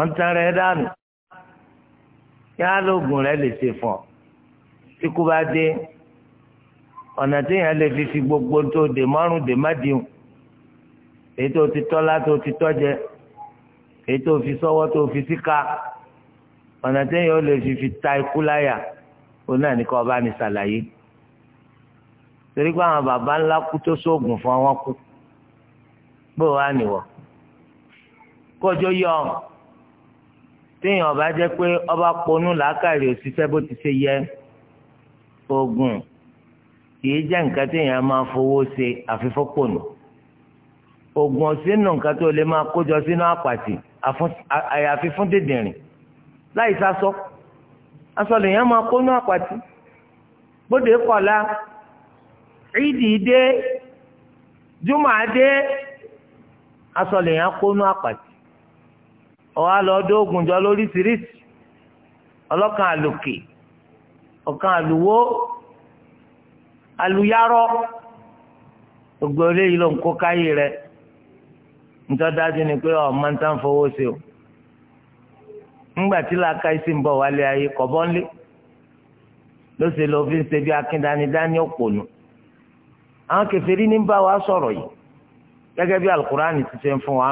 wọ́n tan rẹ̀ dànù kí á lóògùn rẹ̀ lè ṣe fọ̀ tí kú bá dé ọ̀nà téèyàn lè fi fi gbogbo tó dè márùn dè má dìhùn èyí tó ti tọ́ látó ti tọ́ jẹ èyí tó fi sọ́wọ́ tó fi síka ọ̀nà téèyàn ó lè fi fi ta ikú láyà ó náà ní kí ọba ní sàlàyé torí pé àwọn baba ńlá kú tó sóògùn fún wọn kú bó wàá nìwọ kójó yọ ọ. téèyàn ọba jẹ́ pé ọba ponú làákàrí òṣìṣẹ́ bó ti ṣe yẹ oògùn kìí jẹ́ nǹkan téèyàn máa fowó ṣe àfífọ́ àfífọ́pọ̀nù oògùn òsínú nǹkan tó lè máa kójọ sínú àpàtì àyàfi fún dìndìnrín láì sásọ aṣọ lèèyàn máa kó ní àpàtì gbọ́dọ̀ kọlá ìdì dé jùmọ̀ dé aṣọ lèèyàn kó ní àpàtì ọwọ́ àlọ́ ogunjọ ògùnjọ lóríṣiríṣi ọlọ́kan àlòkè ọ̀kan àlùwó àlùyárọ́ gbogbo eléyìí ló ń kó káyé rẹ nítorí dájú ni pé ọmọ ń tán fowó sí o ńgbà tí làákà ìsìn bọ̀ wálé ayé ló lọ fi ń ṣe bí akíndanidání òpònú àwọn kèfèrí ní bá wa sọ̀rọ̀ yìí gẹ́gẹ́ bí ti ṣe ń fún wa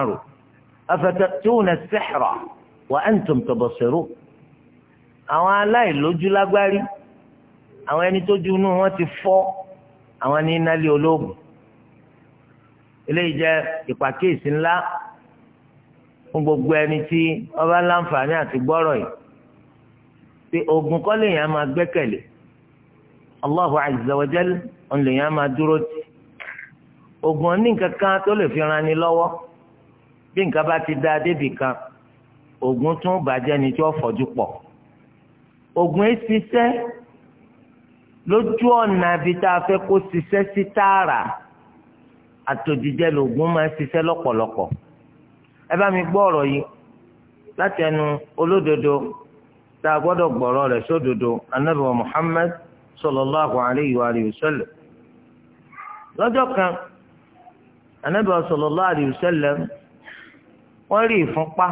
afata'tuna as وأنتم تبصرون antum tubsirun àwọn aláìlójú lágbárí àwọn ẹni tó ju inú wọn ti fọ́ àwọn ní nálé olóògùn eléyìí jẹ́ ìpàkíyèsí ńlá fún gbogbo ẹni tí ọba láǹfààní àti gbọ́rọ̀ yìí pé oògùn kọ́ lèèyàn máa gbẹ́kẹ̀lé Allahu azza wa jal máa dúró tì oògùn ní tó lè fi ran ni lọ́wọ́ bí nǹkan bá ti da débì kan ogun tún bàjẹ́ ni tí ó pọ̀ oògùn ẹ ṣiṣẹ́ lójú ọ̀nà ibi tá a fẹ́ kó ṣiṣẹ́ sí tààrà àtòjìjẹ lògùn máa ṣiṣẹ́ lọ́pọ̀lọpọ̀ ẹ bá mi gbọ́ ọ̀rọ̀ yìí láti ẹnu olódodo tá a wa lọ́jọ́ kan wa wọ́n rí ìfúnpá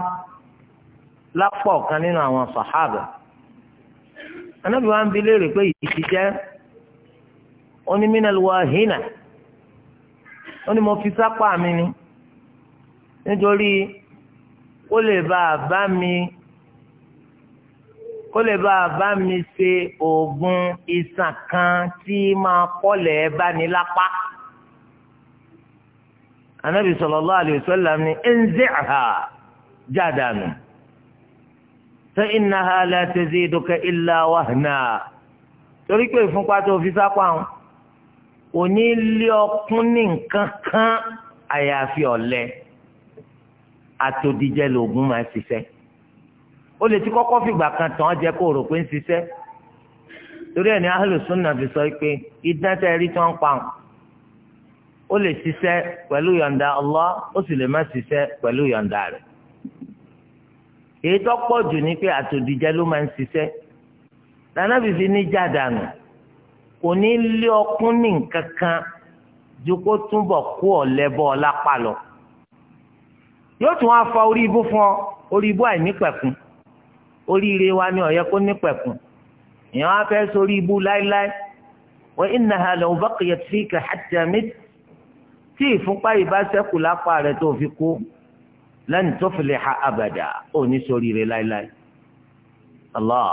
lápò ọ̀kan nínú àwọn sàhábà anábì wa ń bi léèrè pé ìdí jẹ́ onímínàlúwa hínà ó ní mo fi sápá mi ni nítorí kó lè bá a bá mi kó lè bá a bá mi ṣe oògùn iṣan kan tí máa kọ́lẹ̀ bá ní lápá. La anabi sallallahu alayhi wa sallam ni enzi'ha jáadanu fa innaha la taziduka wahna torí pé ìfúnpá tó fi sápá kò ní lé ọkùn ní nǹkan kan àyàfi ọ̀lẹ lògùn máa ṣiṣẹ́ ó lè ti kọ́kọ́ fìgbà kan tàn pé ń ṣiṣẹ́ torí ẹ̀ ní ahlùsùn náà fi sọ pé idán tẹ́ rí ó lè ṣiṣẹ́ pẹ̀lú yọ̀ǹda Allah ó sì lè má ṣiṣẹ́ pẹ̀lú yọ̀ǹda rẹ̀ èyí pọ̀ jù ní pé àtòdìjẹ ló máa ń ṣiṣẹ́ nana bìbí ní jádàánù kò ní lé ọkún ní nǹkan kan ju kó túbọ̀ kó ọ̀lẹ́bọ̀ ori lọ yóò tún wá fa orí ibú fún ọ orí ibú àìnípẹ̀kun oríire wa ni ọ̀yẹ́ kó nípẹ̀kun èèyàn fẹ́ sórí ibú tí ìfúnpá yìí bá ṣẹ́kù lápá rẹ̀ tó fi kú lẹ́nu tó fi lè ha àbàdà ò ní ṣoríire láéláé Allah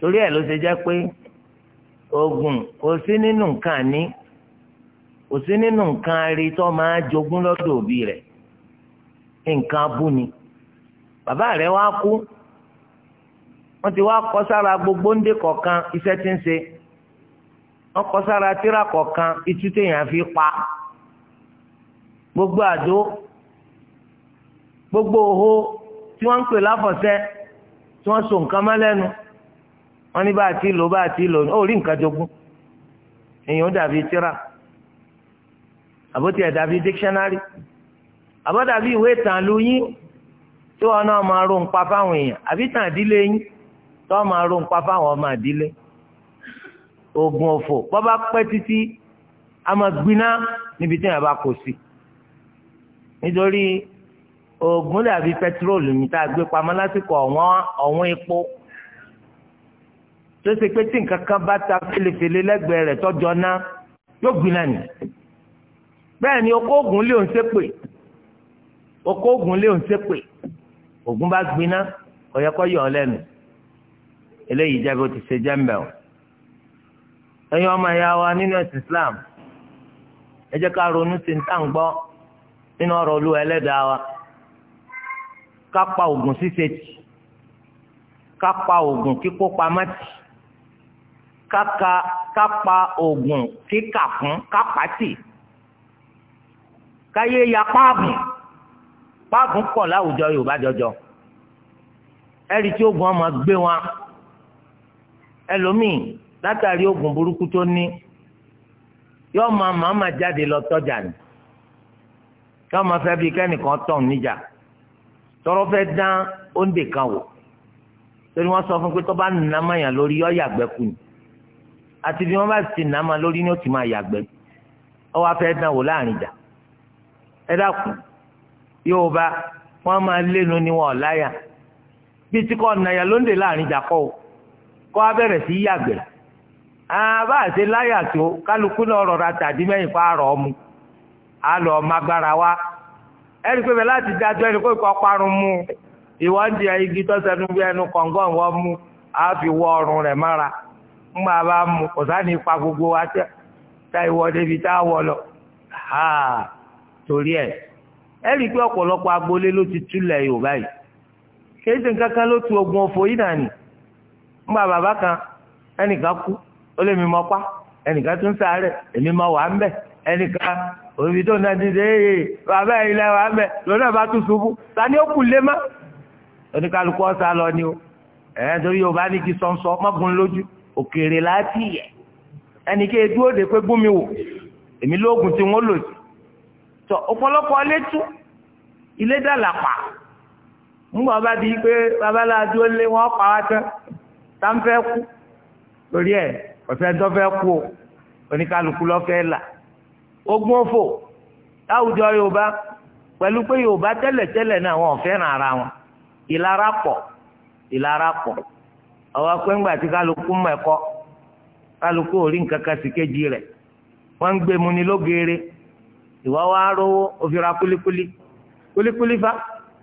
torí ẹ̀ ló ṣe jẹ́ pé oògùn kò sí nínú nǹkan ní kò sí nínú nǹkan rí tó máa jogún lọ́dọ̀ òbí rẹ̀ nǹkan abú ni bàbá rẹ̀ wá kú wọ́n ti wá kọ́ sára gbogbo ń dé kọ̀ọ̀kan iṣẹ́ tí ń ṣe wọ́n kọ́ sára tírà kọ̀ọ̀kan itú téèyàn fi pa gbogbo àdó gbogbo òhó tí wọ́n ń pè láfọ̀sẹ́ tí wọ́n so nǹkan mọ́ lẹ́nu wọ́n ní bá a ti lò bá a ti lò ó rí nǹkan jogún èèyàn dàbí tírà àbótiẹ̀ dàbí dictionary àbọ̀dàbí ìwé ìtàn lu yín tí wọn náà máa ro nǹpa fáwọn èèyàn àbí tàn àdílé yín tí wọn máa ro nǹpa fáwọn ọmọ àdílé oògùn òfò bọ́ bá pẹ́ títí a máa gbiná níbi tí yẹn bá kò sí nítorí oògùn dàbí pẹtiróòlù mi tá a gbé pamọ́ lásìkò ọ̀wọ́n ọ̀wọ́n epo tó ṣe pé tí nǹkan kan bá ta fèlèfèlè lẹ́gbẹ̀ẹ́ rẹ̀ tọ́jọ́ náà yóò gbiná nì bẹ́ẹ̀ ni okó oògùn lè ń ṣépè okó oògùn lè ń ṣépè oògùn bá gbiná ọ̀yẹ́ kọ́ yọ̀ ọ́ lẹ́nu eléyìí jẹ́ bó ti ṣe jẹ́ mbẹ́ o ẹ̀yin ọmọ ìyá wa nínú ẹ̀sìn Islam ẹ jẹ́ ká ronú sí ní tá à ń nínú ọ̀rọ̀ olúwa ẹlẹ́dàá wa ká pa oògùn ṣíṣe tì ká pa oògùn kíkó pamọ́ tì ká pa oògùn kíkà fún ká tì káyé ya páàbùn páàbùn pọ̀ láwùjọ yorùbá jọjọ ẹ̀rí tí oògùn ọmọ gbé wọn ẹlòmíì látàrí oògùn burúkú tó ní yọọ máa máa jáde lọ tọ́jà ni yọọ ma fẹ́ bí kẹ́nìkan tọ̀ níjà tọrọ fẹ́ dán oúnjẹ kan wò torí wọ́n sọ fún pé tó bá yàn lórí yọ yàgbẹ́ kù ni àti bí wọ́n bá sì nà má lórí ni ó ti máa yàgbẹ́ ọ wá fẹ́ dán wò láàrin ìjà ẹ dákun yóò bá wọ́n máa lénu ni wọn ò láyà bí tí kò nàyà lóńdè láàrin ìjà kọ́ o kọ́ á sí yàgbẹ́ àbá àti láyà tó kálukú náà rọra tàdí mẹ́yìn fún ọmú á lọ magbára wa ẹni pé bẹ́ẹ̀ láti dájọ́ ẹni pé kọ́ parun mú ìwọ ń di igi tó sẹnu bí ẹnu kọ̀ǹgàn wọ́n mú á fi wọ ọrùn rẹ̀ mára ń bá a bá mú kò sáà ní ipa gbogbo wa tẹ́ tá ìwọ débi tá a wọ lọ torí ẹ̀ ẹ̀rí pé ọ̀pọ̀lọpọ̀ agboolé ló ti túlẹ̀ yorùbá yìí kéde kankan ló tu ogun òfò yìí náà ń bá bàbá kan ẹnìkan kú ó lé mi mọ́ pa ẹnìkan tún sáré èmi mọ́ wà ń bẹ̀ ẹnìkan òbí tó náà ti dé bàbá ilẹ̀ wà mẹ́ lọ́nà bá tún ṣubú tani ó kù lé má oníkálukú ọ̀sà lọ ni o ẹ̀ torí yorùbá ní kí sọ́nsọ́ mọ́gun lójú òkèèrè láti yẹ ẹnì kí edu òde pé gún mi wò èmi lóògùn tí wọ́n lò sí tọ ọ̀pọ̀lọpọ̀ ilé tú ilé dàlàpà ńgbà bá di pé babaláàdúró lé wọn pa wá tán tá ń fẹ́ kú lórí ẹ̀ ọ̀sẹ̀ ń tọ́ fẹ́ kú o oníkálukú lọ́fẹ́ là. ogún láwùjọ yorùbá pẹ̀lú pé yorùbá tẹ́lẹ̀tẹ́lẹ̀ náà wọn fẹ́ràn ara wọn ìlara pọ̀ ìlara pọ̀ tí kálukú mọ̀ ẹ̀kọ́ kálukú ò rí nǹkan kan rẹ̀ wọ́n ń gbé mu ní lógeere ìwọ́ wa rówó òfìrà kulikuli kulikuli fa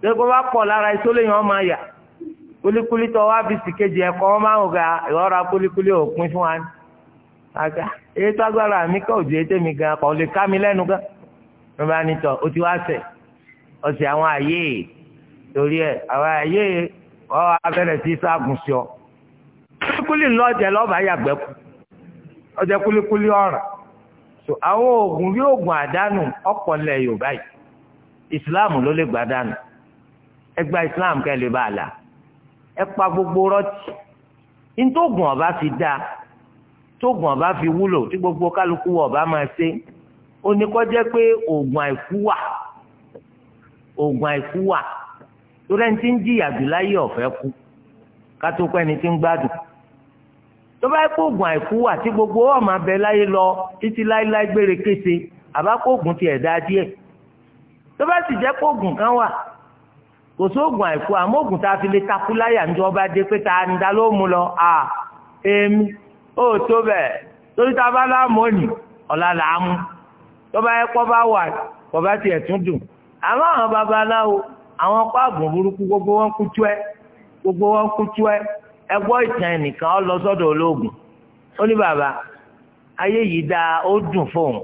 lẹ́kọ̀ọ́ bá pọ̀ lára kulikuli wá fi ẹ̀kọ́ máa ń ga ah, ìwọ́ ra kulikuli òpin fún wa Aga, èyí tó agbára mi kọ́ òjò ètè mi gan kọ́ lè ká mi lẹ́nu gan ló bá ní tọ̀ ó ti wá sẹ̀ ọ̀sẹ̀ àwọn àyè torí ẹ̀ àwọn àyè ọ̀ abẹ́rẹ́ sí sáàgùn sí kúlíkúlí ńlọ ọjà lọ́ba yàgbẹ́ kúlíkúlí ọ̀ràn so àwọn oògùn bí oògùn àdánù ọ̀pọ̀ ńlẹ̀ Yorùbá yìí ìsìláàmù ló lè gbà dànù ẹ gba ìsìláàmù kẹ́ lè bá a là ẹ pa gbogbo rọ́ọ̀tì ní tó oògùn ọ̀bá fi dáa tóògùn ọba fi wúlò tí gbogbo kálukú ọba máa ṣe ó ní kó jẹ́ pé oògùn àìkú wà oògùn àìkú wà torí ẹni tí ń jìyà jù láyé ọ̀fẹ́ kú ká tó kọ́ ẹni tí ń gbádùn tó bá kó oògùn àìkú wà tí gbogbo ọ̀ máa bẹ láyé lọ títí láéláé gbére kése àbá kó oògùn tiẹ̀ dá díẹ̀ tó bá sì jẹ́ kó oògùn kan wà kò sóògùn àìkú àmọ́ oògùn tá a fi lè takú láyà ń jọ bá dé pé ta ni dá ló mú lọ à èmi. E ó tó bẹ́ẹ̀ torí tá a bá láàmú òní ọ̀la làámú tó bá yẹ kọ́ bá wà kọ́ bá tiẹ̀ tún dùn àmọ́ àwọn babaláwo àwọn ọkọ̀ àgùn burúkú gbogbo wọn kú tíwẹ́ gbogbo wọn kú tíwẹ́ ẹgbọ́ ìtàn ẹnìkan ó lọ sọ́dọ̀ olóògùn ó ní bàbá ayé yìí dáa ó dùn fóun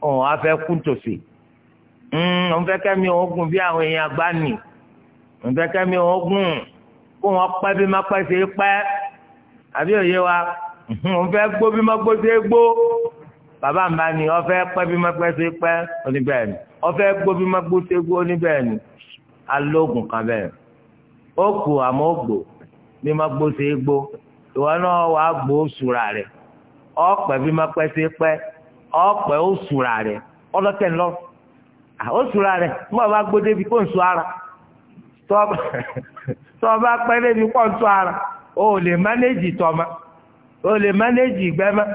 òun á fẹ́ kú tòsí hmm, òun fẹ́ kẹ́mi òun bí àwọn èèyàn agbáni òun fẹ́ kẹ́mi òun kó wọn pẹ́ bí má pẹ́ ṣe pẹ́ àbí òye wa òun fẹ́ gbó bí má gbó ṣe gbó bàbá mi ni ọfẹ́ pẹ́ bí má pẹ́ ṣe pẹ́ oníbẹ̀ ni ọfẹ́ gbó bí gbó ṣe gbó oníbẹ̀ ni kan bẹ́ẹ̀ ó kù àmọ́ ó gbò bí má gbó ṣe gbó ìwọ náà wàá gbó sùrà rẹ̀ ọ̀pẹ̀ bí má pẹ́ ṣe pẹ́ ó rẹ̀ ọlọ́tẹ̀ ńlọ ó rẹ̀ ara tọ́ ọ bá pẹ́ o lè mánéjì ìgbẹ́ mọ́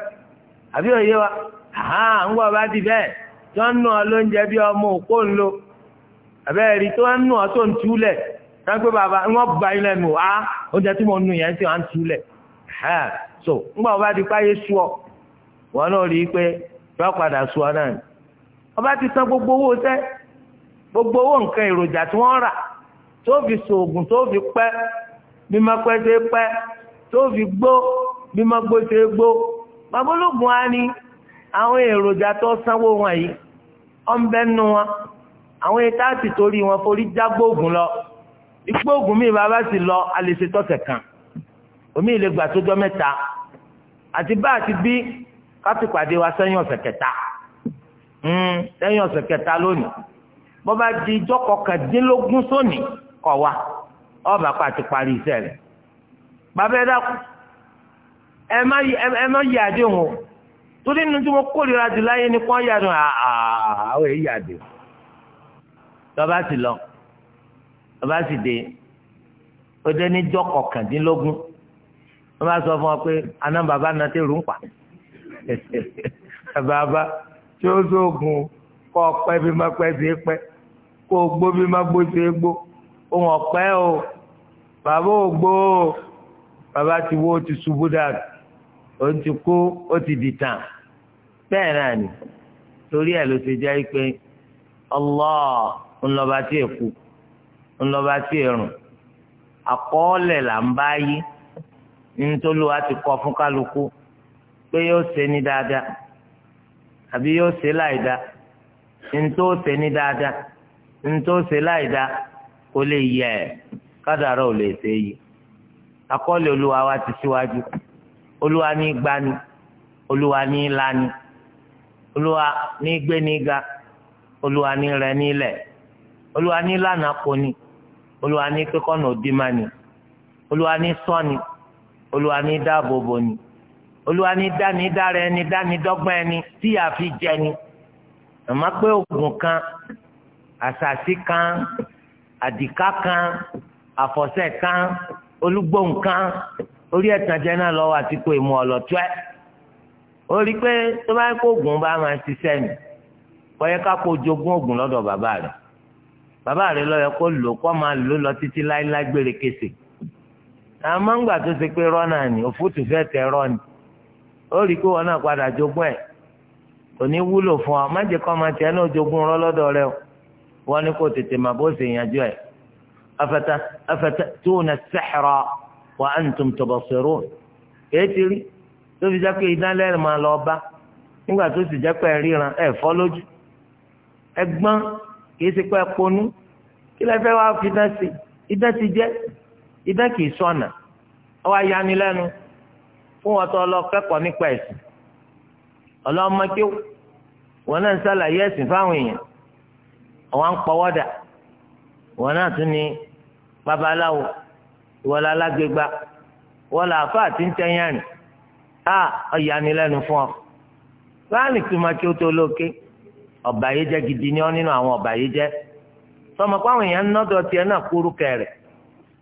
àbí òye wa àhán ń wọ̀ bá tí ọ nù ọ jẹ bí ọmọ òpó ń lo àbẹ́rẹ́ tí nù ọ tó ń túlẹ̀ wọ́n gbé bàbá wọ́n gba ilẹ̀ oúnjẹ tí mo nù yẹn tí wọ́n ń túlẹ̀ so ńgbà ọba bá páyé ọ wọn náà rí i pé padà sú ọ náà ni bá ti gbogbo rà tó fi tó fi pẹ bí mọ́gbó ṣe gbó babológun á ní àwọn èròjà tó sanwó wọn yìí ọ̀nbẹ́nu wọn àwọn ètò àti torí wọn forí jágbóògùn lọ ìgbóògùn mi bàbá sì lọ àlèṣetọ́sẹ̀ kan omi ìlẹ̀ gbà tó jọ mẹ́ta àti bá àti bí kátìpàdé wa sẹ́yìn ọ̀sẹ̀ kẹta sẹ́yìn hmm, ọ̀sẹ̀ kẹta lónìí bó di ijọ́ kọkàndínlógún sónìí kọ̀ wa ọba pa parí iṣẹ́ rẹ̀ bàbá ẹ dákun ẹ má ẹ má yí àdéhùn torí nínú tí mo kórìíra jù láyé ni kò yá dùn àwọn èyí yá dé lọba sì lọ lọba sì dé ó dé ní jọ́ kọkàndínlógún wọn bá sọ fún ọ pé aná bàbá náà ti rún pa bàbá tí ó sóògùn kọ pẹ bí má pẹ sí pẹ kó gbó bí má gbó sí gbó òun ọpẹ o bàbá ò gbó o bàbá ti wó ti ṣubú dáadáa. O ti kó o ti di tàn bẹ́ẹ̀ náà ni torí ẹ̀ ló ti jẹ́ pé Allah ńlọba tí ì kú ńlọba tí ì rùn àkọọ́lẹ̀ là ń bá yí ti kọ fún kálukú pé yóò ṣe ní dáadáa àbí yóò ṣe láìda ṣe ní dáadáa ṣe láìda kò lè yẹ kádàrá ò lè ṣe yìí àkọọ́lẹ̀ olúwa wa ti síwájú. olúwa ní gbani olúwa ní lani olúwa ní gbéniga olúwa ní rẹ nílẹ̀ olúwa ní lànà koni olúwa ní kíkọ́nà òdìmánì olúwa ní sọ́ni olúwa ní dáàbòbò ni olúwa ní dání dára ẹni dání dọ́gba ẹni tí a fi jẹ ni àmọ́ pé oògùn kan àṣàṣì kan àdìká kan àfọ̀ṣẹ kan olúgbòǹkan orí ẹ̀tànjẹ náà lọ́wọ́ àti kó ìmú ọlọ́tọ́ ẹ̀ ó rí i pé tó bá ń kó oògùn bá máa ṣiṣẹ́ mi wọ́n yẹ ká kó jogún oògùn lọ́dọ̀ bàbá rẹ̀ bàbá rẹ̀ ló yẹ kó lò kó máa lò lọ títí láéláé gbére kése àmọ́ ńgbà tó ṣe pé ni òfútù fẹ́ tẹ ó rí i pé wọn náà padà jogún ẹ̀ kò ní wúlò ọ má jẹ́ kó máa náà jogún rọ́ lọ́dọ̀ rẹ o wọ́n wa antum tubsirun èyí ti rí tó fi jẹ́ pé ìdánlẹ́rìn máa lọ bá nígbà tó sì jẹ́ pé ẹ̀ríran ẹ̀ fọ́ lójú ẹgbọ́n kìí ṣe pé ponú kí lẹ fẹ́ wáá fi dán sí idán ti jẹ́ idán kìí sọ̀nà ọwọ́ ayanilẹ́nu fún wọn tó nípa ẹ̀sìn ọlọ́mọdé wọn náà ń ṣàlàyé ẹ̀sìn fáwọn èèyàn àwọn ń pọwọ́ dà wọn náà tún ní babaláwo ìwọ la lágbègbà ìwọ la àfa àti ń tẹyàn rìn a ọ̀yanilẹ́nu fún ọ báàlì tuma kí o tó lókè jẹ gidi ni ọ nínú àwọn ọ̀bàyéjẹ́ jẹ pé àwọn èèyàn ń na tiẹ̀ náà kúrú kẹrẹ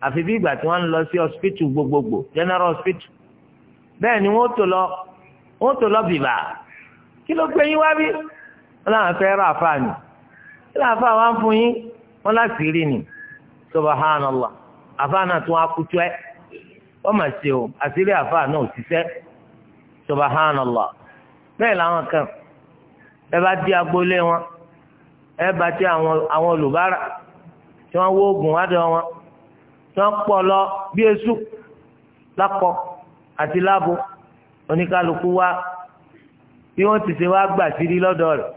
àfi bí ìgbà tí lọ sí ọsibítù gbogbogbò general hospital bẹ́ẹ̀ ni wọ́n tó lọ wọ́n tó lọ bìbà kí ló gbé yín wá bí wọ́n làwọn fẹ́ rà fáàní kí làwọn fáà wá fún yín láti rí ni àfa náà tún akutu ẹ wọ́n mà ṣe o àṣírí àfa náà ò ṣiṣẹ́ subhanallah bẹ́ẹ̀ làwọn kan ẹ bá dí agboolé wọn ẹ bá dí àwọn olùbárà tí wọ́n wó oògùn wádìí wọn tí wọ́n pọ̀ lọ bí esu lákọ àti lábo oníkálukú wa bí wọ́n ti ṣe wá gbà sírí lọ́dọ̀ rẹ̀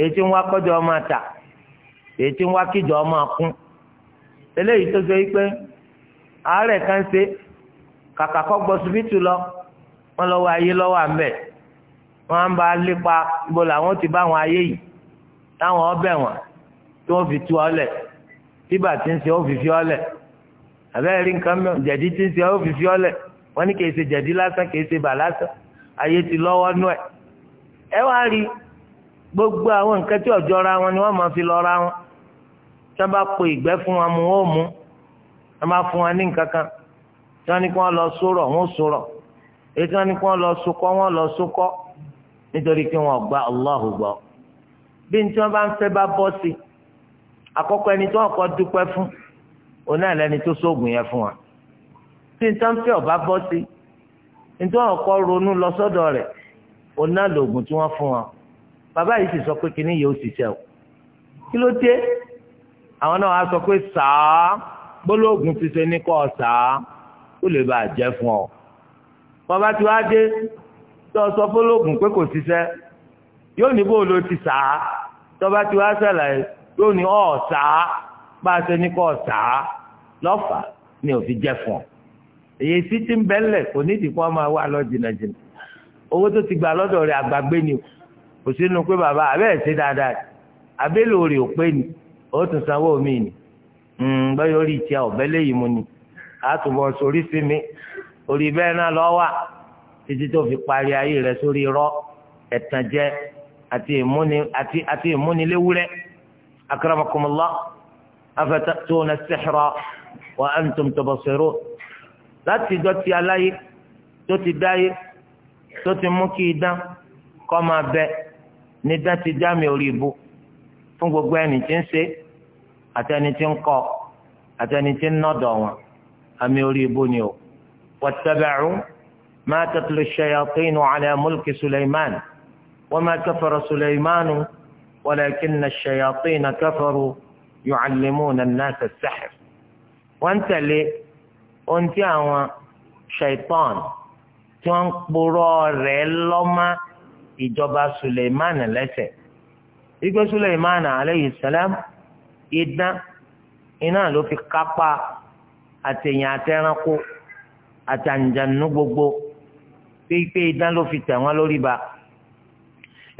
èyí tí ń wá kọ́jọ́ máa èyí tí ń wá kíjọ́ máa eléyìí tó ṣe pé àárẹ̀ kan ṣe kàkà kọ́ gbọ́ síbítù lọ wọ́n lọ́wọ́ ayé lọ́wọ́ àmbẹ̀ wọ́n á ń bá lépa ibo làwọn ti bá àwọn ayé yìí táwọn ọbẹ̀ wọn tí wọ́n fi tú ọlẹ̀ bíbà tí ń ṣe ó fi fi ọlẹ̀ àbẹ́rẹ́ nǹkan mọ́ jẹ̀dí tí ń ṣe ó fi fi ọlẹ̀ wọ́n ní kì í ṣe jẹ̀dí lásán kì í ṣe bà lásán ayé ti lọ́wọ́ nú ẹ̀ ẹ wá rí gbogbo àwọn nǹkan tí ọ̀jọ́ ra wọn ni wọ́n máa fi lọ ra wọn tó bá po ìgbẹ́ fún wa mu ó mu tó bá fún wa ní nǹkan kan tí wọ́n ní kí wọ́n lọ sórọ̀ wọ́n sórọ̀ èyí tí wọ́n ní kí wọ́n lọ sokọ́ wọ́n lọ sokọ́ nítorí kí wọ́n gba Allahu gbọ́ bí ní tí wọ́n bá ń fẹ́ bá bọ́ sí àkọ́kọ́ ẹni tí wọ́n kọ́ dúpẹ́ fún òun náà lẹni tó sóògùn yẹn fún wa tí ní tí wọ́n fẹ́ ọ̀bá bọ́ sí ní tí wọ́n kọ́ ronú lọ sọ́dọ̀ rẹ̀ òun náà lòògùn o kí àwọn náà wá sọ pé sàá gbólóògùn ti ṣe ní kọ́ sàá ó lè bàa jẹ́ fún ọ. bàbá tí wàá dé tó o sọ fọlọ́gùn pé kò ṣiṣẹ́ yóò ní bó ló ti sàá tọ́ba tí wàá ṣàlàyé yóò ní ọ̀ sàá bá a ṣe ní kọ́ sàá lọ́fà ni ò fi jẹ́ fún ọ. èyí sí ti ń bẹ́lẹ̀ kò nídìí kó máa wà lọ jìnnàjìnnà owó tó ti gbà lọ́dọ̀ rẹ̀ àgbàgbé ni kò sínú pé bàbá àbẹ́ẹ̀ ṣe dáadáa àbẹ́lò rẹ̀ ò pé ni ó tún sanwó mi ni hmm, bẹ́ẹ̀ orí ìtì ọ̀bẹ léyìí mu ni àtúbọ̀ sórí sí mi orí bẹ́ẹ̀ náà lọ́ wà títí tó fi parí ayé rẹ̀ sórí irọ́ ẹ̀tànjẹ àti ìmúni àti àti ìmúniléwúrẹ́ akramakumullah afatatuna as-sihra wa antum tubsirun láti ìjọ aláyé tó ti dáyé tó ti mú kí idán kọ́ máa bẹ ní dá ti dá mi orí ibu fún gbogbo ẹni tí ń ṣe é àtẹni tí ń kọ́ àtẹni tí ń nọ́dọ̀ wọn àmì orí ibú ni o wattaba'u ma tatlu ash-shayatinu ala mulki Sulaiman wa ma kafara Sulaimanu walakinna ash-shayatina kafaru yu'allimuna an-nasa as-sihr wọ́n tẹ̀lé ohun tí àwọn ṣaitan tí wọ́n ń porọ́ rẹ̀ lọ́mọ ìjọba Sulaiman lẹ́sẹ̀ igbe Sulaiman alayhi salam idán iná ló fi kápá àtẹ̀yìn àtẹ̀ránkó àtàǹjànú gbogbo pé idán ló fi tẹ̀ wọ́n lórí ba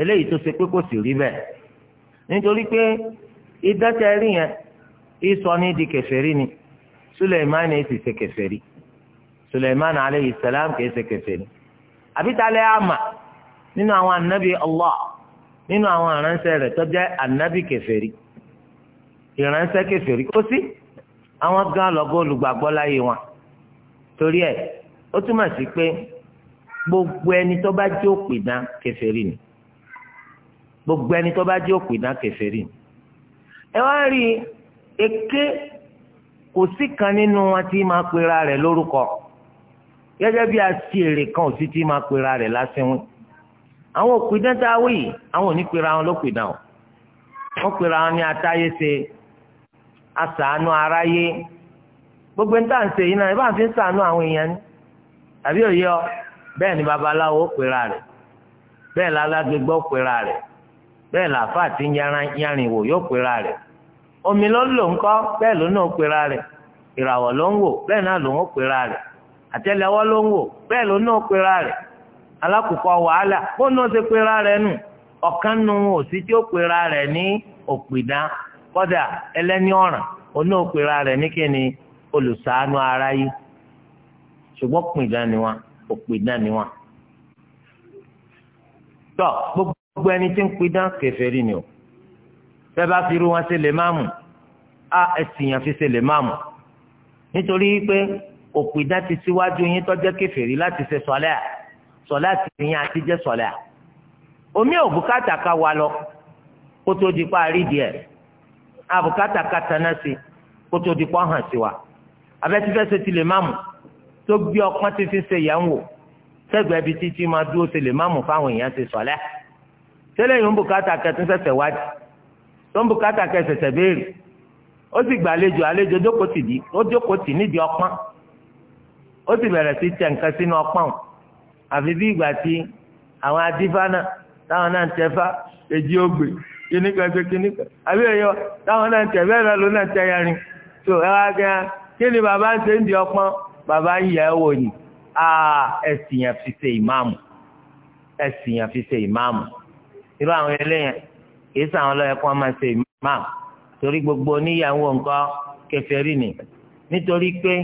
eléyìí tó ṣe pé kò sì rí bẹ́ẹ̀ nítorí pé idán tẹ rí yẹn ìsọ ní di kèfèrí ni Suleiman èsì ṣe kèfèrí Suleiman aleyhi salam kìí ṣe kèfèrí àbítalẹ̀ àmà nínú àwọn anabi Allah nínú àwọn aránṣẹ́ rẹ̀ tó anabi kèfèrí ìránṣẹ́ kẹfìrí kó sí àwọn gan lọ́gọ́ olùgbàgbọ́ láyé wọn torí ẹ̀ ó túmọ̀ sí pé gbogbo ẹni tó bá jẹ́ òpìdán kẹfìrí ni gbogbo ẹni tó bá jẹ́ òpìdán kẹfìrí ni ẹ wá rí èké kò sí kan nínú wọn tí máa pera rẹ̀ lórúkọ gẹ́gẹ́ bí aṣèrè kan ò sí tí máa pera rẹ̀ lásìwín àwọn òpìdán tá a wí àwọn ò pera wọn lópìdán o wọ́n pera wọn ní atáyé ṣe asàánú aráyé gbogbo ní tàǹsì yìí náà ìbá fi ń sàánú àwọn èèyàn ni àbí òye ọ bẹ́ẹ̀ ni babaláwo pera rẹ̀ bẹ́ẹ̀ lálágbègbọ́ pera rẹ̀ bẹ́ẹ̀ làáfàá ti yanrìn wò yóò pera rẹ̀ omi ló ń lò ńkọ́ bẹ́ẹ̀ ló náà pera rẹ̀ ìràwọ̀ ló ń wò bẹ́ẹ̀ náà ló ń pera rẹ̀ àtẹ́lẹwọ́ ló ń wò bẹ́ẹ̀ ló náà pera rẹ̀ alákòókò wàhálà bó náà pera rẹ̀ nù ọ̀kan òsì tí ó pera rẹ̀ ní òpìdán kódà ẹlẹ́ni ọ̀ràn oní òpèrà rẹ̀ ní kíni olùṣàánú aráyé ṣùgbọ́n pìdán ni wọn òpìdán ni wọn. tọ́ gbogbo ẹni tí ń pidán kèfèrí ni o fẹ́ bá fi irú wọn ṣe lè máàmù á ẹ̀sìyàn fi ṣe lè máàmù nítorí pé òpìdán ti síwájú yín tọ́jẹ́ kèfèrí láti ṣe sọ́lẹ́à sọ́lẹ́à ti yín àti jẹ́ sọ́lẹ́à omi òbúkátà ká wa lọ kó tó di pa àrídìí ẹ̀ àbùkátà katana si kótó di kó hàn sí wa abẹ́tífẹ́sẹ̀ ti lè má mú tó gbé ọpọ́n títí ṣe yẹn wò sẹ́gbẹ̀ẹ́ ibi títí máa dúró ṣe lè má mú fáwọn èèyàn ti sọ̀lẹ́ tẹ́lẹ̀ yìí ń bùkátà kẹtún sẹ̀sẹ̀ wádìí tó ń bùkátà kẹsẹ̀sẹ̀ béèrè ó sì gbàlejò àlejò jókòó tì dí ó jókòó tì nídìí ọpọ́n ó sì bẹ̀rẹ̀ sí tẹ̀ nǹkan sínú ọpọ́n àfi bí ìgbà tí àwọn adífá náà táwọn náà ń tẹ́fá èjì ó gbè kìnnìkan ṣe kìnnìkan àbí ẹ̀yọ táwọn náà tẹ̀ bẹ́ẹ̀ náà ló náà tẹ̀ yẹn rìn tó ẹ wá gan kí ni bàbá ń ṣe ń di ọpọ́n bàbá ń yẹ ẹ wò ni ẹ̀sìn yẹn fi ṣe ìmáàmù ẹ̀sìn yẹn fi ṣe ìmáàmù irú àwọn eléyẹn kìí sàwọn lọ́yẹ̀ kó máa ṣe ìmáàmù torí gbogbo oníyàwó nǹkan kèfèrí ni nítorí pé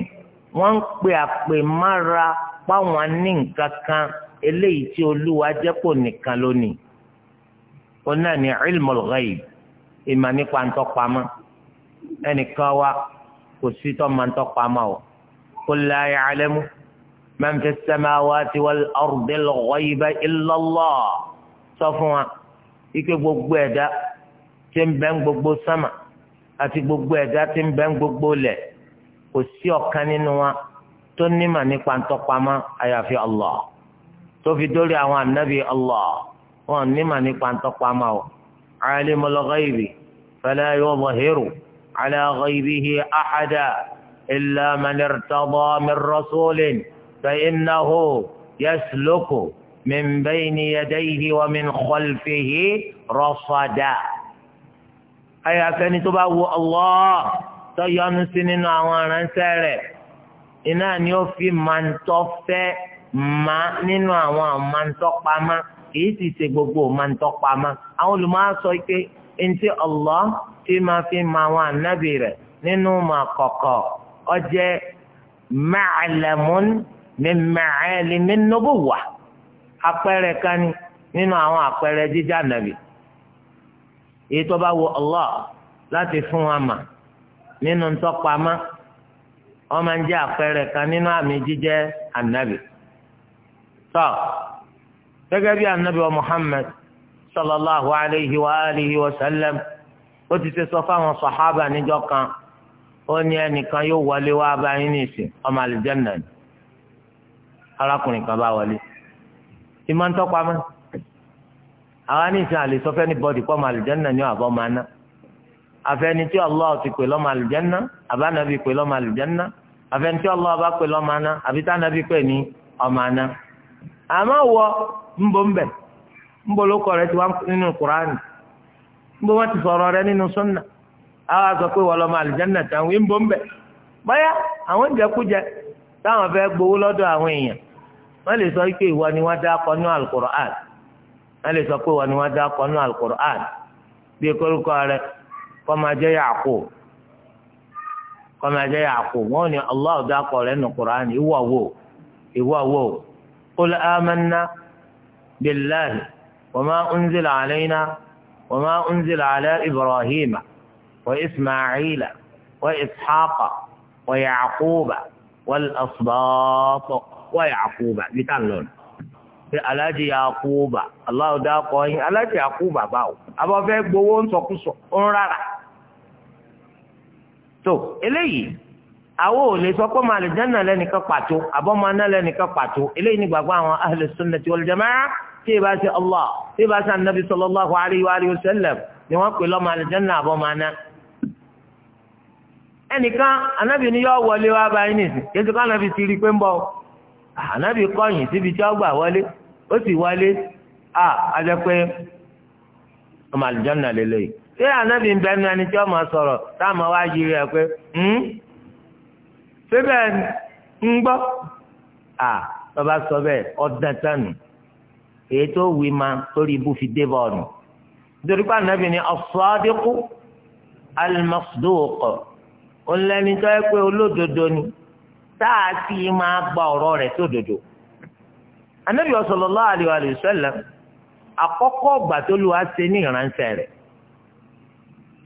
wọ́n ń pe àpè mára páwọn ní nǹkan kan eléyìí tí olúwa jẹ́pọ̀ nìkan lónìí ó náà ní ilmul ghaib ìmọ̀ nípa ntọ́pamọ́ ẹnìkan wa kò sí tó máa ntọ́pamọ́ o qul la ya'lamu man fi samawati wal ardil ghaiba illa Allah sọ fún wa ike gbogbo ẹ̀dá tí ń bẹ ń gbogbo sámà àti gbogbo ẹ̀dá tí ń bẹ ń gbogbo lẹ̀ kò sí ọ̀kan nínú wa tó nímọ̀ nípa ntọ́pamọ́ àyàfi Allah tó fi dórí àwọn ànábì Allah wọn nímà nípa ntọ́pamọ́ o alimul ghaibi fala yuzhiru ala ghaibihi ahada illa man irtada min rasulin fa innahu yasluku min bayni yadayhi wa min khalfihi rasada. ayàfẹ́ni tó bá wo Allah tó yọ́nú sí nínú àwọn aránṣẹ́ rẹ̀ iná ni ó fi máa ń tọ́ fẹ́ àwọn àmàntọ́pamọ́ kìí sì ṣe gbogbo máa ń tọ́pa ma àwọn olùmọ̀ sọ pé ntí Allah tí máa fi máa wọn ànábì rẹ̀ nínú máa kọ̀kọ̀ ó jẹ́ ma'lamun min ma'alimin nubuwah àpẹẹrẹ kan ni nínú àwọn àpẹẹrẹ jíjá ànábì èyí tó bá wo Allah láti fún wa mà nínú ntọ́pa ma wọ́n máa ń jẹ́ àpẹẹrẹ kan nínú àmì jíjẹ́ ànábì tọ́. So, gẹ́gẹ́ bí anabi wa muhammed sallallahu alayhi wa alihi wa sallam ó ti ṣe sọ fáwọn sàhábà níjọ kan ó ní ẹnìkan yóò wọlé wá báyìí nìsín ọmọ àlùjẹ́nà ni arákùnrin kan bá wọlé ìmọ̀ ń tọ́pa mọ́ àwa nìsín àlèsọ́fẹ́ ní bọ́dì pọ́ ọmọ àlùjẹ́nà ni àbọ̀ máa ná àfẹ́ni tí Allah ti pè lọ́mọ àlùjẹ́nà àbánabi pè lọ́mọ àlùjẹ́nà àfẹ́ni tí Allah bá pè lọ́mọ àná àbí tánàbí pè ní ọmọ àná. àmọ́ wọ ńbọ ńbẹ ńbọ ló kọ rẹ ti wá nínú kuraani ńbọ wọn ti sọ̀rọ̀ rẹ nínú sunna àwọn àgbà pé wọlọ máa àlìjáná táwọn ńbọ ńbẹ báyà àwọn jẹkújẹ táwọn fẹ́ gbowó lọ́dọ̀ àwọn èèyàn lè sọ pé ìwọ ni dá lè sọ pé ìwọ ni dá bí rẹ قل آمنا بالله وما أنزل علينا وما أنزل على إبراهيم وإسماعيل وإسحاق ويعقوب والأصباط ويعقوب بتعلون في yakuba يعقوب الله yín aláàjì yakuba báwo abọ́fẹ́ gbowó ń sọkúsọ ń rárá tó eléyìí àwọn ò lè sọ pé ọmọ àlùjánnà lẹ́nìkan pàtó àbọ̀mọ aná lẹ́nìkan pàtó eléyìí ni gbàgbọ́ àwọn ahlu sunnati wal jamaa tí ìbá ṣe Allah tí ìbá ṣe anabi sallallahu alayhi wa alihi wa sallam ni wọ́n pè lọ́mọ àlùjánnà àbọ̀mọ aná. ẹnìkan anabi ni yọ wọlé wá báyìí nìsín yéṣu ká anabi ti rí i pé ń bọ̀ anabi kọ̀yìn síbi tí ó gbà wọlé ó sì wọlé a pé síbẹ̀ ń gbọ́ à bàbá sọ bẹ́ẹ̀ ọ̀dàn tánu èyí tó wí ma torí ibú fi dé bọ́ọ̀nù nítorí pé ànábì ni as-sadiqu al-masduq ọ̀nlẹ́ni tó yẹ pé olódodo ni táà sì máa gba ọ̀rọ̀ rẹ̀ tó dodo ànábì sallallahu alaihi wa sallam àkọ́kọ́ ọ̀gbà tó lu àṣẹ ní ìránṣẹ́ rẹ̀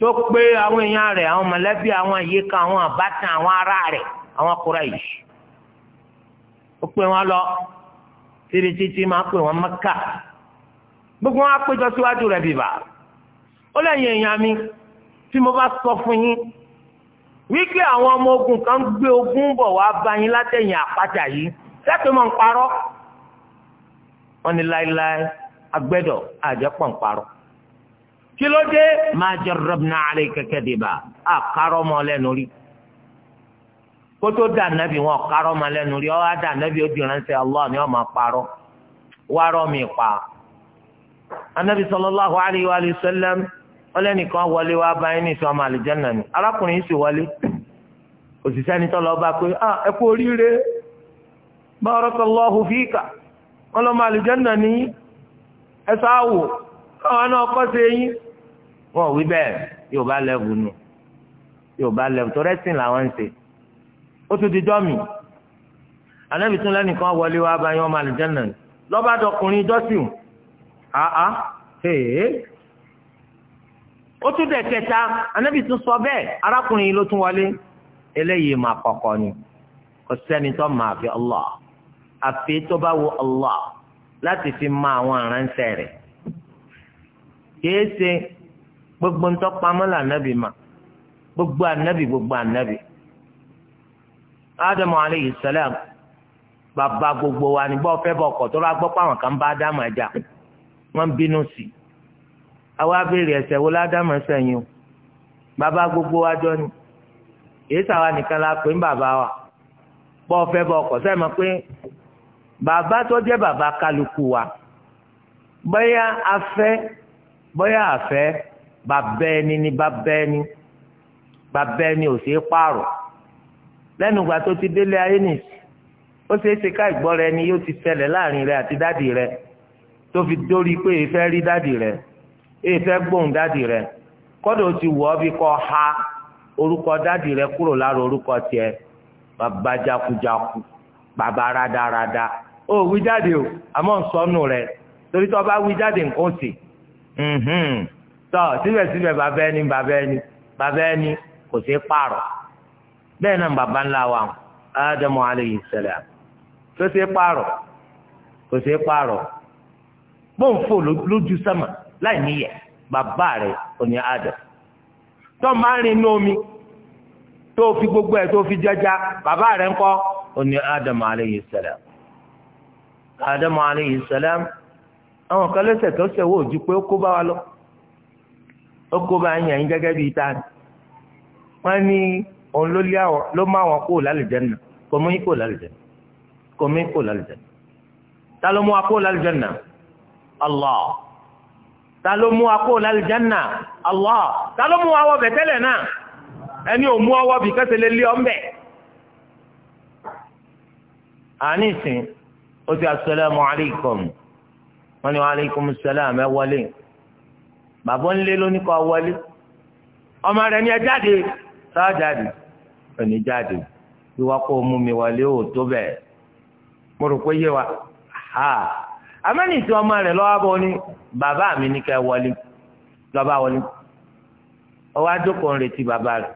tó pé àwọn èèyàn rẹ̀ àwọn mọ̀lẹ́bí àwọn àyíká àwọn àbátan àwọn ará rẹ̀ àwọn Quraish ó pè wọ́n lọ síbi títí máa pè wọ́n Mẹ́kà gbogbo wọn á péjọ síwájú rẹ̀ bìbà ó lẹ́yìn èèyàn mi tí mo bá sọ fún yín wípé àwọn ọmọ ogun kan gbé ogun bọ̀ wá bá yín látẹ̀yìn àpáta yìí sẹ́pẹ̀ mọ̀ ń parọ́ wọ́n láéláé agbẹ́dọ̀ àjẹpọ̀ ń parọ́ kí ló dé ma jarrabna alayka kadiba àkárọ́ mọ́ lẹ́nu rí kótó dà nàbì wọn kárọ́ ma lẹ́nu rí ọ́ dà nàbì ó di ránṣẹ́ allah ni ọ́ máa parọ́ wárọ́ mi pa. anabi sallallahu alayhi wa sallam ọlẹ́nìkan wọlé wá báyìí ní ìsọmọ àlìjẹ́nà ni arákùnrin sì wọlé òṣìṣẹ́ ni tọ́lọ́ bá pé ah ẹ kú oríire barakallahu fika ọlọ́mọ àlìjẹ́nà ni ẹ sáwò káwọn náà kọ́ sí eyín wọn ò wí bẹ́ẹ̀ yóò bá lẹ́bùn nù yóò bá lẹ́bùn tó rẹ́sìn làwọn ń ṣe ó tún di dọ́mì anabi tún lẹ́nìkan wọlé wá bá yín ọmọ àlùjẹ́nà lọ́ba dọkùnrin dọ́sìn àá hèé ó tún dẹ̀ kẹta anabi tún sọ bẹ́ẹ̀ arákùnrin yìí ló tún wọlé eléyìí máa kọ̀kọ́ ni kò sẹ́ni tó máa fi Allah àfi tó bá wo Allah láti fi mọ àwọn aránṣẹ́ rẹ̀ kìí ṣe gbogbo ntọ́pamọ́ là nábì mà gbogbo ànábì gbogbo ànábì ádámù aleyhi sẹlẹm bàbá gbogbo wa ní bọ́ọ̀ fẹ́ bọ̀ ọkọ̀ tó bá gbọ́ pàwọn kan bá ádámù ẹja wọ́n bínú sí i àwa béèrè ẹ̀ṣẹ̀ wo ládámù ẹ̀ṣẹ̀ o bàbá gbogbo wa jọ ni èyí sàwa nìkan la pè ń bàbá wa bọ́ọ̀ fẹ́ bọ̀ ọkọ̀ sẹ́ẹ̀ mọ̀ pé bàbá tó jẹ́ bàbá kálukú wa bóyá afẹ́ bóyá àfẹ́ bàbá ẹni ni bàbá ẹni bàbá ẹni ò sí pààrọ̀ lẹ́nu ìgbà tó ti délé ayé nì ó ṣeé ṣe ká ìgbọ́ rẹ ni yóò ti ṣẹlẹ̀ láàrin rẹ àti dádì rẹ tó fi dórí pé èyí e fẹ́ rí dádì rẹ èyí e fẹ́ gbóhùn dádì rẹ kọ́dọ̀ ti wọ̀ ọ́ bí kọ́ ha orúkọ dádì rẹ kúrò lára orúkọ tiẹ̀ bàbá jakujaku bàbá radarada ó wí jáde o àmọ́ nsọ́nù rẹ torí tó bá wí jáde nǹkan sì tọ́ síbẹ̀síbẹ̀ bàbá ẹni bàbá ẹni bàbá kò sí pààrọ̀. bẹ́ẹ̀ náà bàbá ńlá wa ádámù alayhi salam tó ṣe pààrọ̀ kò ṣe pààrọ̀ bóun fò lójú sámà láì níyẹ̀ bàbá rẹ̀ òní ádámù tó rin inú omi tó fi gbogbo ẹ̀ tó fi jẹja bàbá rẹ̀ ńkọ́ òní ádámù ádámù àwọn kan lẹ́sẹ̀ tó lọ ó kó bá ta òun ló lé àwọn ló má wọn kó lálùjánnà kò mú yín kó lálùjánnà kò mú yín kó lálùjánnà ta ló mú wa kó lálùjánnà Allah ta ló mú wa kó lálùjánnà Allah ta ló mú wa wọ bẹ̀tẹ́lẹ̀ náà ẹni ò mú ọwọ́ bí kẹ́sẹ̀ lé lé ọ̀mbẹ̀. àní ìsìn ó ti asọ́lẹ́mù aleikum wọ́n ní aleikum sẹ́lẹ̀m ẹ wọlé bàbá ń lé lóníkọ̀ wọlé ọmọ rẹ̀ ní ẹ jáde sáà jáde ẹni jáde ìwà kó mú mi wọlé ò tó mo rò pé yé wa ha amẹ́ni tí ọmọ rẹ̀ lọ́wọ́ bọ́ ni bàbá mi ní kẹ́ wọlé lọ́ba wọlé ọwọ́ adókòó ń retí bàbá rẹ̀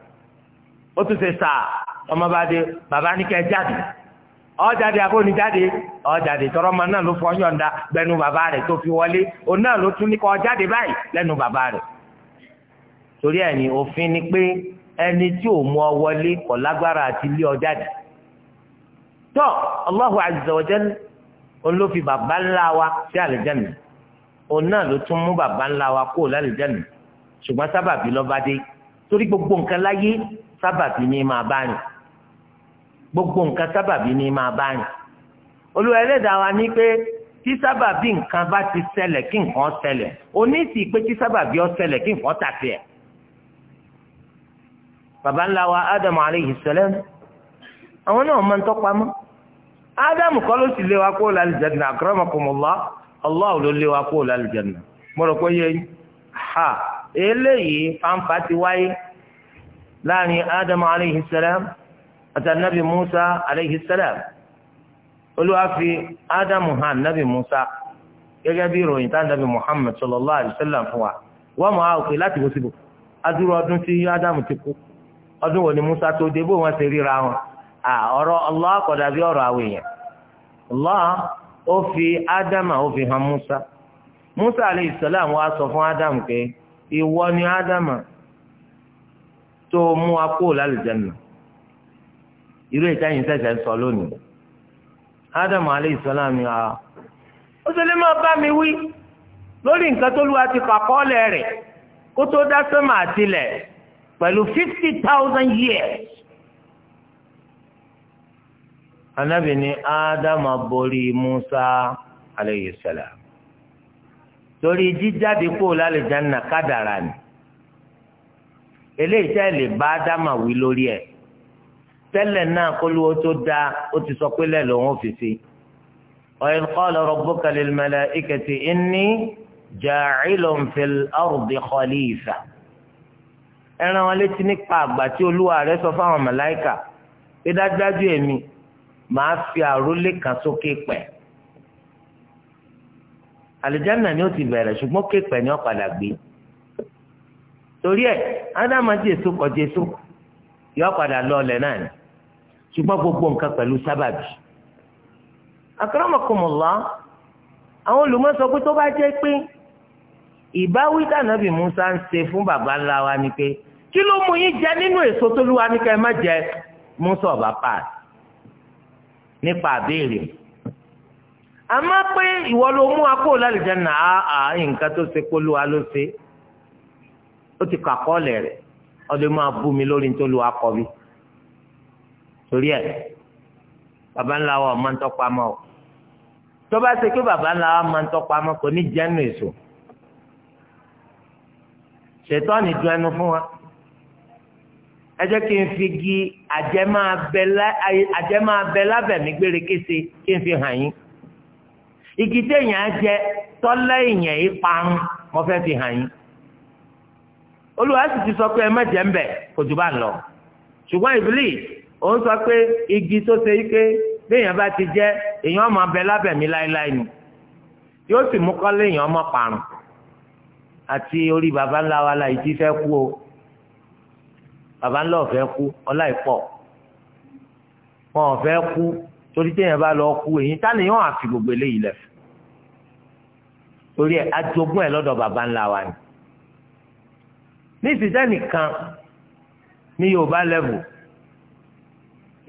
ó tún ṣe sáà ọmọ bá dé bàbá ní kẹ́ jáde ọ̀jáde àbóni jáde ọ̀jáde tọrọ ma náà ló fọ yọ̀ǹda gbẹnu bàbá rẹ̀ tó fi wọlé òun náà ló tún ní kọ́ jáde báyìí lẹ́nu bàbá rẹ̀ torí ẹ̀ ní òfin ni pé ẹni tí ò mú ọ wọlé kò lágbára àti lé ọ jáde tọ Allahu azza wa jalla òun ló fi bàbá ńlá wa sí àlùjánnà òun náà ló tún mú bàbá ńlá wa kó lálùjánnà ṣùgbọ́n sábàbí lọ́ba dé torí gbogbo nǹkan láyé sábàbí ni máa bá rìn gbogbo nǹkan sábàbí ni máa bá rìn olùwà ẹlẹ́dàá wa ní pé tí sábàbí nǹkan bá ti ṣẹlẹ̀ kí nǹkan ṣẹlẹ̀ oníṣìí pé tí sábàbí ó ṣẹlẹ̀ kí nǹkan tàfẹ́ ẹ̀ baba ńlá wa ádámù aleyhi sẹlẹm àwọn náà máa ń tọpamọ ádámù kọ́ ló sì lé wa kó lálẹ́ jẹ́nà akramakumullah Allah ló lé wa kó lálẹ́ jẹ́nà mo rò pé yẹ ha eléyìí fanfa ti wáyé láàrin ádámù aleyhi sẹlẹm àti anabi musa aleyhi sẹlẹm olúwa fi ádámù hàn anabi musa gẹ́gẹ́ bí ìròyìn tá nàbì muhammed sallallahu alayhi wa fún wa wọ́n mọ̀ á òkè láti wọ́sibò adúrò ọdún tí ádámù ti kú. ọdún wo ni Musa tó dé bó wọn ṣe ríra wọn à ọ̀rọ̀ Allah kò dàbí ọ̀rọ̀ àwọn èèyàn Allah ó fi Ádámà ó fi hàn Musa Musa aleyhi salam wá sọ fún Ádámù pé ìwọ ni Ádámà tó mú wa kó lálùjánnà irú ìtayín sẹ̀sẹ̀ sọ lónìí Ádámù aleyhi salam ni a ó ṣe lè máa bá mi wí lórí nǹkan tó lu àti rẹ̀ kó tó dá pẹ̀lú fifty thousand years. Ànábì ni ádámà borí Musa aleyhi salam torí jíjáde kó lálẹ́ jẹ́nà kádàrà ni eléyìí tẹ́ lè bá ádámà wí lórí ẹ̀ tẹ́lẹ̀ náà kólúwó tó dáa ó ti sọ pé lẹ́ẹ̀ lòun ò fi sí wa idh qala rabbuka lil mala'ikati inni ja'ilun fil ardi khalifa ẹran wọn létí nípa àgbà tí olúwa rẹ̀ sọ fáwọn màláìkà pé dájúdájú èmi màá fi àrólé kan sókè pẹ̀ àlùjáná ni ó ti bẹ̀rẹ̀ ṣùgbọ́n képẹ̀ ni ó padà gbé torí ẹ̀ ádámà jésù kọ jésù yóò padà lọ ọlẹ̀ náà ni ṣùgbọ́n gbogbo nǹkan pẹ̀lú sábàbí akramakumullah àwọn olùmọ̀sọ pé tó bá jẹ́ pé ìbáwí tànàbì Musa ń ṣe fún baba ńlá wa ni pé kí ló mú yín jẹ nínú èso tó lúwa ní ká ẹ má jẹ musa ọba pass nípa àbẹ̀rẹ̀ àmọ́ pé ìwọ ló mú akó lálejò náà àá nǹkan tó ṣe polúwa ló ṣe ó ti kà kọ́ọ̀lẹ̀ rẹ̀ ọdún máa bú mi lórí nítorí olúwa kọ mi torí ẹ baba ńlá wa máa ń o tó ṣe pé baba ńlá wa máa ń kò ní jẹ́nu èso ṣètọ́ ni du ẹnu fún wa ẹ jẹ́ kí n fi gi àjẹmọ́ abẹ lábẹ́ mi gbére kése kí n fi hàn yín igi téèyàn á jẹ tọ́lẹ́ èèyàn yìí mo fẹ́ fi hàn yín olùwà sì ti sọ pé ẹ má jẹ ń bẹ kò jù bá ń lọ ṣùgbọ́n ìbílí òun sọ pé igi tó ṣe yí pé béèyàn bá ti jẹ èèyàn ọmọ abẹ lábẹ́ mi láéláé ni yóò sì mú kọ́lé èèyàn ọmọ parun àti orí baba ńlá wa la yìí ti fẹ́ kú o bàbá ńlá ọ̀fẹ́ kú ọlá ìpọ̀ wọn ọ̀fẹ́ kú torí téèyàn bá lọ kú èyí táni yóò àfi gbogbo eléyìí lẹ̀ torí ẹ̀ ajogún ẹ̀ lọ́dọ̀ bàbá ńlá wa ni ní ìsìtẹ́ nìkan ní Yorùbá lẹ́vù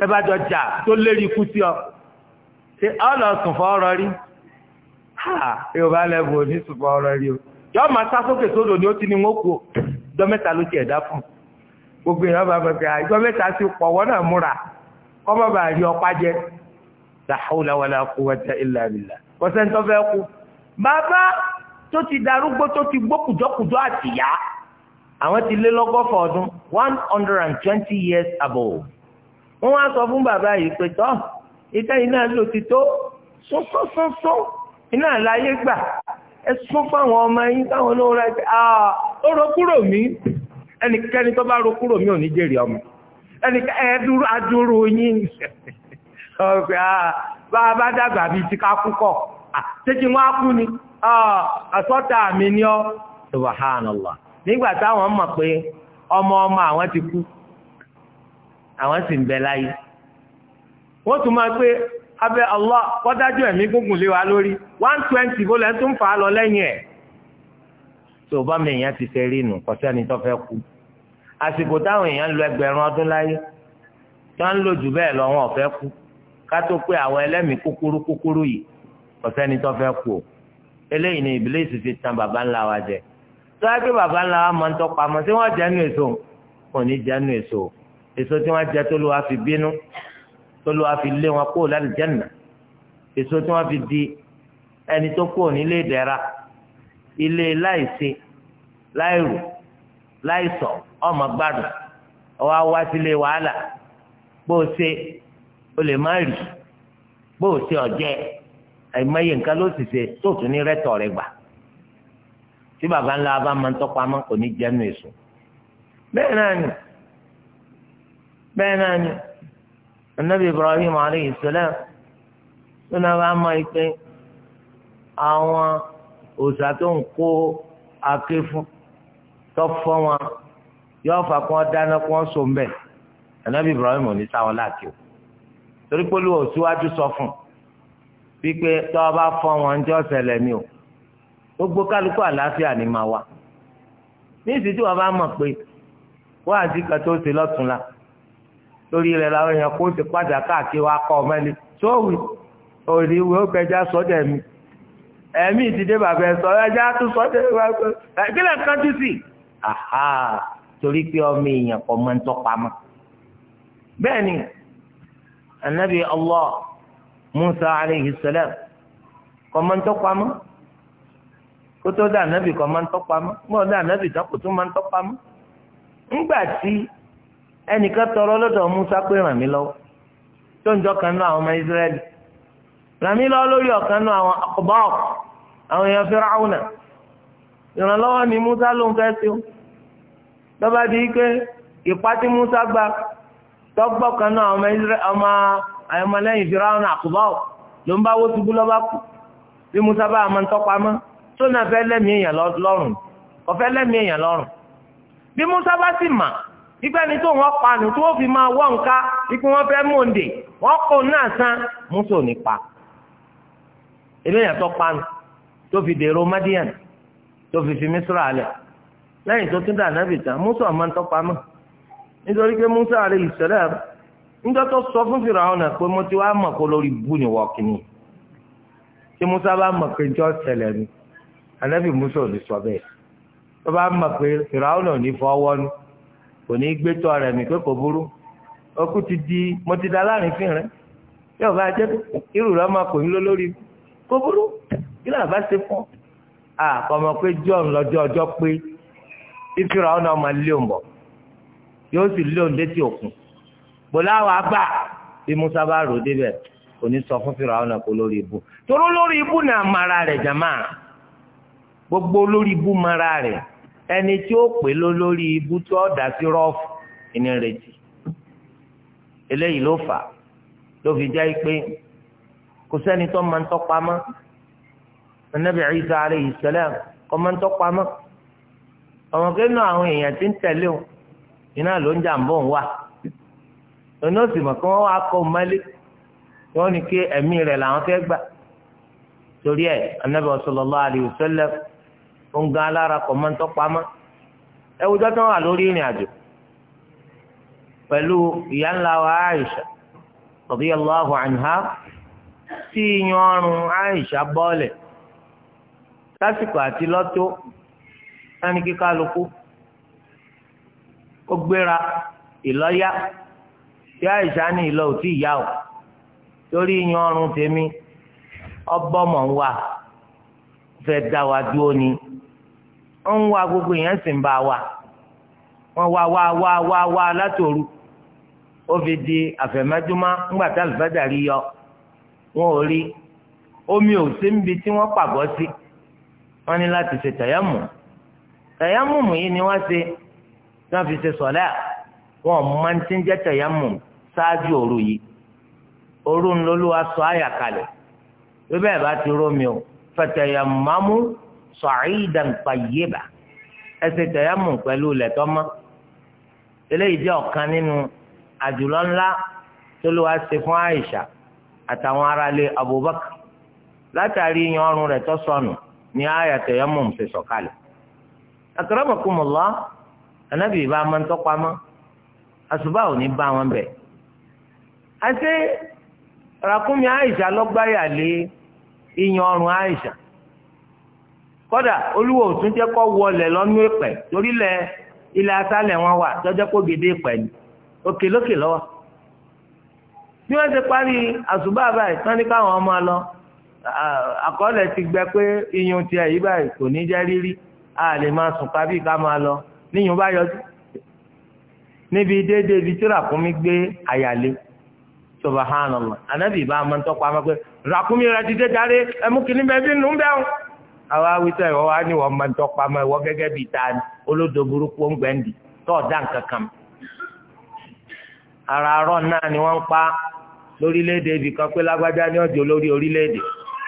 ẹ bá jọ jà tó lérí ikú sí ọ ṣe ọ lọ sùn fọ ọ̀rọ̀ rí Yorùbá lẹ́vù ò ní sùn fọ ọ̀rọ̀ rí o yọọ máa sá sókè sódò ni ó ti ní wọn kú ọ dọ ló ti ẹ̀dá fún un gbogbo èèyàn bá bẹ pé àìjọ ah, mẹ́ta ti pọ̀ wọ́n náà múra kọ́ bá bàa rí ọpá jẹ la hawla wala quwwata illa billah kọ́sẹ́ńtọ́ fẹ́ kú bàbá tó ti darúgbó tó ti gbó kùjọ́kùjọ́ àtìyá àwọn ti lé lọ́gọ́fà ọdún one hundred and twenty years above wọ́n wá sọ fún bàbá yìí pé tọ́ ìtẹ́ iná ló ti tó sọ́sọ́sọ́sọ́ iná láyé gbà ẹ sún fáwọn ọmọ yín káwọn olóhùn rẹ pé ah kúrò mí ẹnikẹ́ni tó bá ro kúrò mi ò ní jèrè ọmọ ẹnikẹ́ ẹ̀ẹ́dúró adúró yín ọ̀pẹ́ ah, bá a bá dàgbà bí ti ká kúkọ̀ títí ah, wọ́n á kú ni ah, mi ni ọ́ subhanallah nígbà táwọn mọ̀ pé ọmọ ọmọ àwọn ti kú àwọn sì ń bẹ láyé wọ́n pé abẹ́ kọ́dájú ẹ̀mí gúngùn tó o bá mi èèyàn ti fẹ́ rí nù kọ́sẹ́ni tó fẹ́ kú àsìkò táwọn èèyàn lò ẹgbẹ̀rún ọdún láyé tó ń lò jù bẹ́ẹ̀ lọ wọn ò fẹ́ kú ká tó pé àwọn ẹlẹ́mìí kúkúrú kúkúrú yìí kọ́sẹ́ni tó fẹ́ kú o eléyìí ni ìbílẹ̀sì fi tan baba ńlá wa jẹ tó wá pé baba ńlá wa máa ń tọpa àmọ́ tí wọ́n jẹ́ nu èso wọn ní jẹ́ nu èso èso tí wọ́n jẹ tó ló fi bínú tó ló fi lé wọn kó láti jẹ́ nà èso tí wọ́n fi di ẹni tó kó nílé ìdẹ́ra ilé láìṣe láìrò láìsọ ọmọ gbádùn ọwọ́ wá sílé wàhálà bó o ṣe o lè má rì bó o ṣe ọ̀jẹ́ àìmọye nǹkan ló sì ṣe tó tún ní rẹ́tọ̀ rẹ gbà tí baba ńlá bá máa ń tọ́pamọ́ kò ní jẹ́nu èso bẹ́ẹ̀ náà ni bẹ́ẹ̀ náà ni anabi ibrahim alayhi salam tó náà bá máa ń pẹ́ àwọn òòṣà tó ń kó aké fún tọ́fọ́ wọn yóò fà kí wọ́n dáná kí wọ́n so mbẹ́ ànábì Ibrahim ò ní sáwọn láti o torí pé olú òṣùwájú sọ fún wípé tọ́ ọ bá fọ́ wọn ń jẹ́ ọ̀sẹ̀lẹ̀ ni o gbogbo kálukú àlàáfíà ni máa wà ní ìsìtú wa bá mọ̀ pé wọ́n àti kan tó ṣe lọ́túnla lórí rẹ̀ làwọn èèyàn kó ti pàdé káàkiri wa kọ́ ọ mẹ́lẹ̀ sóòwì òòlì ìwé ó gbẹjà sọ́dẹ̀ mi. ẹ̀mí ìdílé bàbá ẹ̀ sọ ẹja tó sọ ẹ́ kí torí pé ọmọ èèyàn kọ mọ bẹ́ẹ̀ anabi allah musa alayhi salam kò mọ ntọ́pamọ́ dá anabi kò mọ ntọ́pamọ́ dá anabi tán kò mọ tọrọ lọ́dọ̀ musa pé ràn mí lọ́wọ́ tó ń jọ kan náà àwọn ọmọ àwọn èèyàn Fíráúnà ìrànlọ́wọ́ ni Musa ló ń fẹ́ sí o lọ́ba di pé ìpá tí Musa gba tọ́gbọ́ kan náà ọmọ ayọmọlẹ́yìn Fíráúnà àkùbá ò ló ń bá wó tubú lọ́ba kù bí Musa bá àmọ́ tọ́pamọ́ tó náà fẹ́ lẹ́mìí èèyàn lọ́rùn ọ̀fẹ́ lẹ́mìí èèyàn lọ́rùn bí Musa bá sì mà ìgbà ní tó wọ́n pa nù tó fi máa wọ́ nǹka ikú wọn fẹ́ mòǹdè wọ́n kò náà san Musa ò ní pa eléyàn tó fi dèrò madian tó fi fi misra alẹ lẹ́yìn tó tún dà nàbì tán musa ọmọ ń tọpa mọ nítorí pé musa alayhi salam níjọ tó sọ fún fìràwọn náà pé mo ti wá mọ̀ kó lórí bú ni wọ kìíní tí musa bá mọ̀ pé jọ ṣẹlẹ̀ ni anabi musa ò lè sọ bẹ́ẹ̀ tó bá mọ̀ pé fìràwọn náà ò ní fọwọ́ nu kò ní gbé tọ rẹ mi pé kò burú ọkú ti di mo ti da láàrin fìrẹ yóò bá jẹ irú rẹ máa kò ní lọ lórí kó burú kí làbá ṣe fún à kọmọ pé john lọ́jọ́ ọjọ́ pé ìfira ọ̀nà ọmọ ilé òun bọ̀ yóò sì lé òun létí òkun gbòláwà bá bí musa bá rò débẹ̀ kò ní sọ fún fira ọ̀nà kó lórí ibu toró lórí ibu náà mara rẹ̀ jàmá gbogbo lórí ibu mara rẹ̀ ẹni tí ó pè ló lórí ibu tí ó dà sí rọ́ọ̀fù ìní eléyìí ló fà ló fi jẹ́ pé kò sẹ́ni tó máa ń tọ́pa mọ́ anabi Isa aleyhi salam kò máa ń tọ́pa mọ́ ọmọ kí nínú àwọn èèyàn ti ń tẹ̀lé o iná ló ń jà ń bọ̀ ń wà lónìí ó sì mọ̀ kí wọ́n wá kọ́ mọ́lé wọ́n ní kí ẹ̀mí rẹ̀ làwọn fẹ́ gbà torí ẹ̀ anabi sallallahu aleyhi salam ó ń gan alára kò máa ń tọ́pa mọ́ ẹ wùjọ́ pẹ̀lú ìyá wa Aisha radiyallahu anha. tí iyan ọrùn Aisha bọ́ọ̀lẹ̀ lásìkò àti lọ́tọ́ sani kíkálukú ó gbéra ìlọ́yà tí Aisha ní ìlọ ò tí o torí iyan ọrùn tèmi ọbọ̀mọ̀ ń wà fẹ́ dá wa dúró ni ó ń wá gbogbo èèyàn sì ń bá wa wọ́n wá wá wá wá wá látòru fi di àfẹ̀mẹ́dúmá ńgbà tá wọn ò rí omi ò sí níbi tí wọ́n pàgọ́ sí wọ́n ní láti ṣe tàyámù tàyámù yìí ni wọ́n ṣe tí wọ́n fi ṣe sọ̀lá wọn máa ń ti ń jẹ́ tàyámù ṣáájú òru yìí òru ńlọlọ́wọ́ sọ àyà kalẹ̀ bíbẹ́ bá ti rómi o fatayammamu sa'idan tayyiba ẹ ṣe tàyámù pẹ̀lú ilẹ̀ eléyìí jẹ́ ọ̀kan nínú àjùlọ ńlá tó lọ́wọ́ ṣe fún Àìṣà. àtàwọn aráalé Abubakar látàrí yan ọrùn rẹ̀ tó sọnù ní àyà tayammum ṣe sọ̀kalẹ̀ akramakumullah anabi ìbá máa ń tọpamọ àṣùbà ò ní bá wọn bẹ àti ràkúnmí Àìṣà lọgbàyà lé iyan ọrùn Àìṣà kódà olúwo òtún jẹ́ kó wọlé lọ́nú ìpẹ́ torílẹ̀ ilẹ̀ wọn wà kó gèdè ni bí wọ́n ṣe parí àṣùbà báyìí tán ní káwọn ọmọ lọ àkọọ́lẹ̀ ti gbẹ pé iyun ti ẹ̀yí báyìí kò ní jẹ́ rírí a lè máa sùn pa bí ká máa lọ níyùn bá yọjú níbi déédéé ibi tí ràkúnmí gbé àyàlé subhanallah anabi bá a máa ń tọ́pọ̀ àmọ́ pé ràkúnmí rẹ ti dé darí ẹmú kìíní bẹ́ẹ̀ bí nù ń bẹ́ẹ̀ àwa awitọ ìwọ wa ni wọn máa ń tọ́pọ̀ àmọ́ ìwọ lórílẹ̀‐èdè ibì kan pé lágbájá ní ọjọ́ lórí orílẹ̀‐èdè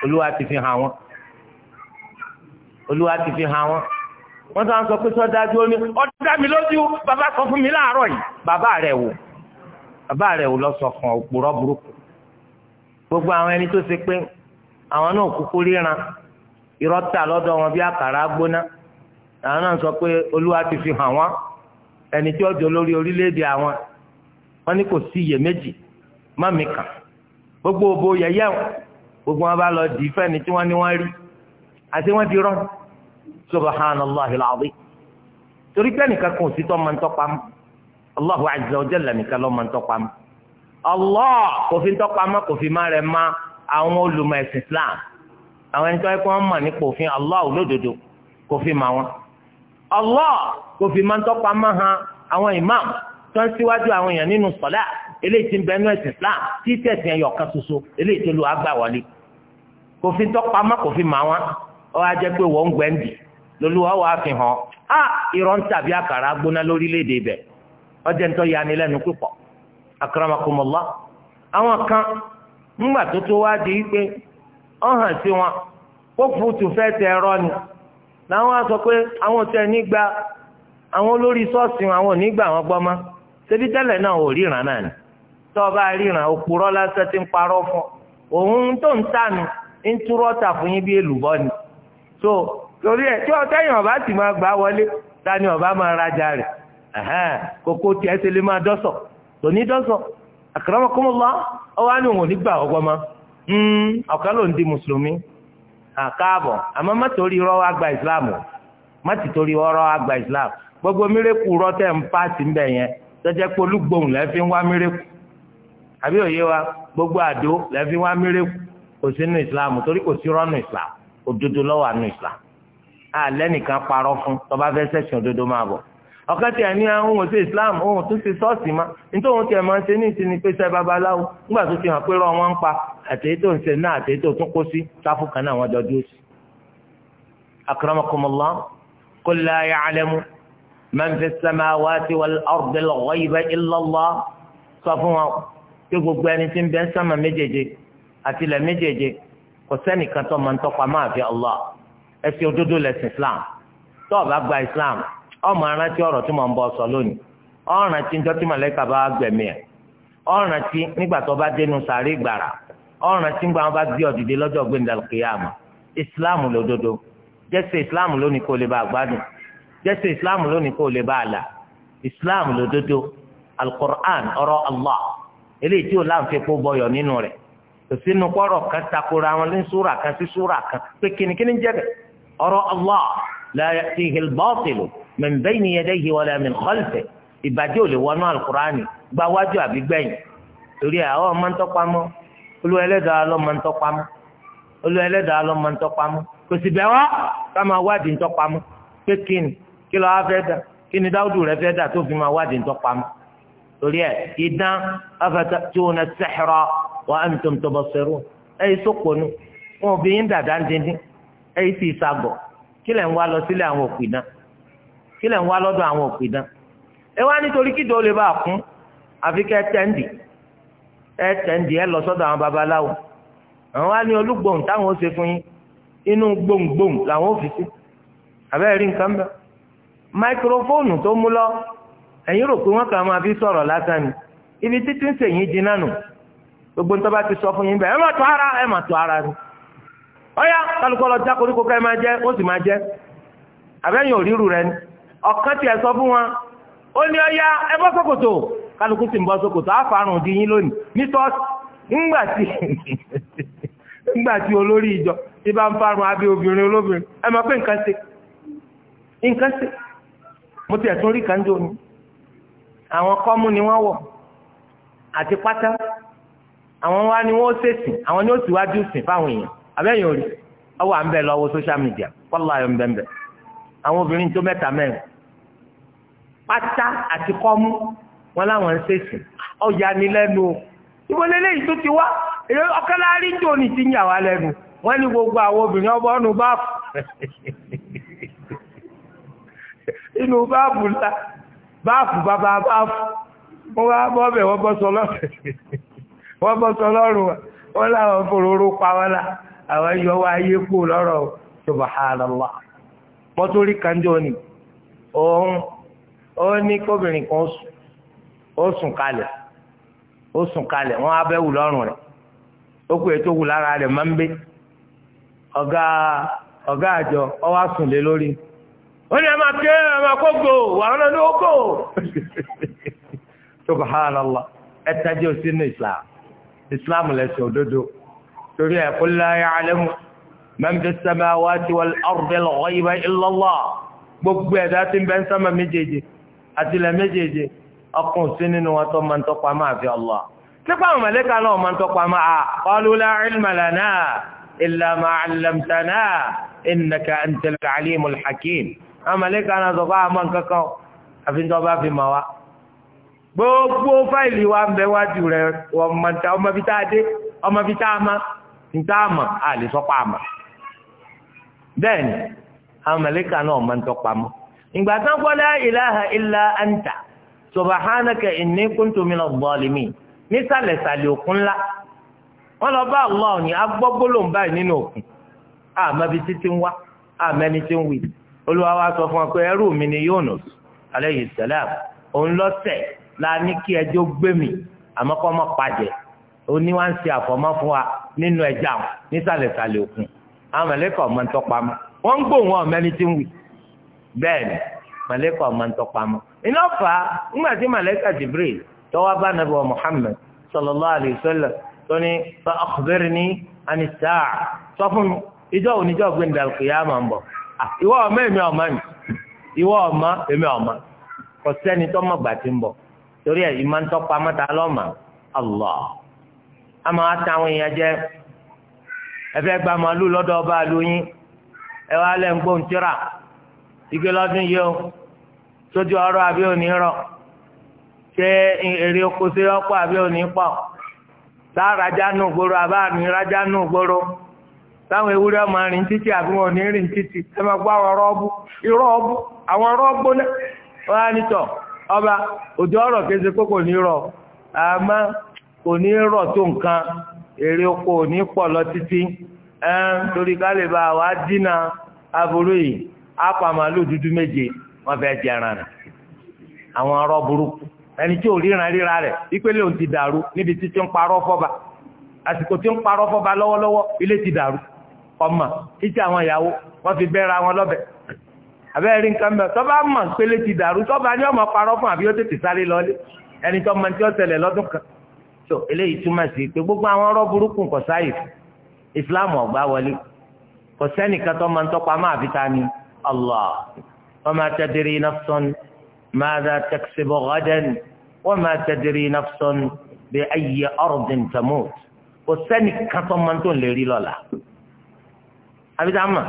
olúwa ti fi hàn wọ́n olúwa ti fi hàn wọ́n wọ́n sọ sọ pé sọ́dájú ó ní ọ̀dá mi lójú bàbá sọ fún mi láàárọ̀ yìí bàbá rẹ̀ wò bàbá rẹ̀ wò lọ sọ fún òpùrọ̀ burúkú gbogbo àwọn ẹni tó ṣe pé àwọn náà kúkú ríran irọ́ ta lọ́dọ̀ wọn bí àkàrà gbóná àwọn náà sọ pé olúwa ti fi hàn wọ́n ẹni tí ọjọ́ lórí orílẹ̀-èdè àwọn wọ́n ní kò sí iyèméjì má mi kàn gbogbo òbò yẹyẹ wọn gbogbo wọn bá lọ dì í fẹ́ni tí wọ́n ní wọ́n rí àti wọ́n ti rọ́ subhanallahi alazim torí pé nìkan kan ò sí tọ́ máa ń tọ́pa mọ́ allahu azza wa jalla nìkan lọ́ máa ń tọ́pa mọ́ allah kò fi ń tọ́pa mọ́ kò fi má rẹ̀ má àwọn olùmọ̀ ẹ̀sìn islam àwọn ẹni tó yẹ kó wọ́n mọ̀ nípa òfin allah olódodo kò fi má wọn allah kò fi máa ń tọ́pa mọ́ àwọn imam tó ń síwájú àwọn èèyàn nínú sọ̀lá eléyìí tí ń bẹ nínú ẹ̀sìn Islam tí tẹ̀sìn ẹ̀yọ̀ kan ṣoṣo eléyìí tó lu agbá wọlé kò fi tọ́pamọ́ kò fi mà wọ́n ọ wá jẹ́ pé wọ́n ń gbẹ́ǹdì lolúwa wà á fi hàn á irọ́ ń tàbí àkàrà gbóná lórílẹ̀‐èdè ibẹ̀ ọjọ́ ń tọ́ yani lẹ́nu púpọ̀ àwọn kan ńgbà tó tó di pé ọ hàn sí wọn ni làwọn sọ pé àwọn tẹ nígbà àwọn olórí àwọn ò ṣebí náà ò tó bá ríran òpùrọ́ lásán ti ń parọ́ fún òun tó ń ń túrọ́ tà fún yín bí èlùbọ́ ni so torí ẹ tí ọtẹyìn ọba ti máa gbà wọlé ta ni ọba máa rajà rẹ kókó tiẹ̀ ṣe lè máa dọ́sọ̀ tò ní dọ́sọ̀ ọwọ́ ni òun ò ní gbà ọgbọ́n hmm, ma ló mùsùlùmí àkáàbọ̀ àmọ́ má torí àgbà islam o má àgbà islam àbí òye wa gbogbo àdó lẹ́fí wá mérè kò sínú ìsìlámù torí kò sí rọ́nù ìsìlámù òdodo lọ́wọ́ àánú ìsìlámù alẹ́ nìkan parọ́ fún tọ́ba fẹ́ sẹ́sìn òdodo máa bọ̀ ọ̀kan tí a ní ohun òsè islam ohun tó ṣe sọ́ọ̀sì ma nítorí ohun tí a máa ń ṣe ní ìsinmi pé sẹ́ babaláwo nígbà tó ti hàn pé rán wọn ń pa àtẹ̀yẹ́tò ń ṣe náà àtẹ̀yẹ́tò tún kó sí sáfù kan náà wọ́n jọ dúró sí. akramakumullah qul la ya'lamu man fi samawati wal ardi al-ghayba illa Allah sọ fún wa pé gbogbo ẹni tí ń bẹ ń sánmà méjèèje àti ilẹ̀ méjèèje kò sẹ́nìkan tó máa ń tọ́pa máa fi Allah ẹ̀sìn òdodo lẹ̀sìn Islam tó o bá gba Islam ọmọ arántí ọ̀rọ̀ tí mo ń bọ sọ lónìí ọ̀ràn tí ń jọ́ tí màlẹ́kà bá gbẹ̀mí ẹ̀ ọ̀ràn tí nígbà tó bá dénú sàárè gbàrà ọ̀ràn tí gbà wọn bá gbé ọ̀dìdì lọ́jọ́ gbẹ̀ndàlùkìyàmù Islam lódodo jẹ́sẹ̀ eléyìí tí ò láǹfẹ kó bọyọ nínú rẹ̀ kò sínú kọrọ kan takora wọn ní súra kan sí súra kan pé kìnnìkìnnì jẹbẹ ọ̀rọ̀ allah la ya'tihi al-batilu min bayni yadayhi wala min khalfihi ìbàjẹ́ ò lè wọnú alukurani gba wájú àbí gbẹ̀yìn torí àwọn ọmọ ń tọpamọ́ olú ẹlẹ́dàá lọ́mọ ń tọpamọ́ olú ẹlẹ́dàá lọ́mọ ń tọpamọ́ kò sì bẹ̀ wá ká máa wádìí ń tọpamọ́ pé kíni kí lọ́wọ́ fẹ́ dà kíni dáwùdù rẹ fẹ́ dà tó fi máa wádìí ń tọpamọ́ torí ẹ̀ idán afata tí wọn na sẹ́xẹ̀rọ wọn á tó tó bọ́ sẹ́rù ẹ̀yìn sọ́kòónú wọn bí yín dàda ń dín dín ẹ̀yìn sì sàgọ̀ kí lẹ̀ ń wá lọ sílé àwọn òkú idán kí lẹ̀ ń wá lọ́dọ̀ àwọn òkú idán ẹ wá nítorí kí ìdó lè bá a kún àfi kẹ́ tẹ́ǹdì ẹ tẹ́ǹdì ẹ lọ sọ́dọ̀ àwọn babaláwo àwọn wá ní olúgbòhùn táwọn ó ṣe fún yín inú gbòǹgbòǹ làwọn ó fi sí àbẹ́rẹ́ nǹkan bẹ́ẹ̀ máikrófóònù tó mú lọ ẹ̀yin rò pé wọ́n kàn máa fi sọ̀rọ̀ lásán ni ibi títí ń sèyìn ji gbogbo nítorí bá ti sọ fún yín bẹ́ẹ̀ ẹ má tó ara ẹ má tó ara ni ọ̀yá kálukọ́ lọ já koríko ká ẹ máa jẹ́ ó sì máa jẹ́ àbẹ́yìn ni ọ̀kan tiẹ̀ sọ fún wọn ó ní ọ̀yá ẹ bọ́ sókòtò kálukú sì ń bọ́ sókòtò di yín lónìí ńgbà tí ńgbà tí olórí ìjọ tí bá ń farun abẹ́ obìnrin olóbìnrin ẹ máa pé àwọn kọ́mú ni wọ́n wọ̀ àti pátá àwọn wa ni wọ́n ṣèṣìn àwọn ni ó síwájú sìn fáwọn èèyàn abẹ́yìn orí ọwọ́ à ń bẹ lọ́wọ́ social media wọ́lá ayọ̀ ń bẹ ń bẹ àwọn obìnrin tó mẹ́ta mẹ́rin pátá àti kọ́mú wọn láwọn ń ṣèṣìn ọ̀yà ni lẹ́nu o ìbò lélẹ́yìí tó ti wá ọ̀kẹ́ láàrin tó ní ti ń yà wá lẹ́nu wọ́n ní gbogbo àwọn obìnrin ọgbọ́n nù báàbù inú báàbù ńlá báàfù bàbá báàfù wọ́n wá bọ́bẹ̀ wọ́n bọ́ sọ lọ́fẹ̀ẹ́ wọ́n bọ́ sọ lọ́rùn wọ́n láwọn fòróró pa lá àwọn yọ wá ayé kú lọ́rọ̀ subhanallah mọ́tórí kanjọ́ ni òun ó ní kóbìnrin kan ó sùn kalẹ̀ ó sùn kalẹ̀ wọ́n á bẹ́ wù lọ́rùn rẹ̀ ó kú ètò wù lára rẹ̀ máa ń gbé ọ̀gá ọ̀gá àjọ ó wá sùn lé lórí ó ní ẹ máa ké ẹ máa kó gò àwọn náà ní ó gò subhanallah ẹ tajú sí ní islam islam lẹsẹ òdodo torí ẹ kó láyé alẹ́mu mẹ́mbí sẹ́mi àwájú wọlé ọ̀rọ̀dẹ́ lọ́wọ́ ibà illallah gbogbo ẹ̀dá tí ń bẹ́ ń sẹ́mi méjèèjì àtìlẹ̀ méjèèjì ọkùn sí nínú wọn tó máa ń tọ́pa máa fi Allah sípò àwọn mẹ̀lẹ́ka náà máa ń tọ́pa máa ah, qalu la ilma lana illa ma 'allamtana innaka antal amalẹ́ka náà sọ pé àmọ́ nǹkan kan àfi tó bá fi mọ̀ wá gbogbo fáìlì wa ń bẹ wájú rẹ ọmọ bí tá a dé ọmọ bí tá a má níta àmọ́ a lè sọ pa àmọ́ bẹ́ẹ̀ ni náà ọmọ ń tọ́ pamọ́ ìgbà tán kọ́ ilaha illa anta subhanaka inni kuntu minaz zalimin nísàlẹ̀sàlẹ̀ òkun ńlá wọ́n lọ bá Allah ní agbọ́gbólóǹbáyìí nínú òkun àmọ́ bí títí ń wá àmọ́ ẹni tí ń wí olúwa wa sọ fún ọ pé ẹrú mi ni Yunus alayhi salam òun lọ́sẹ̀ la ní kí ẹjọ́ gbé mi àmọ́ kọ́ mọ́ pàjẹ́ òní wá ń ṣe àfọ̀mọ́ fún wa nínú ẹja àwọn nísàlẹ̀sàlẹ̀ òkun àwọn mẹ̀lẹ́kọ̀ ọmọ ntọ́ pamọ́ wọ́n ń gbóhùn ọ̀mọ ẹni tí ń wì bẹ́ẹ̀ ni mẹ̀lẹ́kọ̀ ọmọ ntọ́ pamọ́ iná fà á ńgbà tí mẹ̀lẹ́kà Jibril tọ́wọ́ bá nàbẹ̀ wa Muhammad sallallahu alayhi wa sallam tó ní fa akhbirni ani sáà sọ fún mi ìjọ òníjọ́ gbẹ̀ndàlùkìyà máa ń bọ̀ Ah, ìwọ ọmọ èmi ọmọ ni ìwọ ọmọ èmi ọmọ kò sẹ́ni tó mọ gbà ń bọ̀ torí ẹ̀ ìmọ̀ ń tọ́pa mọ́ta lọ́mọ Allah a máa èèyàn jẹ ẹfẹ gba màálù ọba àlóyún ẹ wá ń gbóhùn tíra yìí sójú àbí òní ṣé èrè oko sí àbí òní táwọn ewúrẹ́ ọmọ rìn títí àbí wọn ní rìn títí ẹ máa gbọ́ àwọn rọ́ọ̀bù irọ́ọ̀bù àwọn rọ́ọ̀bù náà wọ́n á nítọ̀ ọba òjò ọ̀rọ̀ kése pé kò ní rọ̀ àmọ́ kò ní rọ̀ tó nǹkan èrè oko ò ní pọ̀ lọ títí torí ká lè ba àwa dínà aburú yìí méje àwọn burúkú ọmọ títí àwọn ìyàwó wọ́n fi bẹ́ra wọn lọ́bẹ̀ àbẹ́rẹ́ rí nǹkan mẹ́ tọ́ba mọ̀ pélé ti dàrú tọ́ba ní ọmọ parọ́ fún àbí ó tètè sáré lọlé ẹni tó mọ tí ó tẹ̀lẹ̀ lọ́dún kan tó eléyìí túmọ̀ sí pé gbogbo àwọn ọ̀rọ̀ burúkú kò sáyè ìsìláàmù ọ̀gbá wọlé kò sẹ́nìkan tó mọ ń tọ́pa máa ni Allah kò sẹ́nìkan tó mọ tó lè rí lọ́la àbí tá a mọ̀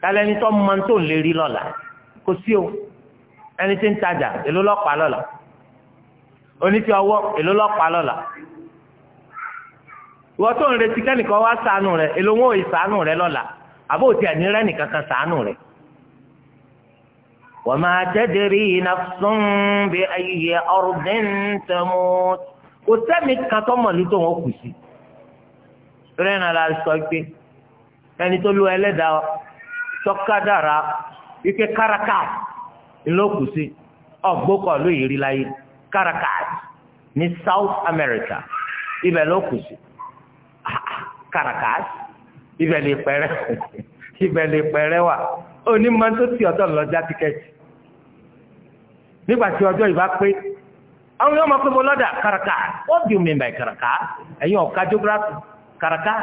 kálẹ̀ ẹni tó mọ tó ń lè rí lọ́la kò sí o ẹni tí ń tajà èló lọ́pàá lọ́la oní ti ọwọ́ èló lọ́pàá lọ́la ìwọ tó ń retí kẹ́nìkan wá ṣàánú rẹ èló wọn ò ṣàánú rẹ lọ́la àbó òtí ànírẹ́ nìkan kan ṣàánú rẹ. وما تدري نفس بأي أرض تموت kò sẹ́mi kan tó mọ̀ kù sí rẹ́nà la sọ pé ẹni tó lu ẹlẹ́dàá ike karakas ńlọ́kùsí ọ̀gbọ́kọ̀ lóye rí láyé karakas ní South America ibẹ̀ lọ́kùsí karakas ibẹ̀ lè pẹ́rẹ́ ibẹ̀ lè òní máa tó ti ọ̀dọ́ lọ́jà tíkẹ́ẹ̀tì nígbà tí ọjọ́ ìbá pé àwọn yóò máa pé mo lọ́dà karakas what do you mean by karakas ẹ̀yin karakas.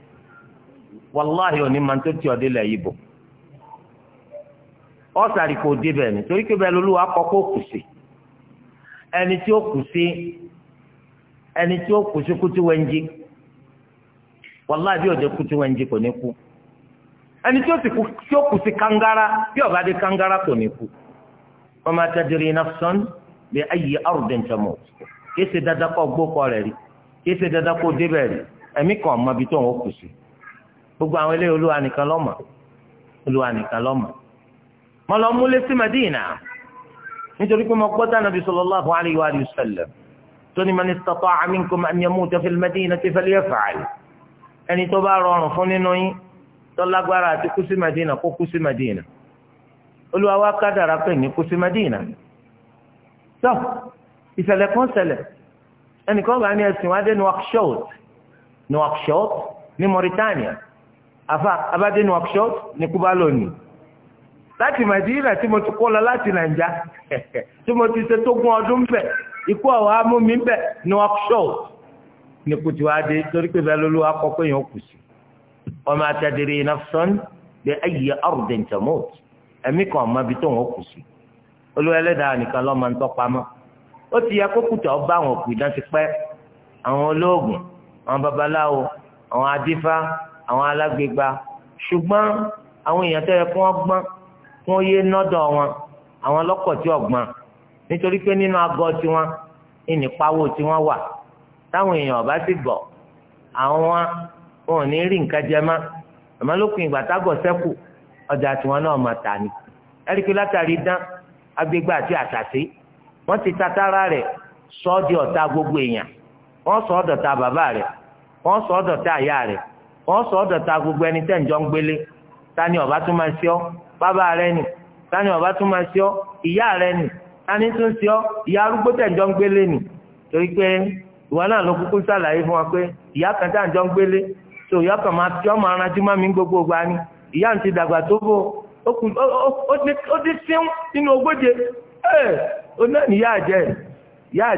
wàláhì òní máa ń tó ti ọdẹ lẹ yìí bò ọsàrì kò débẹ̀ ni torí pé bẹ́ẹ̀ lolúwa kọ kó kù ẹni tí ó kù ẹni tí ó kù wàláhì kangara bí ọba dé kangara kò ní kú wọn máa nafsan tẹmọ dada kọ gbókọ rẹ rí kí ẹsẹ dada kọ débẹ̀ rí ẹ̀mí kan ọmọ gbogbo àwọn eléyìí olúwa nìkan lọ́mọ olúwa nìkan lọ́mọ mo lọ múlé sí Madina nítorí pé mo gbọ́ tá nàbí sallallahu alayhi wa sallam tó ní man istata'a minkum an yamuta fil madinati falyaf'al ẹni tó bá rọrùn fún nínú yín tó lágbára àti kú sí Madina kó kú sí Madina olúwa wa kádàrá pé ní kú sí Madina tó ìṣẹ̀lẹ̀ kan ṣẹlẹ̀ ẹnìkan bá ní ẹ̀sìn wá dé Nouakchott Nouakchott ní Mauritania àfà abádé ní workshop ní kúbá lónìí láti màdínà tí mo ti kó lọ láti nàìjà tí mo ti ṣe tó gún ọdún bẹ ikú ọ̀wá mú mi bẹ ní workshop ní kùtù adé torí pé bẹ́ẹ̀ lólu akọ pé yẹn ó kù sí ọmọ atadiri nafsan bẹ ayé ọrùdẹ̀n tẹ̀mọ́t ẹ̀mí kan ọmọ ibi tó wọn kù sí olú ẹlẹ́dàá nìkan lọ́mọ ń tọ́pamọ́ ó ti yẹ kó kùtà ọba àwọn òkú ìdán àwọn olóògùn àwọn babaláwo àwọn adífá àwọn alágbègbà ṣùgbọ́n àwọn èèyàn tẹ́lẹ̀ fún ọgbọ́n fún oyè nọ́dọ̀ wọn àwọn lọ́kọ̀ tí ọgbọ́n nítorí pé nínú agọ́ tiwọn ìnípawó tiwọn wà táwọn èèyàn ọ̀bá sì gbọ́ àwọn wọn ò ní rí nǹkan jẹ mọ́ àmọ́ lópin ìgbà tágọ̀ sẹ́kù ọjà tiwọn náà máa tà ní ẹ̀ríkì látàrí dán agbègbè àti àtàtì wọ́n ti tatara rẹ̀ sọ́ọ́ ọ̀tá gbogbo èèyàn wọ́n sọ bàbá rẹ̀ wọ́n sọ ọ́ dọ̀tá àyá wọ́n sọ ọ́dọ̀ta gbogbo ẹni tẹ́ ń jọ ń gbélé tani ọba tún máa ṣe bàbá rẹ nì tani ọba tún máa ṣe ìyá rẹ nì tani tún ṣe ìyá arúgbó tẹ́ ń jọ ń gbélé nì torí pé náà ló kúkú fún wa pé ìyá kan ń jọ ń gbélé tó ìyá kan máa tí mi gbogbo ni ìyá ń ti dàgbà tó bò ó nínú ogóje náà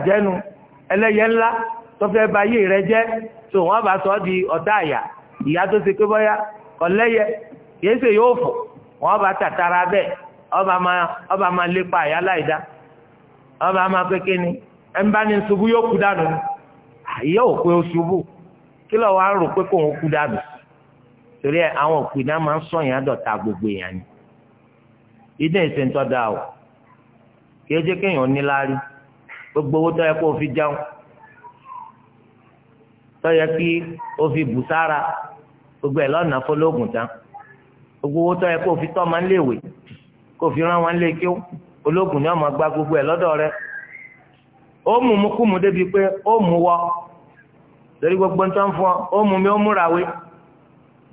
ní ìyá tó ṣe pé bọ́yá ọ̀lẹ́yẹ kìí ṣe yóò fò wọ́n bá tàtàrà bẹ́ẹ̀ ọba máa ọba máa lépa àyà láìda ọba máa pé kíni ẹ ń bá ní ṣubú yóò kú dànù ni àyè ò pé ó ṣubú kí lọ́ọ́ wá ń rò pé kóun kú dànù torí ẹ àwọn òpin náà máa ń sọ̀yìn àdọ̀ta gbogbo èèyàn ni ìdí ẹ̀sìn tó dáa o kìí jẹ́ kéèyàn níláárí gbogbo owó tó yẹ kó o fi jẹun tó yẹ kí o fi bù sára gbogbo ẹ̀ lọ́nà fọlọ́ọ̀gùn tán gbogbo owó tó yẹ kó fi tọ́ máa ń léèwé kó fi rán wọn lé kí ológun ni ọmọ gba gbogbo ẹ̀ lọ́dọ̀ rẹ ó mú mu kú mu débi pé ó mú wọ torí gbogbo nǹkan fún ọ ó mú mi ó múra wé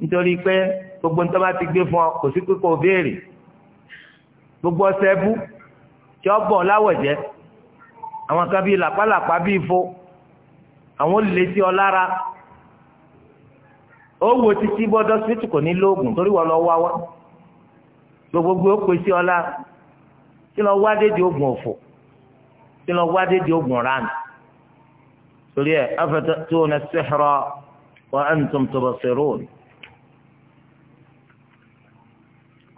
nítorí pé gbogbo nǹkan bá ti gbé fún ọ kò sí pé kò béèrè gbogbo ọsẹ bú tí ọ bọ̀ láwọ̀jẹ́ àwọn kan bíi làpálàpá bíi fo àwọn olè sí ọ lára ó wo títí bọ́dọ̀ síìtì kò ní lóògùn torí wọ́n lọ wá wá gbogbogbò ó pè sí ọlá kí lọ wá dédé oògùn òfò kí lọ wá dédé oògùn ránù torí ẹ afatatuna as-sihra wa antum tubsirun.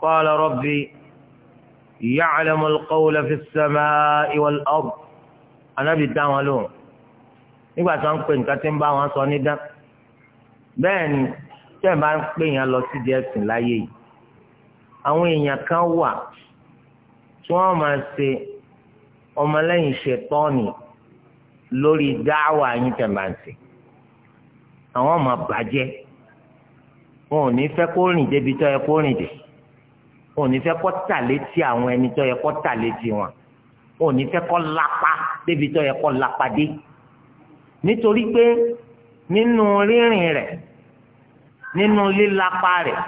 قال ربي يعلم القول في السماء والأرض أنا بدعوة لهم nígbà tí wọ́n ń pè nǹkan bẹ́ẹ̀ ni tẹ́ ẹ̀ máa ń pè yẹn lọ sí díẹ̀ sìn láyé yìí àwọn èèyàn kan wà tí wọ́n máa ṣe ọmọlẹ́yìn ṣètọ́ọ̀nì lórí dáwà yín tẹ̀ máa ń ṣe àwọn máa bàjẹ́ wọn ò ní fẹ́ kó rìn débi tó yẹ kó rìn dé wọn ò ní fẹ́ kó tà létí àwọn ẹni tó yẹ kó tà létí wọn wọn ò ní fẹ́ kó lápá débi tó yẹ kó lápá dé nítorí pé nínú rírìn rẹ̀ nínú lílapa rẹ̀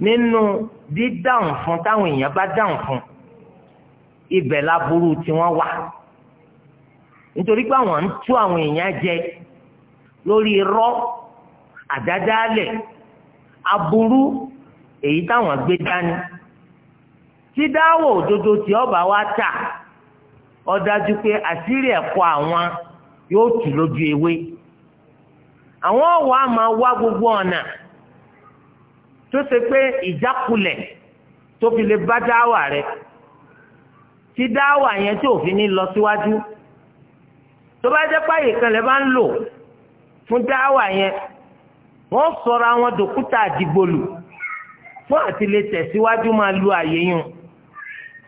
nínú dídáhùn fún táwọn èèyàn bá dáhùn fún ibẹ̀ láburú tí wọ́n wà nítorí pé àwọn ń tú àwọn èèyàn jẹ lórí irọ́ àdádálẹ̀ aburú èyí táwọn gbé dání tí dáwọ̀ òdodo tí ọba wa tà ó dájú pé àṣírí ẹ̀kọ́ àwọn yóò tù lójú ewé àwọn ọ̀wọ́ a máa wá gbogbo ọ̀nà tó ṣe pé ìjákulẹ̀ tó fi lè bá dáwà rẹ tí dáwà yẹn tí òfin ní lọ síwájú tó bá jẹ́ páyè kan lè bá ń lò fún dáwà yẹn wọ́n sọra wọn dòkúta àdìgbòlù fún àti lè tẹ̀síwájú máa lu àyè yun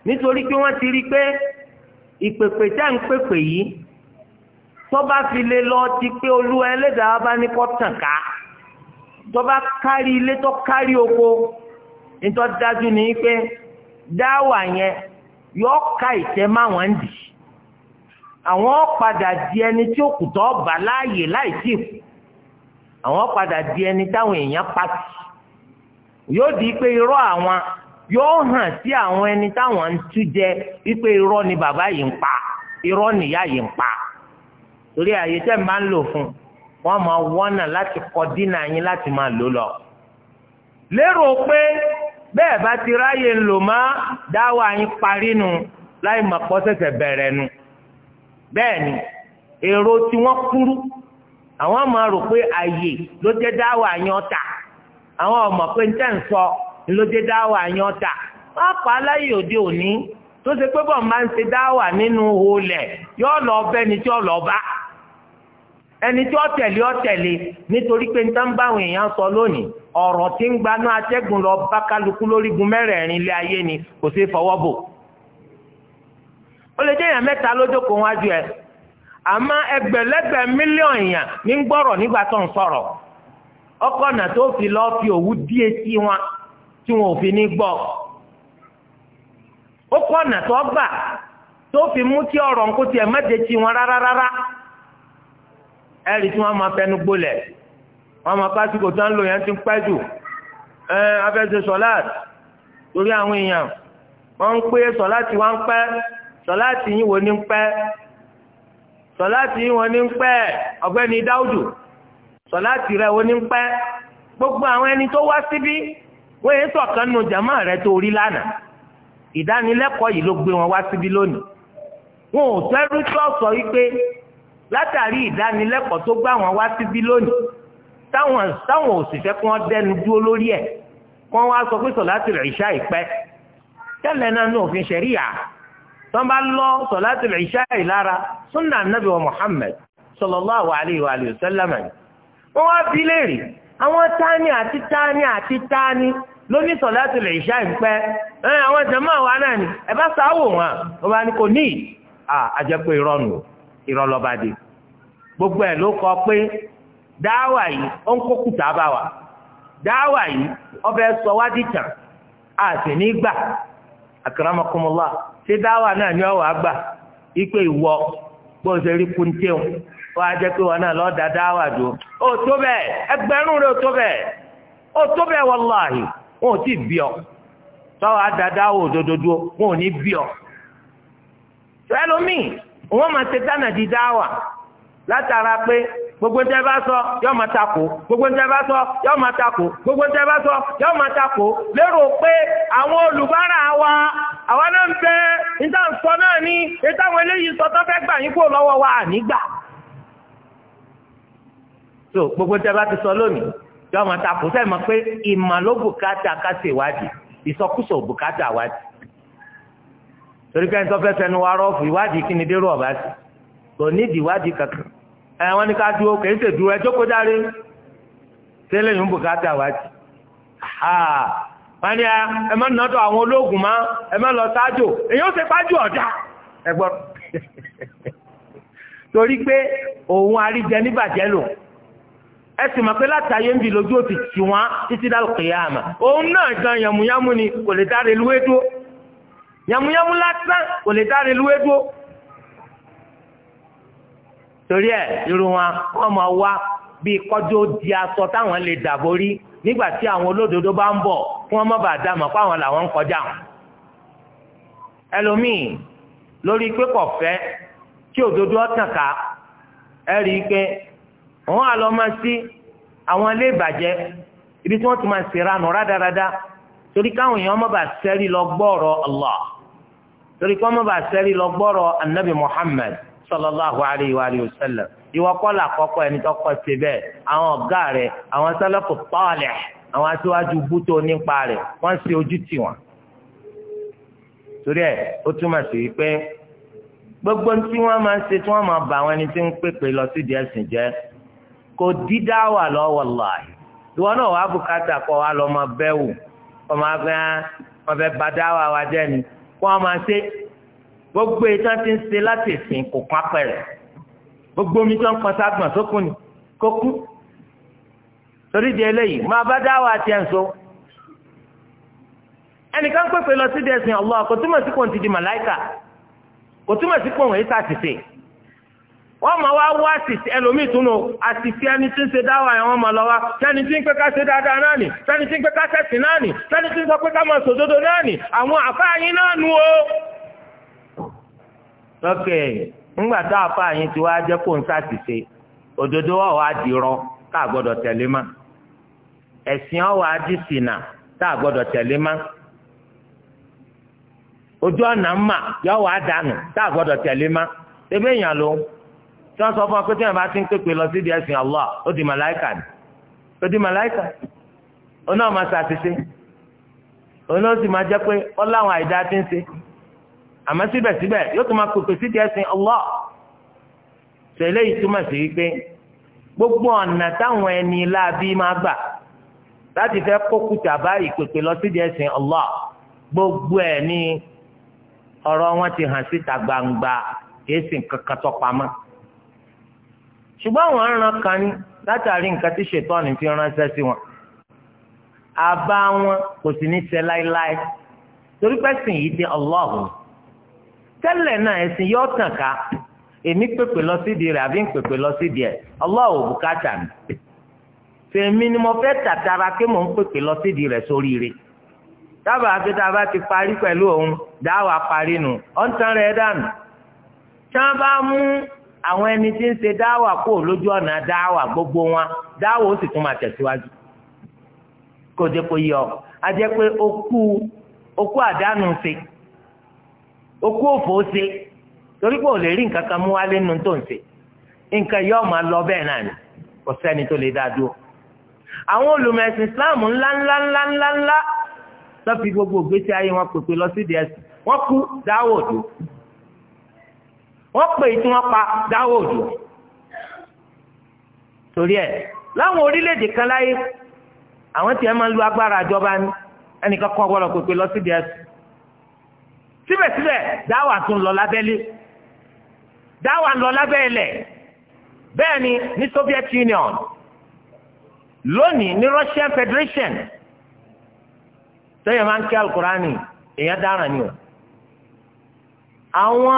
nítorí pé wọ́n ti rí i pé ìpèpè tá à ń pèpè yìí tọ́ba fi lè lọ ti pé olúwa ẹlẹ́dàá bá ní kọ́ tàn ká tọ́ba kárí ilé tó kárí oko nítọ́ dájú ní pé dáwà yẹn yọ ká ìtẹ́ máwọn ń dì àwọn padà di ẹni tí ó kùtọ́ bà láàyè láì sí ìkù àwọn padà di ẹni táwọn èèyàn pàtì yóò di pé irọ́ àwọn yóò hàn sí àwọn ẹni táwọn ń tú jẹ wípé irọ́ ni bàbá yìí ń pa irọ́ nìyá yìí ń pa torí àyè tẹ́ máa ń lò fún wọ́n máa wọ́nà láti kọ dínà yín láti máa lò lọ. lérò pé bẹ́ẹ̀ bá ti ráyè ń lò má dáwọ́ àyín parí nu láì máa pọ́ sẹ̀sẹ̀ bẹ̀rẹ̀ nu. bẹ́ẹ̀ ni èrò tí wọ́n kúrú àwọn máa rò pé àyè ló jẹ́ dáwọ́ àyín ọ̀tà àwọn ọmọ pé ń tẹ̀ ń sọ ló jẹ́ dáwọ́ àyín ọ̀tà wọ́n pa aláyè òde òní tó ṣe pé bọ́ọ̀ máa ń ṣe dáwà nínú olè yóò lọ bẹ́ni tí ó lọ bá. ẹni tí ọ tẹ̀lé ọ tẹ̀lé nítorí pé níta ń báwọn èèyàn sọ lónìí ọ̀rọ̀ tí ń gbaná atẹ́gùn lọ bá kálukú mẹ́rẹ̀ẹ̀rin ilé ayé ni kò sí fọwọ́ bò. ó lè jẹ́ èèyàn mẹ́ta lójókòó wájú ẹ̀ àmọ́ ẹgbẹ̀lẹ́gbẹ̀ mílíọ̀n èèyàn ní ń gbọ́rọ̀ nígbà tó ń sọ̀rọ̀ ọkọ̀ ọ̀nà tó fi lọ fi òwú díẹ̀ sí wọn tí wọn ò fi ní gbọ́ ọ̀nà ẹ̀rí tí wọ́n máa fẹnu gbolẹ̀ wọ́n máa pásítọ̀ tó ń lò yẹn ti ń pẹ́ jù ẹ afẹ́sẹ̀ sọ̀láàtì torí àwọn èèyàn wọ́n ń pé sọ̀láàtì wọ́n ń pẹ́ sọ̀láàtì yín wo ni ń pẹ́ sọ̀láàtì yín wo ni ń pẹ́ ọ̀gbẹ́ni dáúdù sọ̀láàtì rẹ̀ wo ni ń pẹ́ gbogbo àwọn ẹni tó wá síbí wọ́n yẹn sọ̀kan nù jàmá rẹ̀ tó rí lánàá ìdánilẹ́kọ̀ọ́ yìí ló gbé wọn wá síbí lónìí wọn ò sẹ́rú tó sọ wípé látàrí ìdánilẹ́kọ̀ọ́ tó gbà wọ́n wá síbí lónìí táwọn táwọn òṣìṣẹ́ kí wọ́n dẹnu dúró lórí ẹ̀ wọ́n wá sọ pé sọ̀láàtì rẹ̀ ìṣá ìpẹ́ tẹ́lẹ̀ náà ní òfin ṣẹ̀ríyà tó ń bá lọ sọ̀láàtì rẹ̀ ìṣá ìlara súnà nàbì wa Muhammad sallallahu alayhi wa sallam wọ́n wá bí léèrè àwọn tání àti tání àti tání ló ní sọ̀láàtì rẹ̀ ìṣá ìpẹ́ àwọn jàmáà wa náà ni ẹ bá sáwò wọn ó bá kò ní àjẹpẹ́ ìrọ̀nù ìrọlọba dé gbogbo ẹ ló kọ pé dáwà yìí ó ń kó bá wa dáwà yìí ọbẹ sọ wá dìtàn a sì àkàràmọkùnmọlá ṣé dáwà náà ni ọwà gbà ipe ìwọ gbọ́dọ̀ rí kúntẹ́wọ̀n jẹ́ pé wọn náà lọ́ọ́ da dáwà dùn ó tó bẹ́ẹ̀ ẹgbẹ̀rún rẹ̀ ó tó bẹ́ẹ̀ ó tó bẹ́ẹ̀ ọ da dáwà òdodo wọn ò ọ. wọ́n máa ṣe tánà di dáwà látara pé gbogbo ntẹ bá sọ yọ máa takò gbogbo ntẹ bá sọ yóò máa takò gbogbo ntẹ bá sọ yọ máa takò lérò pé àwọn olùbárà wa àwa náà ń bẹ níta sọ náà ní ètò àwọn eléyìí sọ tó fẹ́ wa nígbà. tó gbogbo ntẹ bá ti sọ lónìí yọ máa takò sẹ́yìn pé ká ṣèwádìí ìsọkúsọ wádìí. torí pé ẹni tó fẹ́ sẹnu wa rọ́ọ̀fù ìwádìí kí ni dérò ọ̀bá sí kò nídìí ìwádìí kankan ẹ wọn ní ká dúró kèé ṣe dúró ẹ jókòó dáre tẹ́lẹ̀ yìí ń bùkátà wádìí wọ́n ní ẹ má nọ́dọ̀ àwọn ológun má ẹ má lọ sáájò èyí ó ṣe pájú ọ̀dà ẹ gbọ́ torí pé òun àríjẹ níbàjẹ́ lò ẹ sì mọ̀ pé látàyé ń bi lójú òtítì wọn títí dálùkì yá àmà òun náà gan yàmùyámù ni kò lè dáre lúwé dúró yàmúyàmú lásán kò lè dáre lu édúró torí ẹ irú wọn wọn máa wá bí kọjú di aṣọ táwọn lè dàborí nígbà tí àwọn olódodo bá ń bọ̀ kí wọ́n má bàa dá mọ̀ pé àwọn làwọn ń kọjá ẹlòmíì lórí pé kọ̀fẹ́ tí òdodo ọ̀tàn ká ẹ rí i pé òun àlọ́ máa sí àwọn ilé ìbàjẹ́ ibi tí wọ́n ti máa ṣèrànù rádaràda torí káwọn èèyàn má bàa sẹ́rí lọ gbọ́ ọ̀rọ̀ Allah torí kí wọ́n mọ̀ bá sẹ́rí lọ gbọ́rọ̀ anabi muhammed sallallahu alayhi wa alihi wa sallam ìwọ kọ́lá àkọ́kọ́ ẹni tó kọ́ ṣe bẹ́ẹ̀ àwọn ọ̀gá rẹ̀ àwọn sálọ́kù pọ́ọ̀lẹ̀ àwọn aṣíwájú bútó nípa rẹ̀ wọ́n ṣe ojú tì wọ́n. torí ẹ̀ ó túmọ̀ sí wípé gbogbo tí wọ́n máa ṣe tí wọ́n máa bá àwọn ẹni tí ń pèpè lọ sí díẹ̀ sìn jẹ́ kò dídá wà lọ́wọ́ láàyè ìwọ náà wàá bùkátà kọ́ wa lọ́ máa bẹ́wò ọmọ abẹ́ kó wọn máa ṣe gbogbo ìtàn ti ń ṣe láti ìsìn kò pa pẹ̀rẹ̀ gbogbo omi tó ń pọn ságbọ̀n sókun ni kó kú torí di eléyìí máa bá dáwà tiẹ̀ ń so ẹnìkan pèpè lọ sí di ẹ̀sìn Allah kò túmọ̀ sí kò ń ti di màláìkà kò túmọ̀ sí kò ń wọ́n ma wá wá àtìsí ẹlòmíì túnú àtìsí ẹni tí ń ṣe dáwà wọ́n ma lọ tí ń ká dáadáa náà nì tẹ́ni tí ń ká náà nì tẹ́ni tí ń sọ pé ká náà nì àwọn àfáàyín náà nu o. lọ́kẹ̀ ńgbà tá àfáàyín ti wá jẹ́ kó ń òdodo wà wá di rọ tá a gbọ́dọ̀ tẹ̀lé ẹ̀sìn wà di sìnà tá a gbọ́dọ̀ tí wọ́n sọ fún ọ pé tí wọ́n bá ti ń pèpè lọ sí di ẹ̀sìn Allah ó di màláìkà ni ó di màláìkà oná ọmọ sàtìsí oná ó sì máa jẹ́ pé ó láwọn àìdá ti ń ṣe àmọ́ síbẹ̀síbẹ̀ yóò tún máa pèpè sí di ẹ̀sìn Allah tẹ̀lé ìtumọ̀ sí wípé gbogbo ọ̀nà táwọn ẹni láabi máa gbà láti fẹ́ kókùtà bá ìpèpè lọ sí di ẹ̀sìn Allah gbogbo ẹ̀ ní ọ̀rọ̀ wọn ti hàn síta gbangba kì í sì kankan tó pamọ́ ṣùgbọ́n àwọn aràn kan ní látàrí nǹkan tí ṣètọ́ni fi ránṣẹ́ sí wọn àbá wọn kò sì ní ṣẹ láéláé torí pẹ́sìn yìí di ọlọ́ọ̀hún tẹ́lẹ̀ náà ẹ̀sìn yóò tàn ká èmi pèpè lọ sídìí rẹ̀ àbí pèpè lọ sídìí ẹ̀ ọlọ́ọ̀hún bùkátà mi tèmi ni mo fẹ́ tàtàrà pé mò ń pèpè lọ sídìí rẹ̀ sóríire dábàá pé tá a bá ti parí pẹ̀lú òun dáwà parí nù ọ̀ ń tan rẹ̀ dànù tí wọ́n bá mú àwọn ẹni tí ń ṣe dáwà kó lójú ọ̀nà dáwà gbogbo wọn dáwà ó sì tún máa tẹ̀síwájú kó jẹ́ yọ a jẹ́ pé okú okú àdánù ṣe okú òfò ṣe torí pé ò lè rí nǹkan kan mú wálé nu tó ń lọ bẹ́ẹ̀ náà ni kò sẹ́ni àwọn Islam ńláńláńláńláńlá tó fi gbogbo ògbésí ayé wọn pèpè lọ sí wọ́n pè tí wọ́n pa Dáwùd torí ẹ̀ láwọn orílẹ̀-èdè kan láyé àwọn tiẹ̀ máa ń lu agbára àjọba ni ẹnìkan kọ́ gbọ́dọ̀ pèpè lọ sí díẹ̀ síbẹ̀síbẹ̀ dáwà tún lọ lábẹ́lé dáwà lọ lábẹ́ ilẹ̀ bẹ́ẹ̀ ni ní Soviet Union lónìí ní Russian Federation sẹ́yìn máa ń kí alukurani èèyàn dáràn ni o àwọn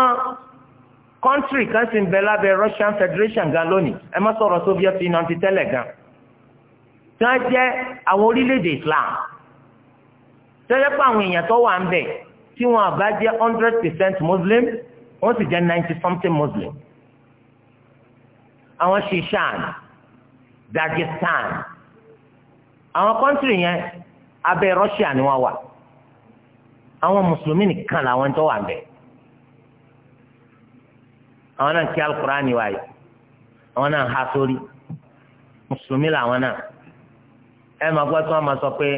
kọ́ńtírì kan sì ń bẹ lábẹ́ Russian Federation gan lónìí ẹ má sọ̀rọ̀ Soviet Union ti tẹ́lẹ̀ gan tí wọ́n jẹ́ àwọn orílẹ̀-èdè Islam tẹ́lẹ̀ pé àwọn èèyàn tó wà ń bẹ̀ tí wọ́n bá jẹ́ hundred percent Muslim wọ́n sì jẹ́ ninety something Muslim àwọn Shishan Dagestan àwọn kọ́ńtírì yẹn abẹ́ Russia ni wọ́n wà àwọn mùsùlùmí nìkan làwọn tó wà ń bẹ̀ àwọn náà kí alukurani wáyé àwọn náà ha sórí mùsùlùmí làwọn náà ẹ máa gbọ́ tí wọ́n máa sọ pé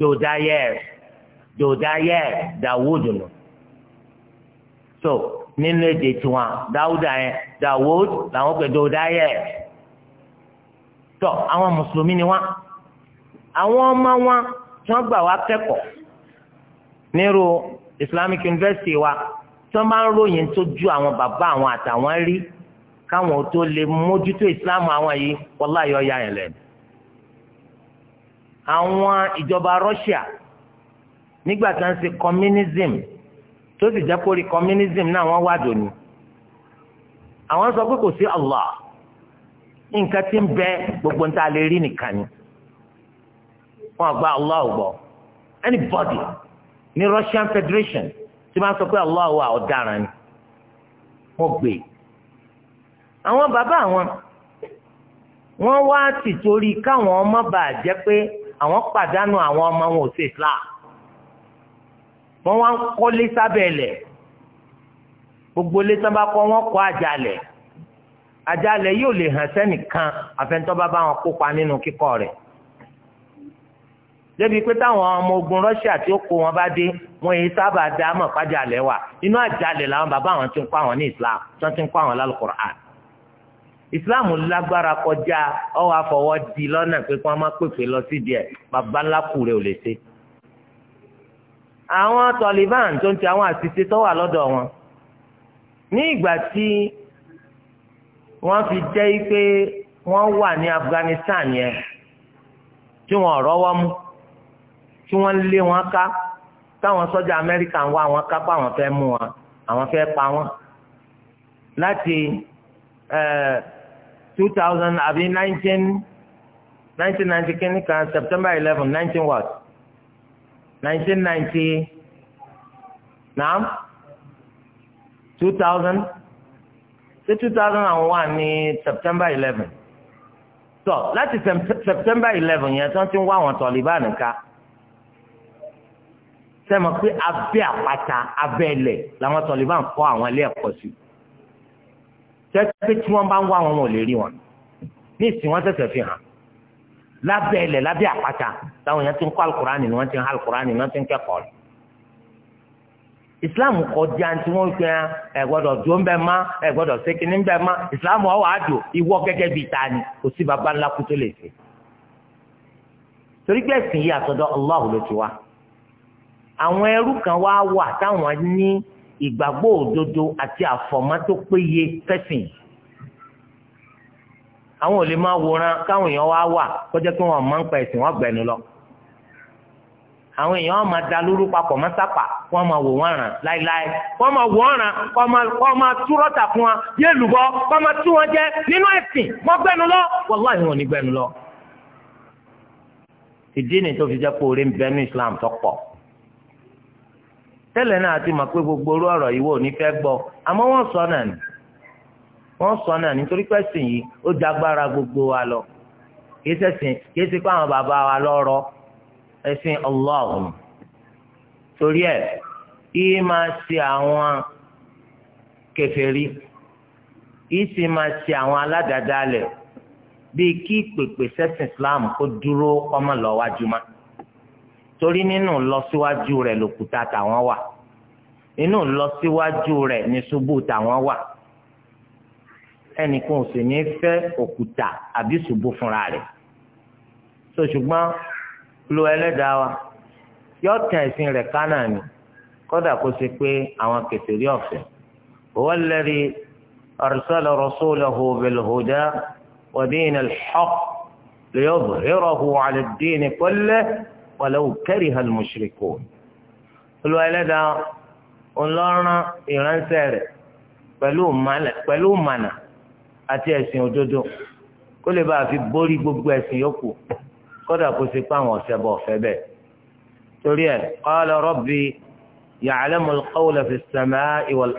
dòdáyẹ dòdáyẹ dàwúdù nù so nínú èdè tiwọn dáwúdà yẹn dàwúdù làwọn pè dòdáyẹ tọ àwọn mùsùlùmí ni wọn àwọn ọmọ wọn tí wọ́n gbà wá kẹ́kọ̀ọ́ nírú Islamic University wa tó máa ń ròyìn tó ju àwọn bàbá àwọn àtàwọn rí káwọn tó lè mójútó ìsìláàmù àwọn yìí wọlá yọ ya yẹn lẹ́nu. àwọn ìjọba Russia nígbà tá à ṣe communism tó sì jẹ́ kórì communism náà wọ́n wá dòní. àwọn sọ pé kò sí Allah nǹkan tí ń bẹ gbogbo ń ta lè rí nìkan ni wọ́n gba Allah gbọ́ anybody ní Russian Federation tí máa ń sọ pé Allahu wa ọ̀daràn ni wọ́n gbé àwọn bàbá àwọn wọ́n wá ti torí káwọn ọmọ bà jẹ́ pé àwọn pàdánù àwọn ọmọ wọn ò sí Islam wọ́n wá ń kọ́lé sábẹ́lẹ̀ gbogbo ilé tán bá kọ́ wọ́n kọ́ àjálẹ̀ àjálẹ̀ yóò lè hàn sẹ́nìkan àfẹ́ntọ́ bá bá wọn kópa nínú kíkọ́ rẹ̀ débi pé táwọn ọmọ ogun Russia tí ó kó wọn bá dé wọn yìí sábà dá mọ̀ pàjá lẹ̀ wà inú àjálẹ̀ làwọn bàbá àwọn ti ń kọ́ àwọn ní Islam tí wọ́n ti ń kọ́ àwọn lálùkùránì Islam lágbára kọjá ọwọ́ àfọwọ́ di lọ́nà pé kí wọ́n má pèpè lọ síbi ẹ̀ bàbá ńlá kù rẹ̀ ò lè ṣe àwọn Taliban tó ń ti àwọn àṣìṣe tó wà lọ́dọ̀ wọn ní ìgbà tí wọ́n fi jẹ́ pé wọ́n wà ní Afghanistan yẹn tí wọ́n rọ́wọ́ mú tí wọ́n lé wọn ká táwọn sọ́jà amẹ́ríkà ń wá wọn ká pa àwọn fẹ́ mú wọn àwọn fẹ́ pa wọn láti two thousand àbí nineteen nineteen ninety kìíní kan september eleven nineteen what nineteen ninety naam two thousand ṣé two thousand and one ní september eleven tọ láti september eleven yẹn tí wọ́n ti ń wá àwọn Taliban ká sẹ́mọ̀ pé abẹ́ àpáta abẹ́ ilẹ̀ làwọn Taliban kọ́ àwọn ilé ẹ̀kọ́ sí tẹ́tẹ́ tí wọ́n bá ń wá wọn wọn ò lè rí wọn ní ìsìn wọn tẹ̀sẹ̀ fi hàn lábẹ́ ilẹ̀ lábẹ́ àpáta táwọn èèyàn ti ń kọ́ alukurani ni wọ́n ti ń ha alukurani ni wọ́n ti ń kẹ́kọ̀ọ́ rẹ̀ islam kọjá tí wọ́n fẹ́ ẹ gbọ́dọ̀ dúró ń bẹ má ẹ gbọ́dọ̀ ń bẹ baba ńlá kú tó lè ṣe torí pé ẹ̀sìn yìí àwọn ẹrú kan wá wà táwọn ní ìgbàgbọ́ òdodo àti àfọ̀mọ́ tó péye fẹ́sìn àwọn ò lè máa wòran káwọn èèyàn wá wà kọjá pé wọn máa ń pa ẹ̀sìn wọn gbẹ̀nu lọ àwọn èèyàn máa da lóru papọ̀ mọ́ sápà wọ́n máa wò wọ́n ràn láéláé wọ́n máa wò wọ́n ràn wọ́n máa tú rọ́tà fún wa yé lùbọ́ wọ́n máa tú wọn jẹ nínú ẹ̀sìn wọ́n gbẹ́nu lọ wàláhì wọn ò ní gbẹ́nu lọ. ìdí ni tó fi jẹ́ pé oore ń bẹ Islam tó pọ̀ tẹ́lẹ̀ náà ti mọ̀ pé gbogbo orú ọ̀rọ̀ yìí wò ní fẹ́ gbọ́ àmọ́ wọ́n sọ náà ni wọ́n sọ náà nítorí pẹ́sìn yìí ó jagbára gbogbo wa lọ kìí ṣẹ̀sìn kìí ṣe pé àwọn bàbá wa lọ́rọ̀ ẹ̀sìn ọlọ́ọ̀hún torí ẹ̀ kìí máa ṣe àwọn kèfèrí kìí ṣe máa ṣe àwọn aládàádáalẹ̀ bíi kí pèpè ṣẹ̀sìn Islam kó dúró ọmọ lọ́wájú máa torí nínú lọsíwájú rẹ̀ lòkúta tàwọn wà nínú lọsíwájú rẹ̀ ní ṣubú tàwọn wà ẹnìkan ò sì ní fẹ́ òkúta àbí ṣubú fúnra rẹ̀ so ṣùgbọ́n lo ẹlẹ́dàá wa yọ tẹ ẹ̀sìn rẹ̀ kánà ni kódà kó ṣe pé àwọn kẹsìrì ọ̀fẹ́ huwa alladhi arsala rasulahu bilhuda wa dinil haqq liyudhhirahu ala ad-din kullih walau karihal mushrikun Olúwa Ẹlẹ́dàá ńlọrọn ìránṣẹ́ rẹ̀ pẹ̀lú mànà àti ẹ̀sìn òdodo kó lè bá a fi borí gbogbo ẹ̀sìn yòókù kódà kó ṣe pé àwọn ọ̀sẹ̀ bọ̀ ọ̀fẹ́ bẹ́ẹ̀ torí ẹ̀ qala rabbi ya'lamu al-qawla fi as-sama'i wal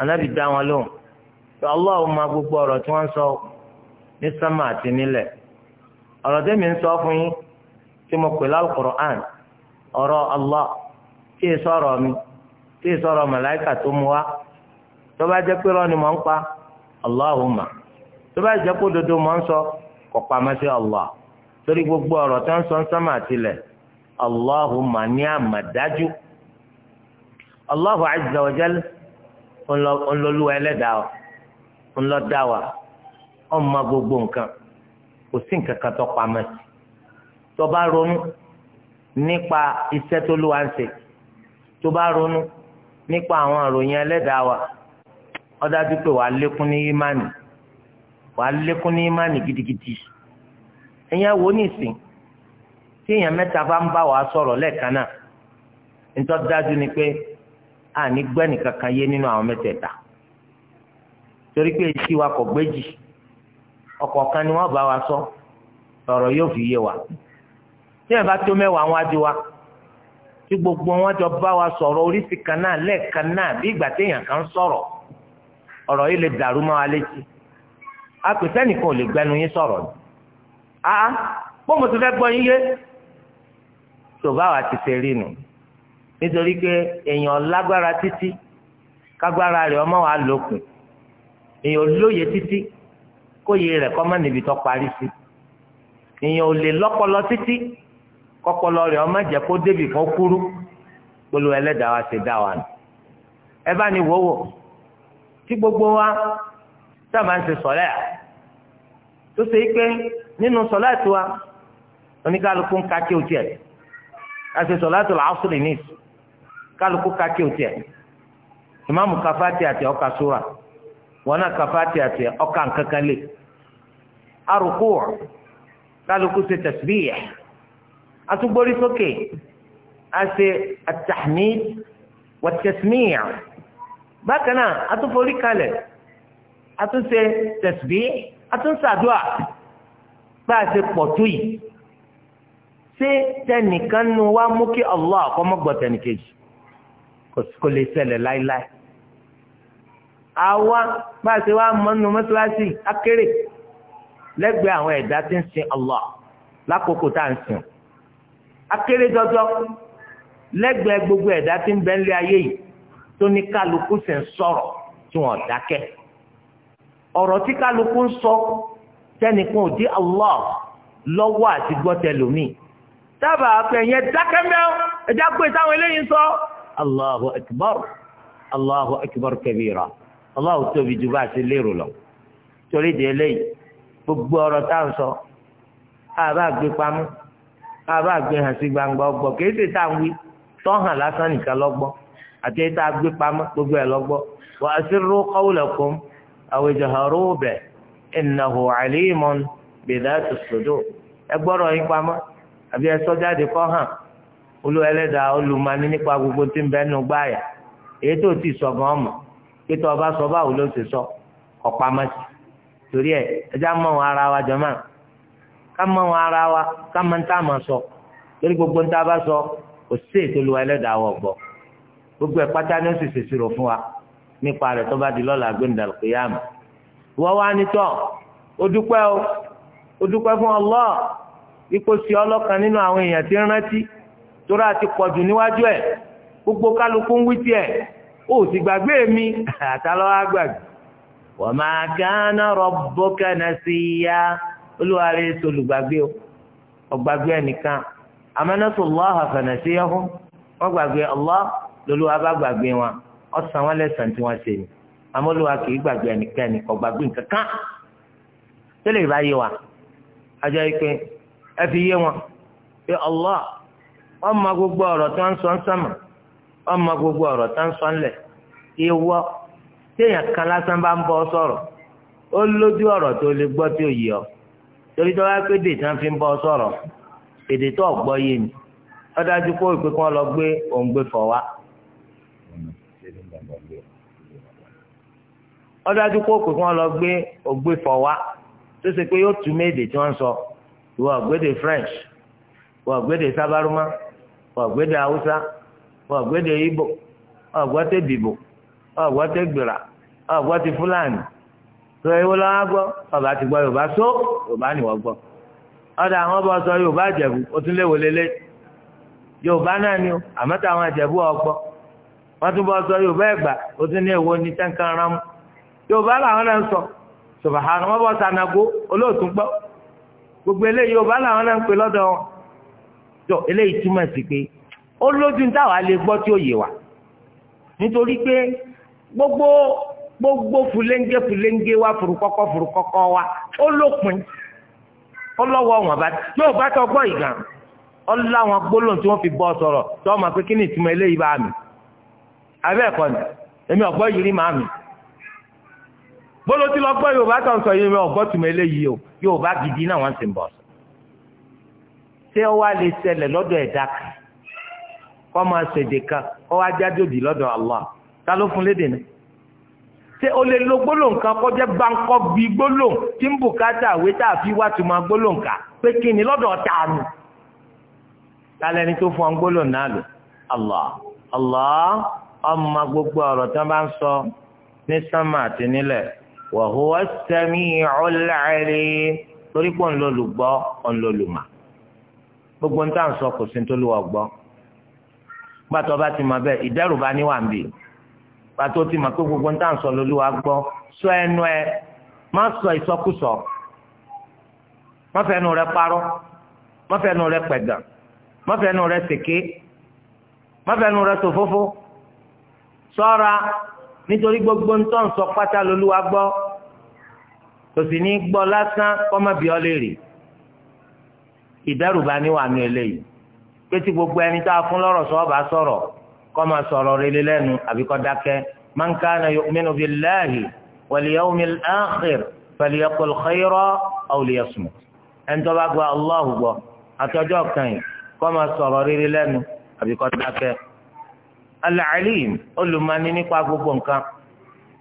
anábì dá wọn lóhùn pé Allahu máa gbogbo ọ̀rọ̀ tí wọ́n ń sọ ní sámà àti nílẹ̀ ọ̀rọ̀ tẹ́mi ń sọ fún yín tí mo pè lálùkùránì ọ̀rọ̀ Allah tí ì sọ̀rọ̀ mi tí ì sọ̀rọ̀ màláìkà tó mu wá tó bá jẹ́ pé irọ́ ni mò ń pa Allahumma tó bá jẹ́ pé òdodo mò ń sọ kò pamọ́ sí Allah torí gbogbo ọ̀rọ̀ tó ń sọ ń sánmà tilẹ̀ Allahumma ní àmàdájú Allahu azza ńlọlú ẹlẹ́dàá ńlọ ọmọ gbogbo nǹkan kò sí nǹkan kan tó pamọ́ sí. tó bá ronú nípa iṣẹ tó lù wá ń ṣe tó bá ronú nípa àwọn àròyìn ẹlẹdàá wa ó dájú pé wàá lékún ní ìmánì wàá lékún ní ìmánì gidigidi ẹ̀yin wo ní ìsìn tí èèyàn mẹ́ta bá ń bá wàá sọ̀rọ̀ lẹ́ẹ̀kan náà nítorí dájú ni pé àní gbẹ́nì kankan yé nínú àwọn mẹ́tẹ̀ẹ̀ta torí pé etí wa kò gbéjì kan ni wọ́n bá wa sọ ọ̀rọ̀ yóò fi yé wa. tí ẹ̀ bá tó mẹ́wàá wọn di wa tí gbogbo wọn jọ bá wa sọ̀rọ̀ oríṣi kan náà lẹ́ẹ̀kan náà bí ìgbà téèyàn kan sọ̀rọ̀ ọ̀rọ̀ yìí lè dàrú mọ́ wa létí apèsẹ́nìkan ò lè gbẹnu yín sọ̀rọ̀ ni a bó mo ti fẹ́ gbọ́ yín yé tó bá wa ti ṣe rí nu nítorí pé èèyàn lágbára títí kágbára rẹ̀ ọmọ wa lókun èèyàn lóye títí kóye rẹ̀ kọ́ mọ́ níbi tó parí sí èèyàn ò lè lọ́pọlọ títí kọ́pọlọ rẹ̀ ọmọ jẹ́ kó débì kan kúrú pẹ̀lú ẹlẹ́dàá wa ṣe dá wa nù. ẹ bá ní wòwò tí gbogbo wa sábà ń ṣe sọ̀lẹ́ à tó ṣe pé nínú sọ̀lẹ́ àti wa oníkálukú ń ka kí o tiẹ̀ àti sọ̀lẹ́ àti làásùrì ní ìsù kálukú ka kí o tiẹ̀ ìmáàmù kafáàtì àti ọkà sóra wọn náà kafáàtì àti ọkà nkankan lè arùkù kálukú ṣe tẹ̀síbíyà atúgbórí sókè a ṣe at-tahmid wat-tasmi' bákan náà atúforí kalẹ̀ atúnṣe tasbih atúnṣàdúà bá a ṣe pọ̀ tó yìí ṣé tẹnìkan nu wá mú kí Allah kó má gbọ́ tẹnìkejì kò lè ṣẹlẹ̀ láíláí àwa bá a ṣe wá mọ́nu mọ́ṣáláṣí akéré lẹ́gbẹ̀ẹ́ àwọn ẹ̀dá tí ń sin Allah lákòókò tá à ń sìn akéré jọjọ lẹ́gbẹ̀ẹ́ gbogbo ẹ̀dá tí ń bẹ nílé ayé yìí tó ní kálukú sì ń sọ̀rọ̀ tí wọ́n dákẹ́ ọ̀rọ̀ tí kálukú ń sọ tẹnìkan ò dí Allah lọ́wọ́ àti gbọ́tẹlómi dábàá pé ẹ̀yẹn dákẹ́ mẹ́ọ́ ẹ̀dá pé táwọn eléyìí sọ Allahu akbar Allahu akbar kabira Allahu tóbi ju bá a ti lérò lọ torí di eléyìí gbogbo ọ̀rọ̀ táwọn sọ àbá gbé pamọ́. tá a ha hàn sí gbangba ọgbọ kì tá à ń wí tọ́hàn lásán nìkan lọ́gbọ́ àti èyí tá a gbé pamọ́ gbogbo ẹ̀ lọ́gbọ́ ẹ gbọ́dọ̀ yín pamọ́ àbí ẹ olùmọ̀ni nípa gbogbo tí ń bẹ́ẹ̀ nù gbáyà èyí tó ti sọ gan ọmọ pé tó ọba sọ báwo ló ti sọ ọ̀pamọ́sí torí ẹ ara wa jọ ká mọ wọn ara wa ká mọ ní tá a máa sọ torí gbogbo ní tá a bá sọ kò sí ètò olùwà ẹlẹ́dàá wọ̀ gbọ́ gbogbo ẹ̀ pátá ni ó sì ṣèṣirò fún wa nípa rẹ̀ tó bá di lọ́la gbẹ̀ndàlùkìyàmù wọ́n wá nítọ̀ ó dúpẹ́ o ó dúpẹ́ fún Allah ipò sí ọlọ́kan nínú àwọn èèyàn tí ń rántí torí àti pọ̀jù níwájú ẹ̀ gbogbo kálukú ń wí tiẹ̀ ó sì gbàgbé mi àtàlọ́wọ́ àgbàgbé wa ma kana rabbuka nasiya. olúwa rẹ̀ èso olùgbàgbé o ọ̀gbàgbé ẹnìkan amánátò lọ́hà fẹ̀nẹ̀sí ẹ̀hún wọ́n gbàgbé ọlọ́ lolúwa bá gbàgbé wọn ọ̀sán wọn lẹ́sàn tí wọ́n ṣe ni kì í gbàgbé ẹnìkan nǹkan kan ìbá yé wa ajá gbogbo tó ń sọ ń gbogbo tó ń sọ ń téèyàn kan lásán bá ń ó lójú torí tó bá pé dè tán fi ń bọ́ sọ̀rọ̀ èdè tó ọ̀gbọ́ yé mi wọ́n dájú kó ìpè kan lọ gbé òun gbé fọ̀ wá. wọ́n dájú kó ìpè kan lọ gbé ògbé fọ̀ wá tó ṣe pé yóò túmọ̀ èdè tí wọ́n sọ ìwọ ọ̀gbẹ́dẹ French ìwọ ọ̀gbẹ́dẹ sábárúmá ìwọ ọ̀gbẹ́dẹ Haúsá ìwọ ọ̀gbẹ́dẹ Ìgbò ìwọ ọ̀gbọ́tẹ̀ bìbò ìwọ ọ̀gbọ́tẹ̀ gbìrà ìwọ ọ̀gbọ́tẹ̀ Fúlàní sọ ewu lọ́wọ́ gbọ́ ọba ti gbọ́ yorùbá só yorùbá nìwọ́ gbọ́ ọ̀dà àwọn ọba sọ yorùbá àjẹ̀bù ó tún léwo lélẹ̀ yorùbá náà ni o àmọ́ táwọn àjẹ̀bù ọgbọ́ wọ́n tún bọ́ sọ yorùbá ẹ̀gbà ó tún ní èwo ní tẹ́ńkànrán yorùbá làwọn náà ń sọ sọ̀bàhánà wọ́n bọ́ sanago olóòtú gbọ́ gbogbo eléyìí yorùbá làwọn náà ń pè lọ́dọ̀ wọn tó eléyìí túmọ̀ sí pé ó lójú táwa lè gbọ́ tí ó yé wa nítorí pé gbogbo gbogbo fúlẹ́ńgé fúlẹ́ńgé wa furukọ́kọ́ furukọ́kọ́ wa ó lópin ọlọ́wọ́ wọn bá yóò bá tọ́ gbọ́ ìgbà ọlọ́lá wọn gbólóhùn tí wọ́n fi bọ́ sọ̀rọ̀ tọ́ ma pé kí ni ìtumọ̀ eléyìí bá mi abẹ́ ẹ̀kọ́ ni èmi ọ̀gbọ́ yìí rí màá mi gbólóhùn tí lọ́gbọ́ Yorùbá tó ń sọ yìí ọ̀gbọ́ tùmọ̀ eléyìí o Yorùbá gidi náà wọ́n ti ń bọ̀ sọ. ṣé ó wá lè ṣẹlẹ̀ lọ́dọ̀ ẹ̀dá kan kọ́ máa ṣèdè kan kọ́ wá jáde òdì lọ́dọ̀ Allah ta ló fún léde náà ṣé o lè lo gbólóhùn kan kọjá bankọ bíi gbólóhùn tí ń bùkátà àwé tá a fi wá tó máa gbólóhùn pé lọ́dọ̀ ta ni lálẹ́ tó fún ọ gbólóhùn náà lò Allah ọmọ gbogbo ọ̀rọ̀ tí bá ń sọ ní sánmà àti nílẹ̀ torí pé òun ló lù gbọ́ òun ló pàtó tí mà pé gbogbo ń tà ń sọ lóluwà gbọ́ sọ ẹnu ẹ má sọ ìsọkúsọ má fẹnu rẹ parọ́ má fẹnu rẹ pẹ̀gàn má fẹnu rẹ ṣèké má fẹnu rẹ ṣòfófó ṣọ́ra nítorí gbogbo ń tọ́ ń sọ pátá lóluwà gbọ́ kò sì ní gbọ́ lásán kọ́mọ́bí ọ lè rè ìdẹ́rùbani wà ní eléyìí pé tí gbogbo ẹni tá a fún lọ́rọ̀ sọ́ọ́ bá sọ̀rọ̀ kọ́ máa sọ̀rọ̀ rẹ̀ lẹ́nu àbí kọ́ dákẹ́ man kana yu'minu billahi wal yawmil akhir falyaqul khayra aw liyasmut ẹni tó bá gba Allahu gbọ́ àtọ́jọ́ kan yìí kọ́ máa sọ̀rọ̀ rere lẹ́nu àbí kọ́ dákẹ́. al olùmọ̀ni nípa gbogbo nǹkan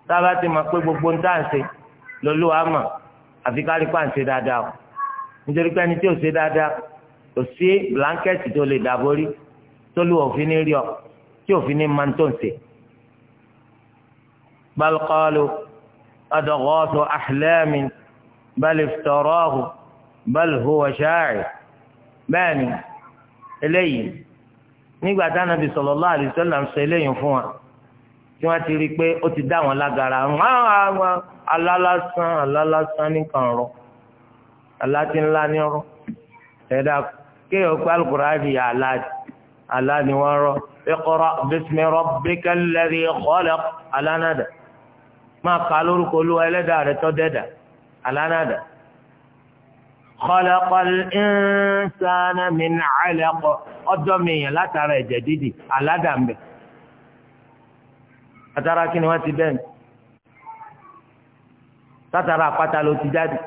sábà ti mọ̀ pé gbogbo ń dáǹsẹ̀ lọ́lú àmọ̀ àfi kárí pàǹsẹ̀ dáadáa nítorí pé ẹni tí ò ṣe dáadáa kò sí blanket tó lè dàborí tó lù òfin ní rí ọ tí òfin ní máa ń tó ń sè. bal qalu adghathu ahlamin bal iftarahu bal huwa sha'i' bẹ́ẹ̀ ni eléyìí nígbà tí Ànábì sallallahu alaihi wasallam sọ eléyìí fún wa tí wọ́n ti rí i pé ó ti dá wọn lágara alálásán alálásán nìkan rọ aláti ńlá ní ọ̀rọ̀ ẹ̀dá kéèyàn pé alukóra di àlá ni wọ́n rọ. اقرأ باسم ربك الذي خلق alánàdà máa kà lórúkọ olúwa ẹlẹ́dàá rẹ̀ tó dẹ́dà alánàdà. khalaqal insana min alaq ọjọ́ mi yàn látara ẹ̀jẹ̀ dídì aládàá ń bẹ̀. látara kí ni wọ́n ti bẹ́ẹ̀ látara àpáta ló ti jáde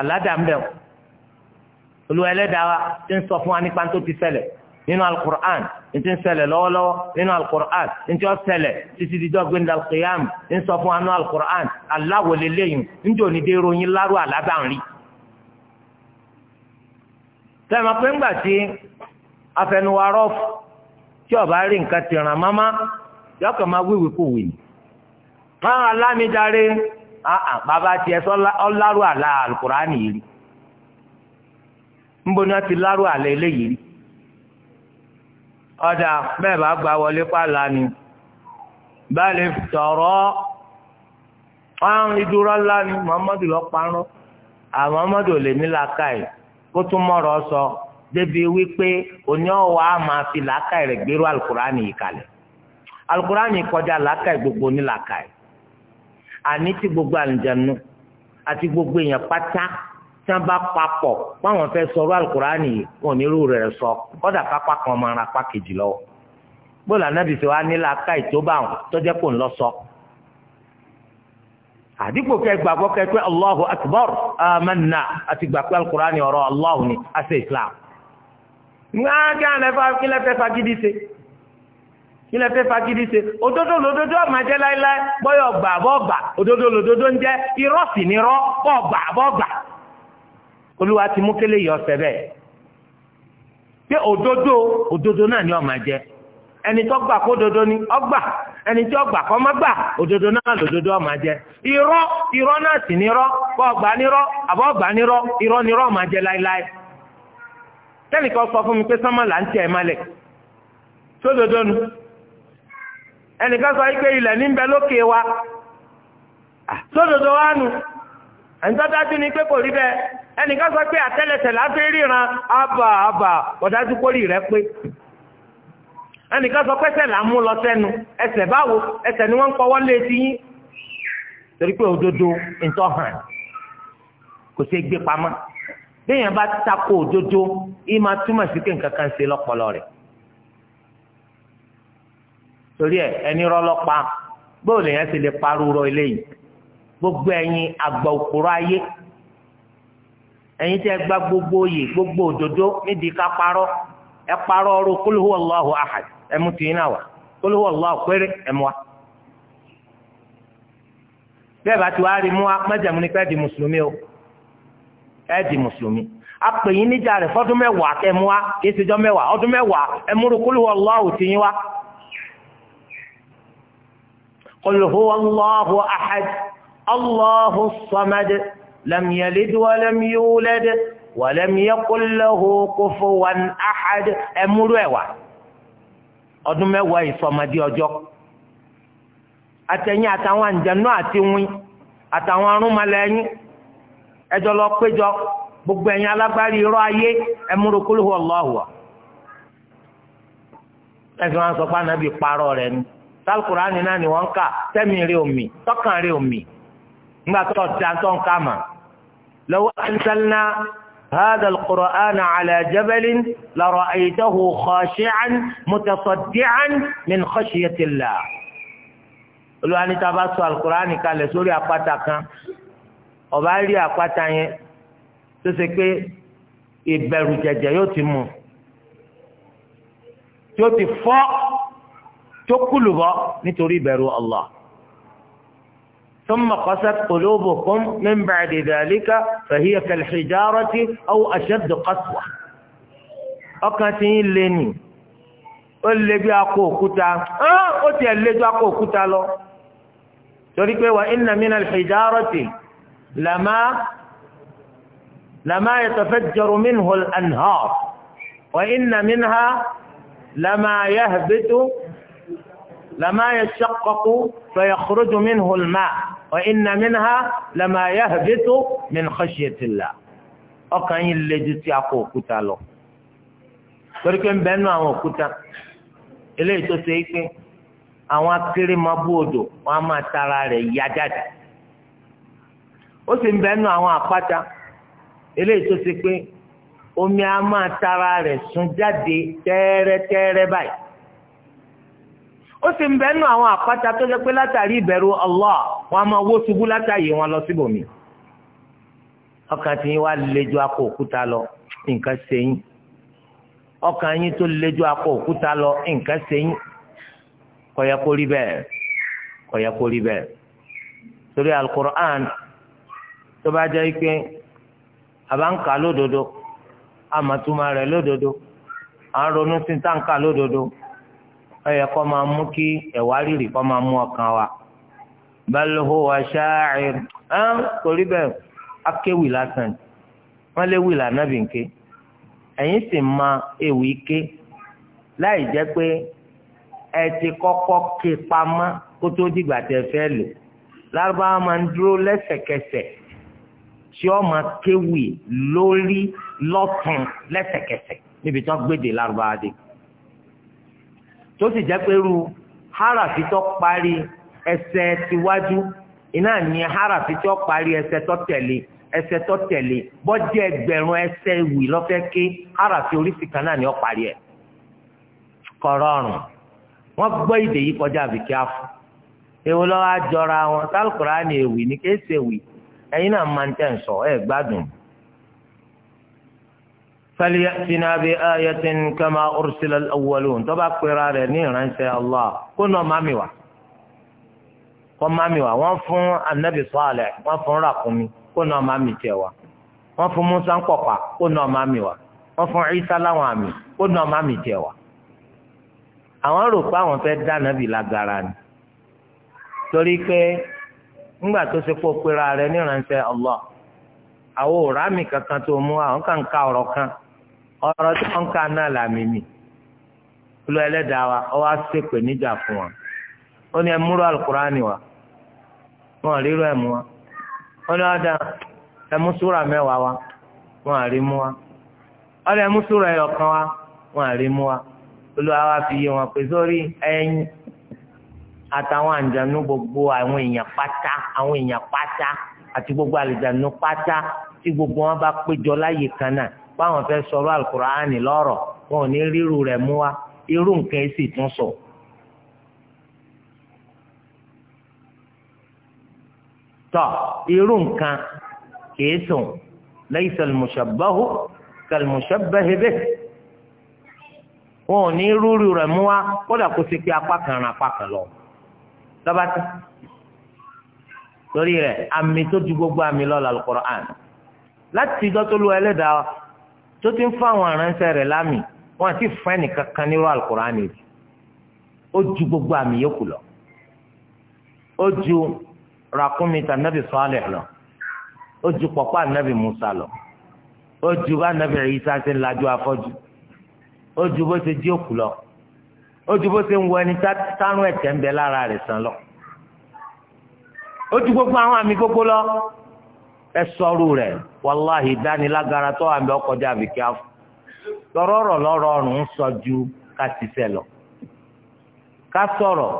aládàá ń bẹ̀ olúwa ẹlẹ́dàá wa ti ń sọ fún wa nípa tó ti ṣẹlẹ̀ nínú alukur'an ntí ń ṣẹlẹ̀ lọ́wọ́lọ́wọ́ nínú alukur'an ntí ó ṣẹlẹ̀ títí di dọ́gbé ní alukiyam ń sọ fún anú alukur'an aláwọlé lẹ́yìn ntí òní dé ròyìn lárú alábàárí. sẹ́mi pé ńgbà tí afẹnuwarọ́ tí ọba rí nǹkan ti ràn máma yọkàn máa wíwì kú wì ní. wọ́n alámídarí bàbá tiẹ̀ sọ ọ́ lárú àlá alukur'an yìí rí. ńbo ti lárú àlá eléyìí rí. ọ̀dà bẹ́ẹ̀ bá gba wọlé pàlà ni bá lè tọ̀rọ̀ ọ̀rùn ìdúró ńlá ni muhammadu lọ parọ́ àmuhammadu lè ní làákàyè kó tún mọ̀rọ̀ sọ débi wípé òní ọ̀wà á máa fi làákàyè rẹ̀ gbérú alukurani yìí kalẹ̀ alukurani kọjá làákàyè gbogbo ní làákàyè àní ti gbogbo àlùjànnú àti gbogbo èèyàn pátá tí wọn bá papọ̀ báwọn fẹ́ sọ̀rọ̀ alukurani wọn ní irú rẹ̀ sọ kọ́dà pápá kan máa ra pákejì lọ. bóòlù anábì sọ wa nílà ká ìtóbá àwọn tọ́jẹ́ kò ń lọ sọ. àdìpọ̀ kẹ́ gbàgbọ́ kẹ́ pé allahu akbar amanna àti gbàgbọ́ alukurani ọ̀rọ̀ allahu ni àṣẹ islam. ńlá kí àwọn ẹ̀fọ́ kí lẹ́fẹ́ fagídí ṣe kí lẹ́fẹ́ fagídí ṣe òdodo lòdodo ọ̀ma jẹ́ láéláé bọ́yọ̀ gbà bọ́ gbà òdodo lòdodo ń jẹ́ irọ́ gbà bọ́ gbà. olúwa ti mú kélé yọ ọsẹ bẹ́ẹ̀ pé òdodo òdodo náà ni ó máa jẹ ẹni tó gbà kó dodo ni ó gbà ẹni tí ó gbà kó má gbà òdodo náà lòdodo ó máa jẹ irọ́ irọ́ náà sì ní irọ́ bọ́ ọgbà nírọ́ àbọ̀ ọgbà nírọ́ irọ́ nírọ́ ó máa jẹ láéláé tẹ́nìkan sọ fún mi pé sánmà là ń tẹ̀ ẹ́ mọ́lẹ̀ dodo nu ẹnìkan sọ wípé ilẹ̀ ní bẹ lókè wa dodo wa nu ẹ̀ńtọ́dájú ni pé kò rí bẹ́ẹ̀ ẹnìkan sọ pé àtẹ́lẹsẹ̀ láfẹ́ ríran àbà àbà kórì rẹ pé ẹnìkan sọ pé ẹsẹ̀ là ń mú lọ sẹ́nu ẹsẹ̀ báwo ẹsẹ̀ ni wọ́n ń pọwọ́ lé sí yín torí pé òdodo ntọ́ hàn kò ṣe gbé pamọ́ béèyàn bá òdodo ti lè ẹ̀yin tí ẹ gba gbogbo oyè gbogbo òdodo nídìí ká parọ́ ẹ parọ́ ọrọ̀ kul huwa Allahu ahad ẹ mú tìyín náà wá kul huwa Allahu péré ẹ mú wa. bẹ́ẹ̀ bá ti wá rí mú wa májàmú ni pé ẹ di mùsùlùmí o ẹ di mùsùlùmí apèyìn níjà rẹ̀ fọ́dún mẹ́wàá kẹ́ mú wa kì í ṣèjọ́ mẹ́wàá ọdún mẹ́wàá ẹ múru kul huwa tìyín wa. kul huwa ahad Allahu samad. لم يلد ولم يولد ولم يقل له كفوا أحد ẹmúrú ẹwà ọdún mẹ́wàá ìsọmọdé ọjọ́ àtẹ̀yìn àtàwọn àǹjẹ̀nú àti wín àtàwọn arúnmọlẹ́yìn ẹjọ́ lọ péjọ gbogbo ẹ̀yin alágbárí irọ́ ayé ẹmúrú kúlù ọlọ́hùwà ẹ̀sìn wọn sọ pé ànábì parọ́ rẹ̀ ni sálùkùránì náà ni wọ́n ń kà tẹ́mi rí omi tọ́kàn rí omi nígbà tó ọ̀dà tó mà. لو أنزلنا هذا القرآن على جبل لرأيته خاشعا متصدعا من خشية الله olùwàní tá a bá sọ alukurani kalẹ̀ sórí àpáta kan ọba rí àpáta yẹn tó ṣe pé ìbẹ̀rù jẹjẹ yóò ti mú tí ó ti fọ́ tó kúlù bọ́ nítorí ìbẹ̀rù Allah. ثم قست قلوبكم من بعد ذلك فهي كالحجارة أو أشد قسوة أكثين لني اللي بيأكو كتا أكثين آه، اللي بيأكو كتا له تريكي وإن من الحجارة لما لما يتفجر منه الأنهار وإن منها لما يهبط لما يشقق فيخرج منه الماء وإن منها لما يهبط من خشية الله ọkàn yín le ju ti akọ òkúta lọ torí pé ń bẹ nú àwọn òkúta eléyìí tó ṣe é pé àwọn akéré máa bú odò wọn á máa tara rẹ̀ ya jáde ó sì ń bẹ nú àwọn àpáta eléyìí tó ṣe pé omi á máa tara rẹ̀ sun jáde tẹ́ẹ́rẹ́tẹ́ẹ́rẹ́ báyìí ó sì ń bẹ́nu àwọn àpáta tó jẹ́ pé látàrí ìbẹ̀rù Allah wọn a máa wó ṣubú látàrí wọn lọ síbòmí ọkàn tí akọ òkúta lọ nǹkan ṣe ọkàn yín tó lejò akọ òkúta lọ nǹkan kó rí kó rí torí alukur'an tó bá jẹ́ pé ẹ̀yẹ kọ́ máa mú kí ẹ̀wà rírì kọ́ máa mú ọkàn wa bal huwa sha'ir ẹ̀ torí bẹ́ẹ̀ akéwì lásán wọ́n lé wì lànàbì ńké ẹ̀yin sì ma ewì ké láì jẹ́ pé ẹ ti kọ́kọ́ ké pamọ́ kó tó dìgbà tẹ fẹ́ lò lárúbáwá máa ń dúró lẹ́sẹ̀kẹsẹ̀ tí ó máa kéwì lórí lọ́tún lẹ́sẹ̀kẹsẹ̀ níbi tí wọ́n gbéde lárúbáwá dé. tó sì jẹ́ pé ru harafi tó parí ẹsẹ̀ tiwájú iná ní harafi tó parí ẹsẹ̀ tó tẹ̀lé ẹsẹ̀ tó tẹ̀lé bọ́jú ẹgbẹ̀rún ẹsẹ̀ lọ́fẹ́ ké harafi oríṣi kan náà ni ó parí ẹ̀ kọ̀rọ̀ọ̀rùn wọ́n gbọ́ èdè yìí kọjá àbíkí afọ èwo lọ́wọ́ àjọra wọn ni èwì náà máa فليأتنا بآية كما أرسل الأولون تبا قرار نيرا إن الله كنا مامي وا وانفون النبي صالح وانفون راقمي كنا مامي تيوا وانفون موسى قوقا كنا مامي وانفون عيسى لوامي كنا مامي تيوا àwọn rò pé àwọn fẹ́ dá nàbì lágara ni torí pé ńgbà tó ṣe kó pera rẹ àwọn kankan tó mú àwọn kàn ká kan ọ̀rọ̀ tí wọ́n ń kà náà làmì mi olú ẹlẹ́dàá wa ọ wá ṣépè níjà fún wa ó ní ẹ múrò alukurani wa wọn ríro ẹ mú wa ó ní ọ̀dà ẹ mú súra mẹ́wàá wa wọn àrí mú wa ọ̀dà ẹ mú súra ẹ̀yọ̀kan wa wọn àrí mú wa olú wa fi yé wọn pé sórí ẹyin àtàwọn àǹjànú gbogbo àwọn èèyàn pátá àwọn èèyàn pátá àti gbogbo àlejànú pátá tí gbogbo wọn bá péjọ láyè kan náà fáwọn fẹ́ sọ̀rọ̀ alukur'ani lọ́rọ̀ wọn ò ní ríru rẹ̀ mú wa irú nǹkan sì tún sọ. tọ́ irú nǹkan kìí sùn lẹ́yìn sàlùmùsàbáhù sàlùmùsàbáhù bẹ́ẹ̀ wọn ò ní ríru rẹ̀ mú wa kódà kó ti pé apá kan ran apá kan lọ lọ́ba torí rẹ̀ àmì tó ju gbogbo àmì lọ lálùkọ́rọ̀ láti ìjọ tó lu ẹlẹ́dàá tó ti ń fún àwọn aránṣẹ́ rẹ̀ lámì wọn àti fún ẹnìkan kan nírú alukur'an yìí ó ju gbogbo àmì yòókù lọ ó ju ràkúnmi tà nàbì sọ́ọ̀lẹ̀ lọ ó ju pọ̀pọ́ ànábì Musa lọ ó ju bá ànábì Ìsá ń lajú afọ́jú ó ju bó ṣe jí lọ ó ju bó ṣe ń wọ ẹni tánú ẹ̀tẹ̀ ń bẹ lára rẹ̀ sàn lọ ó ju gbogbo àwọn àmì gbogbo lọ. ẹ rẹ̀ wàláhì ìdánilágara tó wà ń bẹ ọkọjá ọrụ àfọ lọ́rọ̀rọ̀ lọ́rọ̀rùn ń sọ ju ká ti lọ ká sọ̀rọ̀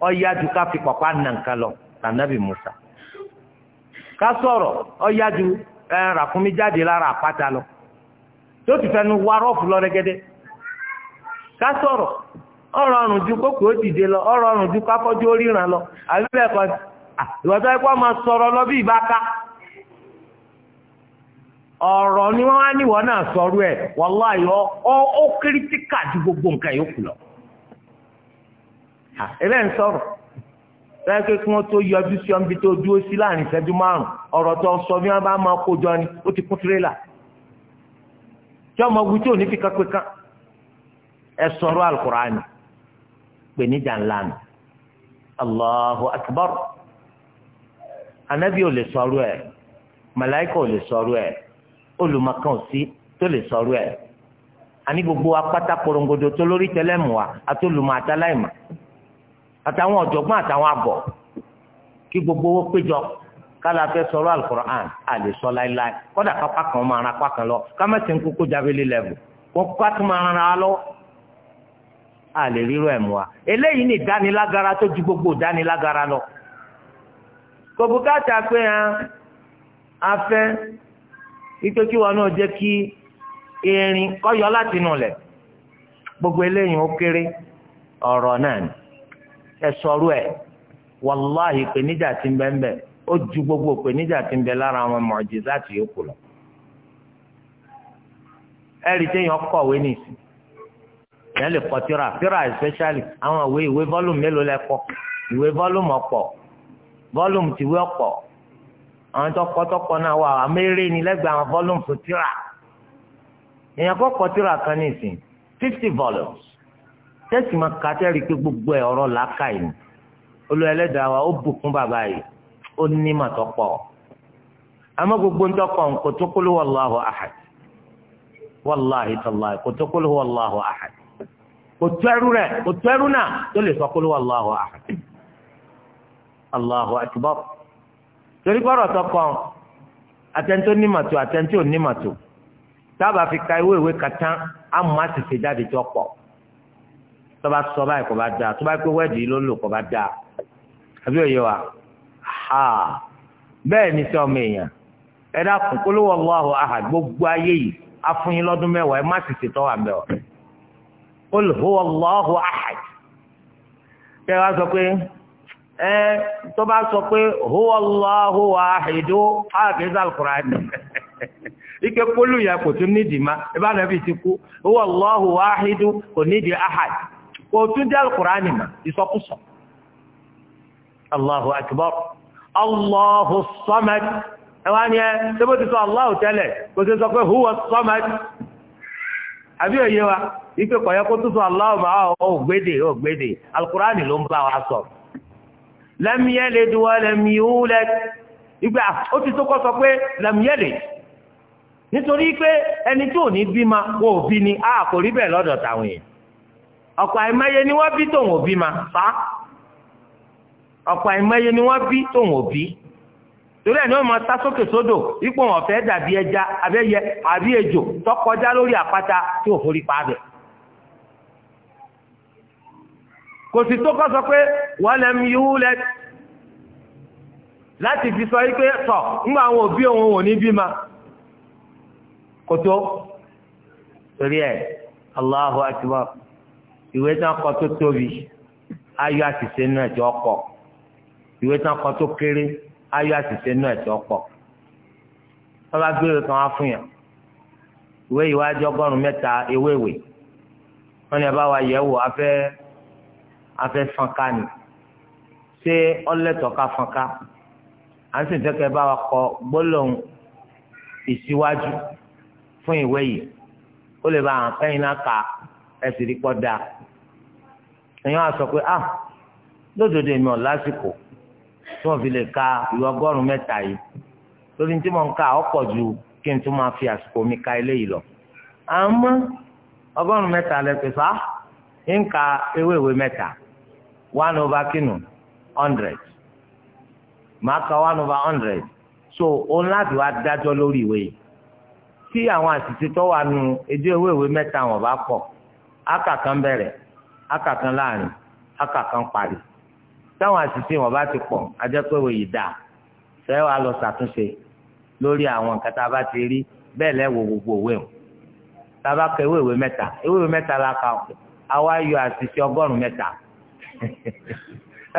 ó ju ká fi pàpà nà nǹkan lọ nànàbì Musa ká sọ̀rọ̀ ó ju ràkúnmí jáde lára àpáta lọ tó ti fẹnu wá lọ ká ju kókò ó lọ ju ó ríran lọ àbí lọ bí ọ̀rọ̀ ni wọ́n wá níwọ̀ náà sọ̀rọ̀ ẹ̀ wàláhì ó kírítíkà ju gbogbo nǹkan yòókù lọ. ẹlẹ́ ń sọ̀rọ̀ bẹ́ẹ̀ kí wọ́n tó yọjú sí ọmọbi tó dúró sí láàrin ìṣẹ́jú márùn-ún ọ̀rọ̀ tó sọ bí wọ́n bá máa kó jọ ni ó ti kún tirẹ́là. tí ọmọ ogun tí ò ní fi kan pé kan ẹ sọ̀rọ̀ allahu akbar anabi ò lè sọ̀rọ̀ ẹ̀ ò lè sọ̀rọ̀ olùmọ̀kan ò sí tó lè sọ̀rọ̀ ẹ̀ àní gbogbo apáta korongodo tó lórí tẹlẹ́mù wa àtolùmọ̀ àtàláìmọ̀ àtàwọn ọ̀jọ̀gbọ́n àtàwọn àbọ̀ kí gbogbo owó péjọ kálá fẹ́ sọ̀rọ̀ alukur'an àlè sọ láéláé kọ́dà kápá kan máa ra pákan lọ kámẹ́sì ń kókó jábélé lẹ́bù kó kátó máa ra lọ àlè rírọ ẹ̀mú wa eléyìí ní ìdánilágara tó ju gbogbo ìdánilágara lọ kò bùkátà pé a fẹ́ ike kí wọn náà jẹ́ kí erin kọyọ láti inú lẹ̀ gbogbo eléyìí ó kéré ọ̀rọ̀ náà ni ẹ sọ̀rọ̀ ẹ̀ wàláhì ìpèníjà ti ń bẹ́ẹ̀ bẹ́ẹ̀ ó ju gbogbo ìpèníjà ti ń bẹ lára àwọn mọ̀ọ́jìzá tí yòókù lọ. ẹ̀rí téèyàn kọ̀wé nìsí èèyàn lè kọ tíra tíra especially àwọn ìwé ìwé volume mélòó lẹ kọ ìwé volume ọ̀pọ̀ volume tìwé ọ̀pọ̀ àwọn tọkọtọkọ náà wà àmẹ́rẹ́ ni lẹ́gbẹ̀ẹ́ àwọn volume fún èèyàn kọ́ kọ kan ní ìsìn fifty volumes tẹ́sí máa ka tẹ́rì pé gbogbo ẹ̀ ọ̀rọ̀ làákàyè ni olú ẹlẹ́dàá wa ó bùkún bàbá yìí ó ní gbogbo ń tọkọ̀ kò tó kúlú wallahu ahad kò tó torí gbọ́dọ̀ tọkọ àtẹ̀ntó nímàtó àtẹ̀ntó nímàtó tábà fi ka ìwé ìwé kàtán àmọ́ àtìsè jáde tó pọ̀ tọ́ba sọ báyìí kò bá dáa tọ́ba pé wẹ́ẹ̀dì ló lò kò bá dáa àbí òye wa ha bẹ́ẹ̀ ni sọ ọmọ èèyàn ẹ dákun kó ló wọ Allahu ahad gbogbo ayé yìí afúnyin lọ́dún mẹ́wàá ẹ má sì ṣètọ́ wà mẹ́wàá qul huwa Allahu ahad tẹ́ wá sọ pé. ẹ tó bá sọ pé huwallahu wahidu hafiza al ike pólù ya kò tún ma ìbá ebe ti kú huwallahu wahidu kò nídìí ahad kò tún jẹ́ ma ìsọkúsọ Allahu akbar Allahu samad ẹwà ni ẹ tẹ́bó ti sọ Allahu huwa samad àbí òye wa ike kó sọ ma ló ń bá wa sọ̀rọ̀ lẹ́mìẹ́lẹ̀ duwa lẹ́mìíwúlẹ̀ ìgbà ó ti tó kọ́ sọ pé lẹ́mìẹ́lẹ̀ nítorí pé ẹni tí ò ní bí ma wọ́n bí ni a kò rí bẹ́ẹ̀ lọ́dọ̀ tàwọn yẹn ọ̀pọ̀ àìmọye ni wọ́n bí tòun ò ma fa ọ̀pọ̀ àìmọye ni wọ́n bí tòun ò bí torí ẹni wọn máa sá sókè sódò ipò wọn fẹẹ dàbí ẹja abẹyẹ àbí ejò tó lórí àpáta tí ò forí pa bẹ kò sì tó kọ́ sọ pé walam yulad láti fi sọ wípé tọ̀ ńgbà àwọn òbí òun ò ní bímọ kò tó torí ẹ̀ Allahu akbar ìwé tán kọ tó tóbi ayọ̀ àṣìṣe náà ti ọkọ̀ ìwé tán kọ tó kéré ayọ̀ àṣìṣe náà ti ọkọ̀ wọ́n bá kan wá fún yàn ìwé ìwádìí ọgọ́rùn-ún mẹ́ta ewéèwé wọ́n ní bá wa yẹ̀ wò afẹ́ afẹ́ fọ́nká ni ṣé ọlẹ́tọ̀ ká fọ́nká à ń sì fẹ́ kẹ́ bá wa kọ gbólóhùn ìṣíwájú fún ìwé yìí ó lè ba àwọn akẹ́yìn náà kà ẹ̀sìn rí pọ́ dáa èèyàn á sọ pé ah lódodo èmi ò lásìkò tí wọ́n fi lè ka ìwé ọgọ́rùn-ún mẹ́ta yìí lórí tí mo ń ka ọ̀pọ̀ ju kí n tún máa fi àsìkò mi ka eléyìí lọ àmọ́ ọgọ́rùn-ún mẹ́ta lẹ́pẹ̀ sá ń ka ewé mẹ́ta one over kinu hundred màá one over hundred so òun láti wá dájọ́ lórí ìwé yìí tí àwọn àṣìṣe tó wà nù ejú ewé ìwé mẹ́ta wọn bá pọ̀ akàkan bẹ̀rẹ̀ akàkan láàrin akàkan parí táwọn àṣìṣe wọn bá ti pọ̀ ajẹ́pẹ́wò yìí dà fẹ́ wàá lọ ṣàtúnṣe lórí àwọn nǹkan tá a bá ti rí bẹ́ẹ̀ lẹ́wọ̀ gbogbo òwe o tá a bá ka ewé ìwé mẹ́ta ewé ìwé mẹ́ta la ka àwa yọ àṣìṣe ọgọ́rùn-ún mẹ́ta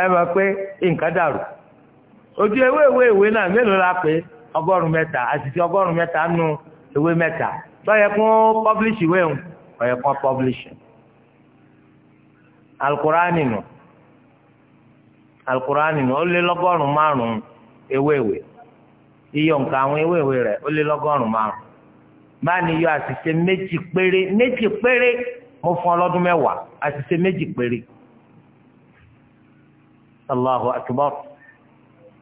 ẹ mọ̀ pé nǹkan dàrú ojú ewé ìwé ìwé náà mélòó la pé ọgọ́rùn-ún mẹ́ta àṣìṣe ọgọ́rùn-ún mẹ́ta nù ìwé mẹ́ta lọ́yẹ kún pọ́blíṣì ìwé òun ọ̀yẹ kún pọ́blíṣì alukurani nù alukurani nù ó lé lọ́gọ́rùn-ún márùn-ún ewé ìwé iyọ̀ nǹkan àwọn ewé ìwé rẹ̀ ó lé lọ́gọ́rùn-ún márùn-ún báni yọ àṣìṣe méjì péré méjì péré mo fún ọ lọ́dún mẹ́wàá àṣìṣe méjì péré. Allahu akbar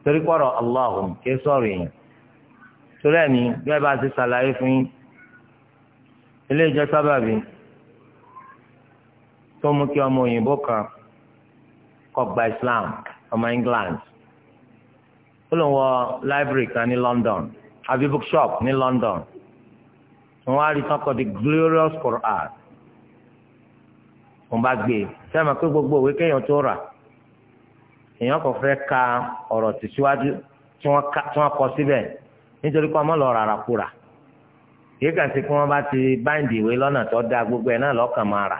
torí kọ́rọ̀ Allahu kì í sọ̀rọ̀ èèyàn torí ẹ̀ ní bẹ́ẹ̀ bá ti ṣàlàyé fún yín ilé ìjọ sábàbí tó mú kí ọmọ òyìnbó kan kó gba Islam ọmọ England ó lọ wọ library kan ní London àbí bookshop ní London wọn á rí sọkọ the glorious Quran wọn bá gbé sẹ́mi e. pé gbogbo òwe kéèyàn tó rà èèyàn kò fẹ́ ka ọ̀rọ̀ tìṣíwájú tí wọ́n kọ síbẹ̀ nítorí pé ọmọ lọ rárá kúra kìí kàn sí kí wọ́n bá ti báǹdì ìwé lọ́nà tó dáa gbogbo ẹ̀ náà lọ́kàn máa rà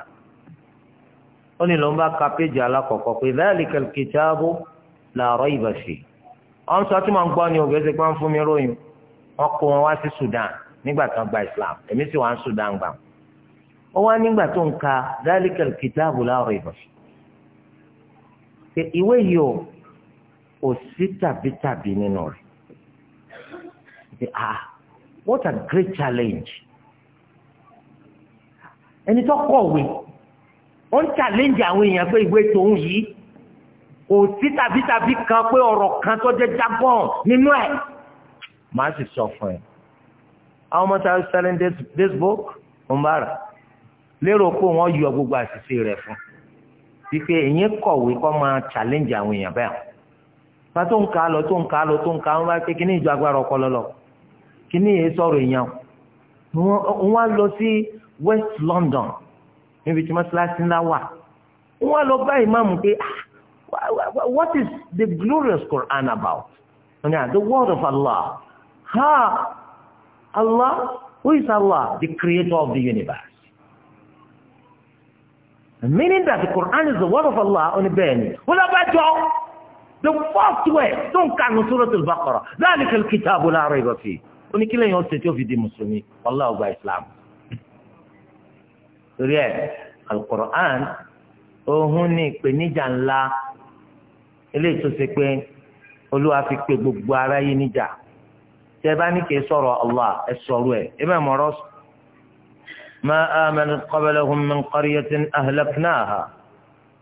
ó ní ló ń bá ka péjì alákọ̀ọ́kọ́ pé zalikal kitabu la rayba fi ọ̀n sọ tí mo ń gbọ́ ni òbí ẹsẹ̀ pé wọ́n fún mi ròyìn wọ́n kó wọn wá sí Sudan nígbà tó ń gba Islam èmi sì wá ń Sudan gbà ó wá nígbà tó ń ka zalikal kitabu la rayba fi pé ìwé yìí ò ò sí tàbí tàbí nínú rẹ̀ ṣe ah what a great challenge ẹni tó kọ̀wé ó ń challenge àwọn èèyàn pé ìwé tòun yìí kò sí tàbí tàbí kan pé ọ̀rọ̀ kan tó jẹ́ jábọ̀n nínú ẹ̀ màá sì sọ fún ẹ how much are you selling this, this book? ń bára lérò pé wọ́n yọ gbogbo àṣìṣe rẹ̀ fún un wípé èyí kọ̀wé kọ́ máa challenge àwọn èèyàn bẹ́ẹ̀ fa tó ń ka lọ tó ń ka lọ tó ń ka wọn bá pé kíní ìjọ agbára ọpọlọ lọ kíní yẹn sọ̀rọ̀ èèyàn wọn lọ sí West London níbi tí mọ́sálásí ńlá wà wọn lọ bá ìmáàmù pé ah, what is the glorious Quran about ah, the word of Allah ha Allah who is Allah the creator of the universe meaning that the Quran is the word of Allah on bẹ́ẹ̀ni wọ́n lọ́ba jọ the first way tó ń kanu Suratul Baqarah dhalika al-kitabu la rayba fihi oníkílẹ̀ yẹn ó ṣe tí ó fi di mùsùlùmí wàlá ọgbà Islam torí ẹ al-Quran ohun ní ìpèníjà ńlá eléyìí tó ṣe pé olúwa fi pé gbogbo aráyé níjà tẹ bá ní kí ẹ sọ̀rọ̀ Allah ẹ sọ̀rọ̀ ẹ ẹ bẹ́ẹ̀ mọ̀ ọ́rọ́ sọ. ما آمنت قبلهم من قرية أهلكناها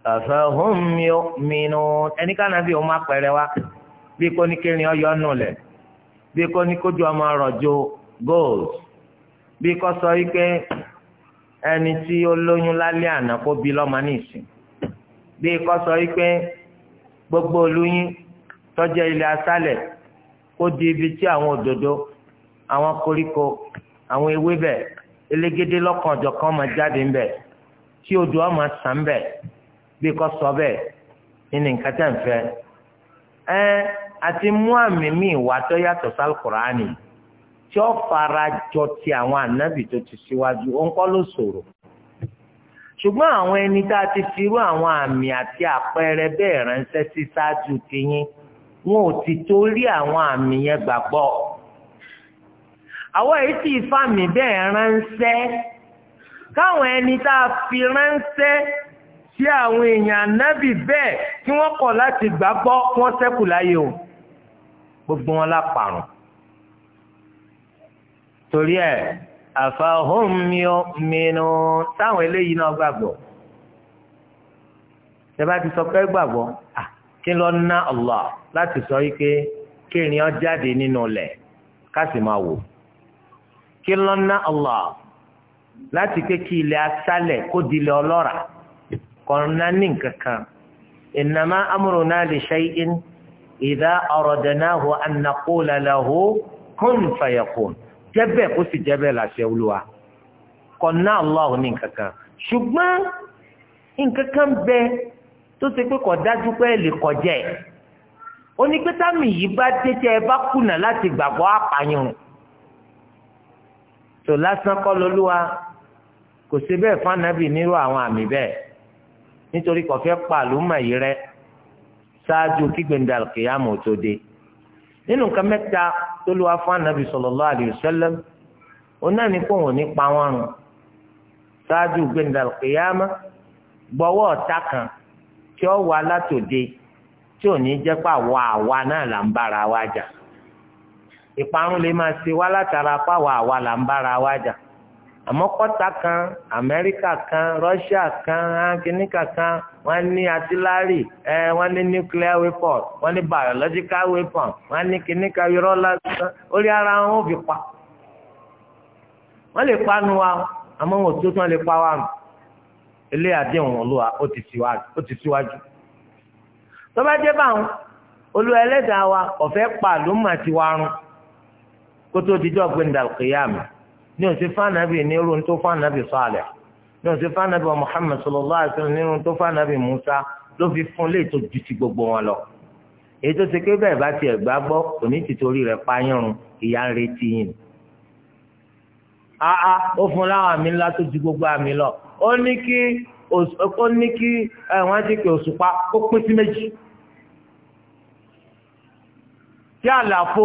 أفهم يؤمنون ẹni ká nàbí ọmọ apẹ̀rẹ̀ wa bí kò ní kérin ọyọ nù lẹ̀ bí kò ní kójú ọmọ rọ̀jò gold bí kò sọ wípé ẹni tí ó lóyún lálẹ́ àná kó bí lọ́mọ nìsín bí kò sọ wípé gbogbo olóyún tọ́jú ilẹ̀ asálẹ̀ kó di ibi tí àwọn òdòdó àwọn koríko àwọn ewébẹ̀ elégédé lọ́kàn ọ̀jọ̀kan máa jáde ń bẹ̀ tí odò ọmọ sàn bẹ̀ bí kò sọ bẹ́ẹ̀ nínú nǹkan tẹ̀ ń fẹ́ ẹ àti mú àmì míì wá tó yàtọ̀ sálùkùránì tí ó fara jọ ti àwọn ànábì tó ti síwájú ó ń kọ́ ló ṣòro ṣùgbọ́n àwọn ẹni tá a ti firú àwọn àmì àti àpẹẹrẹ bẹ́ẹ̀ ránṣẹ́ sí ṣáájú tiyín wọn ò ti torí àwọn àmì yẹn gbàgbọ́ àwọn èyí tí ìfàmì bẹ́ẹ̀ ránṣẹ́ káwọn ẹni tá a fi ránṣẹ́ sí àwọn èèyàn ànábì bẹ́ẹ̀ tí wọ́n kọ̀ láti gbà gbọ́ wọ́n ṣẹ́kù láyé o gbogbo wọn la torí ẹ àfàhùn mìíràn táwọn eléyìí náà gbàgbọ́ tẹ́bá ti sọ pé gbàgbọ́ kí lọ ná Allah láti sọ yìí pé kéèyàn jáde nínú ilẹ̀ ká sì máa wò kí lọ́nà Allah láti pé kí ilẹ̀ asálẹ̀ kó di ilẹ̀ ọlọ́ra kọ̀ọ̀nà ní nkankan innama amruna li shay'in idha aradnahu an naqula lahu kun fayakun jẹ́bẹ̀ kó sì jẹ́bẹ̀ làṣẹ olúwa kọ̀ọ̀nà Allah ní nkankan ṣùgbọ́n nkankan bẹ tó ṣe pé kọ̀ dájú pé lè kọjẹ́ ó ní yìí bá dé ẹ bá kùnà láti gbàgbọ́ àpàyàn tó lásán kọ́ kò sí bẹ́ẹ̀ fún nírú àwọn àmì bẹ́ẹ̀ nítorí kò fẹ́ rẹ ṣáájú kí kìyàmù tó dé nínú nǹkan mẹ́ta tó lu afọ anabi sallallahu alayhi wa ní kan tí ó wà tí ò ní jẹ́ pà wà ìparun lè máa ṣe wá látara páwa àwa là ń bára wa jà àmọ́ kọ́ta kan amẹ́ríkà kan rọ́ṣíà kan ánkíníkà kan wọ́n ní atilari ẹ wọ́n ní nuclear weapon wọ́n ní biological weapon wọ́n ní kíníkà irọ́ lásán orí ara wọn ò fi pa wọ́n lè panu wa àmọ́ wọn ò tó tí wọ́n lè pa wa nù ilé àdéhùn olúwa ó ti síwájú tó bá dé báwọn olúwa ẹlẹ́dàá wa ọ̀fẹ́ pa àlùmọ̀ àti wa run kótó dijọ́ gbẹ̀ndàlùkìyàmù ní òsì fànàbì ní irun tó fànàbì Salih ní òsì fànàbì Muhammad sallallahu alaihi wasallam ní irun tó fànàbì Musa ló fi fún lè tó ju ti gbogbo wọn lọ èyí tó ṣe pé bẹ́ẹ̀ bá tiẹ̀ gbá gbọ́ kò ní tìtorí rẹ̀ pààyàn ìyá ń retí yìí àá ó fún láwọn àmì ńlá tó ju gbogbo àmì lọ ó ní kí ó ní kí wọ́n ti pè òṣùpá ó pín sí méjì tí àlàfo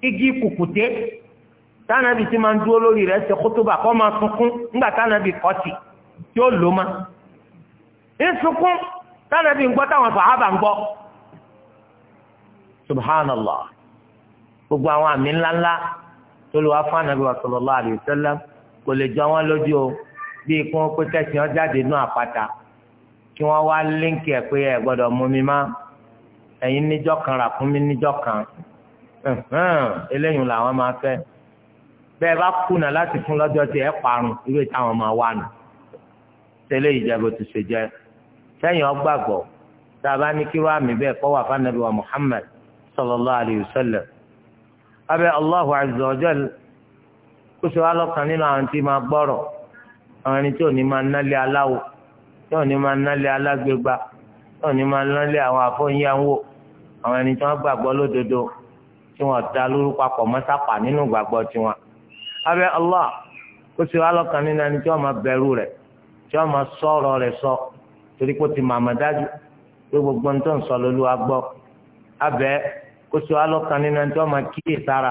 igi kùkùté tánàbì tí máa ń dúró lórí rẹ̀ ṣe kótóbà kọ́ máa sunkún nígbà tánàbì kọ́tì tí ó lò má ń sunkún tánàbì ń gbọ́ táwọn sàhábà ń gbọ́ subhanallah gbogbo àwọn àmì ńláńlá tó lè wá ànàbì wa sallallahu alayhi wa sallam kò lè jọ wọn lójú o bí kí wọn pé kẹsì wọn jáde nú àpáta kí wọn wá líǹkì ẹ pé ẹ gbọ́dọ̀ mú mi má ẹ̀yin níjọ́ kan rà fún mi níjọ́ kan eléyìí làwọn máa fẹ́ bẹ́ẹ̀ bá kùnà láti fún lọ́jọ́ tí ẹ parun irú táwọn máa wà nù tẹ́lẹ̀ ìjẹ́bù tó ṣe jẹ́ sẹ́yìn ọgbàgbọ́ tá a bá ní kí wàá mi bẹ́ẹ̀ kọ́ wà fánàbí wa Muhammad sallallahu alayhi wa sallam abẹ́ Allahu azza wa jal kó ṣe wá lọ́kàn nínú àwọn tí máa gbọ́rọ̀ àwọn ẹni tí ò ní máa nálé aláwo tí ò ní máa nálé alágbègbà tí ò ní máa nálé àwọn àfọyín àwọn ẹni tí wọ́n gbàgbọ́ lódodo. tí wọ́n da lórúkọ nínú ìgbàgbọ́ tiwọn. abẹ Allah kó sì wá lọ́kàn nínú ẹni tí wọ́n máa rẹ tí máa sọ sọ torí pé ti màmá dájú pé gbogbo ń tó ń sọ lóluwa gbọ́ abẹ kó sì nínú ẹni tí máa kíyè sára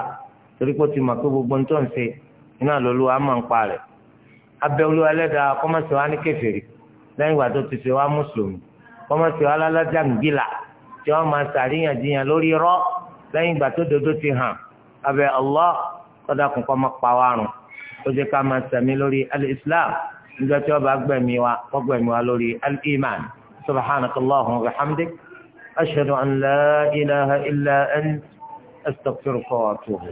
gbogbo ń tó ń ṣe iná lóluwa máa ń pa olúwa wa ní kẹfìrì lẹ́yìn ìgbà tó ti ṣe wá mùsùlùmí kọ́mọ̀sí wa lálẹ́ tí máa lẹ́yìn ìgbà tó dodo ti hàn abẹ́ Allah kọ́dà kún kọ́ máa pa wá rùn ó jẹ́ ká máa sẹ̀mí lórí al-islam nígbà tí wọ́n bá gbẹ̀mí wa wọ́n gbẹ̀mí wa lórí al-iman wa bihamdik ashhadu an la ilaha illa ant astaghfiruka wa atubu.